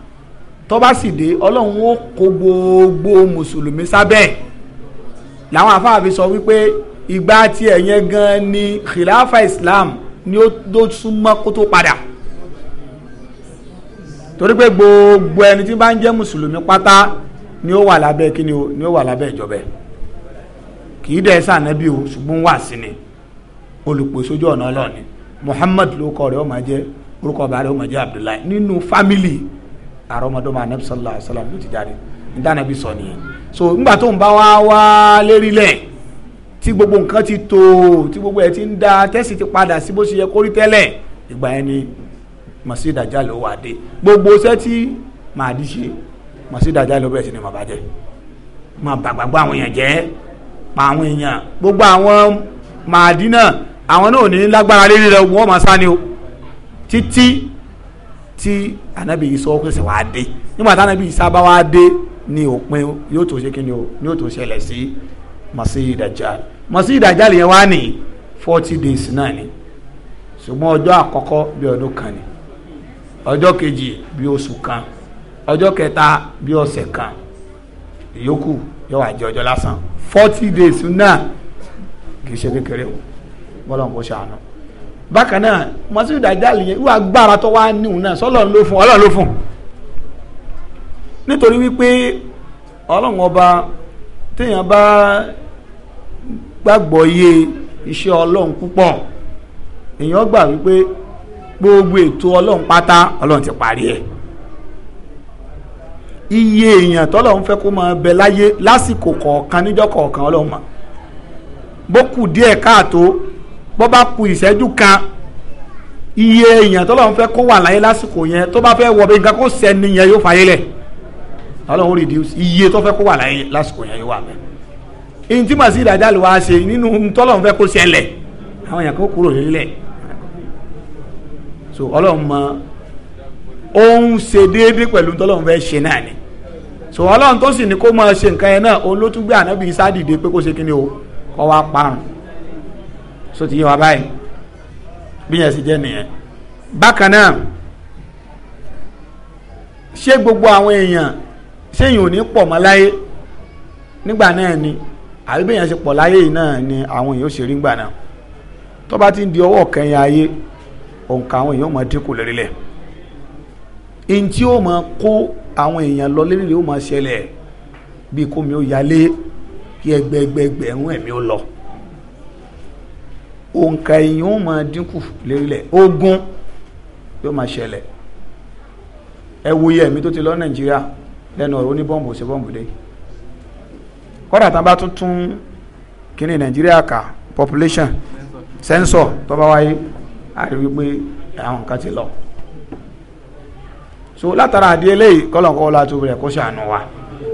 Speaker 1: tó bá sì dé ọlọ́run ó kó gbogbo mùsùlùmí sábẹ́ làwọn afáàfin sọ wípé ìgbà tiẹ̀ yẹn gan ni khilafa islam ni ó tó súnmọ́ kó tó padà torí pé gbogbo ẹni tí bá ń jẹ́ mùsùlùmí pátá ni ó wà lábẹ́ kí ni ó wà lábẹ́ ìjọba kì í dẹ̀ sànẹ́bí o ṣùgbọ́n wà sí ni olùpè sójú ọ̀nà ọlọ́run ni muhammad lórúkọ rẹ̀ ó máa jẹ́ orúkọ bàbá rẹ̀ ó máa jẹ́ abdullahi nínú fámìlì àrọ́mọdọ́mọ anabi sallallahu alayhi sallam ló ti jáde ntànàbí sọ nìyẹn so ńgbà tó ń bá wá wá lérílẹ̀ tí gbogbo nǹkan ti tó tí gbogbo ẹ̀ ti ń da tẹ́sì ti padà sí bó ṣe yẹ kórí tẹ́lẹ̀ ìgbà yẹn ni màsí ìdájà ló wà dé gbogbo iṣẹ́ tí màá di ṣe màsí ìdájà ló bẹ̀rẹ̀ sí ni màá bàjẹ́ màá bàgbàgbà àwọn èèyàn jẹ́ pa àwọn èèyàn gbogbo àwọn màá dín náà àwọn náà ní lágbára lérí rẹ wọn máa sáni o títí tí anabi yìí sọ pèsè wàá dé nígbà tí anabi yìí sábà wàá dé ní òpin yóò tó ṣe kíni o yóò tó ṣẹlẹ̀ sí Masih Dajjal Masih Dajjal yẹn wá ní forty days náà ni ṣùgbọ́n ọjọ́ àkọ́kọ́ bí ọdún kan ni ọjọ́ kejì bí oṣù kan ọjọ́ kẹta bí ọ̀sẹ̀ kan ìyókù yóò wá jẹ ọjọ́ lásán forty days náà kì í ṣe kékeré o bọ́lọ̀ kò ṣàánú bákan náà mọ́sílù dàjálì yẹn wíwá gbára tó wá níhùn náà sọ́lọ́run ló fún ọlọ́run ló fún nítorí wípé ọlọ́run ọba téèyàn bá gbàgbọ́ yé iṣẹ́ ọlọ́run púpọ̀ èèyàn gbà wípé gbogbo ètò ọlọ́run pátá ọlọ́run ti parí ẹ̀ iye èèyàn tọ́lọ́run fẹ́ kó máa bẹ láyé lásìkò kọ̀ọ̀kan níjọ́ kọ̀ọ̀kan ọlọ́run mọ̀ bó kù díẹ̀ káàtó bó bá ku ìṣẹ́jú kan iye èèyàn tó lọ́n fẹ́ kó wà láyé lásìkò yẹn tó bá fẹ́ wọ bí nǹkan kó sẹ́ni yẹn yóò fàyè lẹ̀ ọlọ́run reduce iye tó fẹ́ kó wà láyé lásìkò yẹn yóò wà mẹ́. ntí màsí ìdájà ló wá ṣe nínú ntọ́lọ́run fẹ́ kó ṣẹlẹ̀ àwọn èèyàn kó kúrò nílẹ̀ so ọlọ́run mọ òun ṣe déédéé pẹ̀lú ntọ́lọ́run fẹ́ ṣe náà ni so ọlọ́run tó sì ní kó máa ṣe nǹkan yẹn náà olótúgbé ànábì sáà dìde o kọ́ so ti yé wa báyìí bí yẹn sì jẹ́ nìyẹn bákan náà ṣé gbogbo àwọn èèyàn ṣé èèyàn ò ní pọ̀ mọ́ láyé nígbà náà ni àbí bí èèyàn ṣe pọ̀ láyé yìí náà ni àwọn èèyàn ò ṣe rí nígbà náà tó bá ti ń di ọwọ́ kẹyìn ayé òǹkà àwọn èèyàn ò mọ dínkù lórílẹ̀ ẹni tí ó mọ kó àwọn èèyàn lọ lórílẹ̀ ó mọ ṣẹlẹ̀ bíi kómi ó yálé kí ẹgbẹgbẹgbẹ̀rún ẹ̀mí ó lọ òǹkà èèyàn ó máa dínkù lérílẹ̀ ogun yóò máa ṣẹlẹ̀ ẹ wòye ẹ̀mí tó ti lọ nàìjíríà lẹ́nu ọ̀rọ̀ oníbọ̀mù òsè bọ̀mù dé kọ́dà tán bá tún kíní nàìjíríà kà population sensor tó bá wáyé a rí wípé àwọn kan ti lọ so látara àdí eléyìí kọ́lọ̀kọ́ la tó rẹ̀ kó ṣàánú wa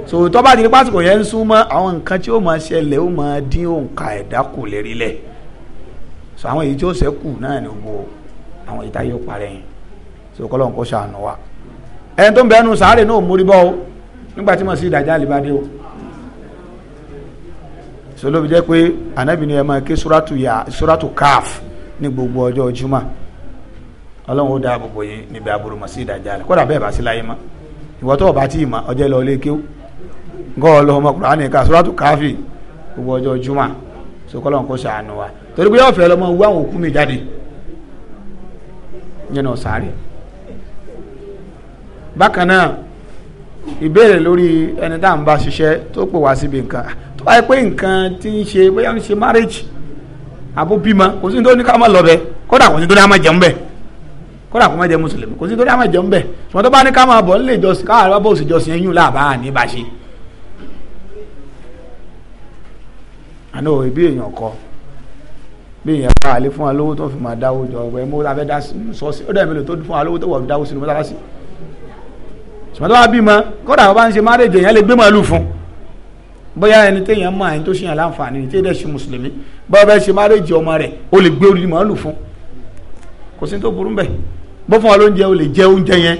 Speaker 1: so tó bá di pásítọ̀ yẹn ń súnmọ́ àwọn nǹkan tí ó máa ṣẹlẹ̀ ó máa dín òǹkà ẹ̀dá kù lérílẹ̀ so àwọn èyí tí ó ṣẹ́kù náà ni gbogbo àwọn ìta yóò parẹ́ yẹn so kọ́lọ́n kó wa ẹni tó ń sàárè náà mórí o nígbà tí mo sì so ló fi jẹ́ pé ànábì ni ẹ máa ké suratu ní gbogbo ọjọ́ juma ọlọ́run ó dá gbogbo yìí níbi aburú mo sì kódà bẹ́ẹ̀ bá sí láyé mọ́ ìwọ tó tí suratu gbogbo ọjọ́ juma so kó wa torí pé ọ̀fẹ́ lọ́mọ wú àwọn òkú mi jáde yẹn náà sáré bákan náà ìbéèrè lórí ẹni tá à ń bá ṣiṣẹ́ tó pò wá síbi nǹkan tó wáyé pé nǹkan tí ń ṣe bóyá ń ṣe àbó bímọ kò sí ká má lọ bẹ kódà kò sí ní tó jẹun bẹ kódà kò má jẹ mùsùlùmí kò sí jẹun bẹ ṣùgbọ́n tó bá ní ká má bọ̀ nílé ìjọsìn káàárọ̀ bó sì jọsìn làbá ní àná èèyàn bí èèyàn bá àlè fún wa lówó tó fi máa dáwó jọ ọgbẹ mo ta fẹ́ dá sọ́ọ̀sì ó dẹ̀ mi lò tó fún wa lówó tó wọ̀ dáwó sínú mọ́tàlásì ṣùgbọ́n tó bá bímọ kódà wọ́n bá ń ṣe márèjì èèyàn lè gbé màálù fún bóyá ẹni téèyàn mọ àyìn tó ṣèyàn láǹfààní ní téèyàn ṣe mùsùlùmí bóyá bẹ́ẹ̀ ṣe márèjì ọmọ rẹ̀ ó lè gbé orí màálù fún kò sí tó burú mbẹ̀ bó fún wa lóúnjẹ ó lè jẹ oúnjẹ yẹn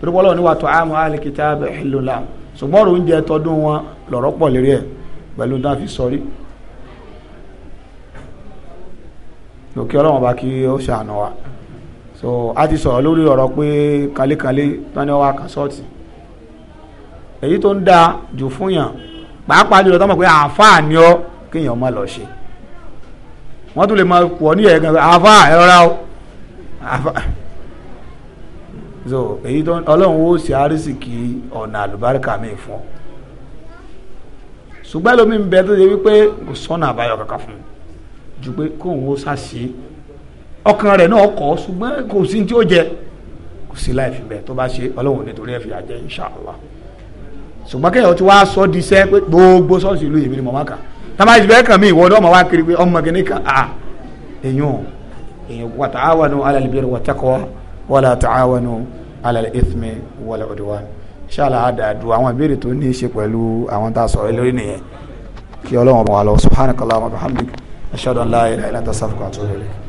Speaker 1: torí wọ́n lọ́wọ́ ní wàá tọ́ àmọ́ àlèkìtà bẹ̀ ẹ̀ lò láwọn ṣùgbọ́n oúnjẹ tọdún wọn lọ̀rọ̀ pọ̀ lérí ẹ̀ pẹ̀lú náà fi sọrí lókè ọlọ́run bá kí ó ṣàánú wa so a ti sọrọ lórí ọ̀rọ̀ pé kalẹ́kalẹ́ tán ni wọ́n wá èyí tó ń da jù fún yàn pàápàá jùlọ tó mọ̀ pé àáfàá ni ọ́ kéèyàn má lọ ṣe wọ́n tún lè máa pọ̀ ní ẹ̀gàn àáfàá ẹ rọra o àáfàá so èyí tó ọlọ́run ó ṣe àrísìkì ọ̀nà àlùbáríkà mi fún ọ ṣùgbọ́n lómi ń bẹ tó ṣe wípé kò sọ́nà àbáyọ kankan fún mi ju pé kóun ó ṣàṣe ọkàn rẹ̀ náà kọ̀ ṣùgbọ́n kò sí tí ó jẹ kò sí láì fi bẹ́ẹ̀ tó bá ṣe ọlọ́run nítorí ẹ̀ fi àjẹ inṣàlá ṣùgbọ́n kẹ́yọ̀ tí wàá sọ di sẹ́ pé gbogbo ṣọ́ọ̀ṣì ìlú èmi ni mo máa kà bá ti bẹ́ẹ̀ kàn mí ìwọ ọmọ wa kiri pé ọmọ kìíní kan à èyàn èyàn wa ta'awanu ala al-birri wa taqwa wala ta'awanu ala al-ithmi wal udwan ṣáàlà àdàdù àwọn ìbéèrè tó ní í ṣe pẹ̀lú àwọn tá a sọ̀rọ̀ lórí nìyẹn kí ọlọ́run ọmọ wa lọ subhanakallahumma wa bihamdik ashhadu an la ilaha illa anta astaghfiruka wa atubu ilayk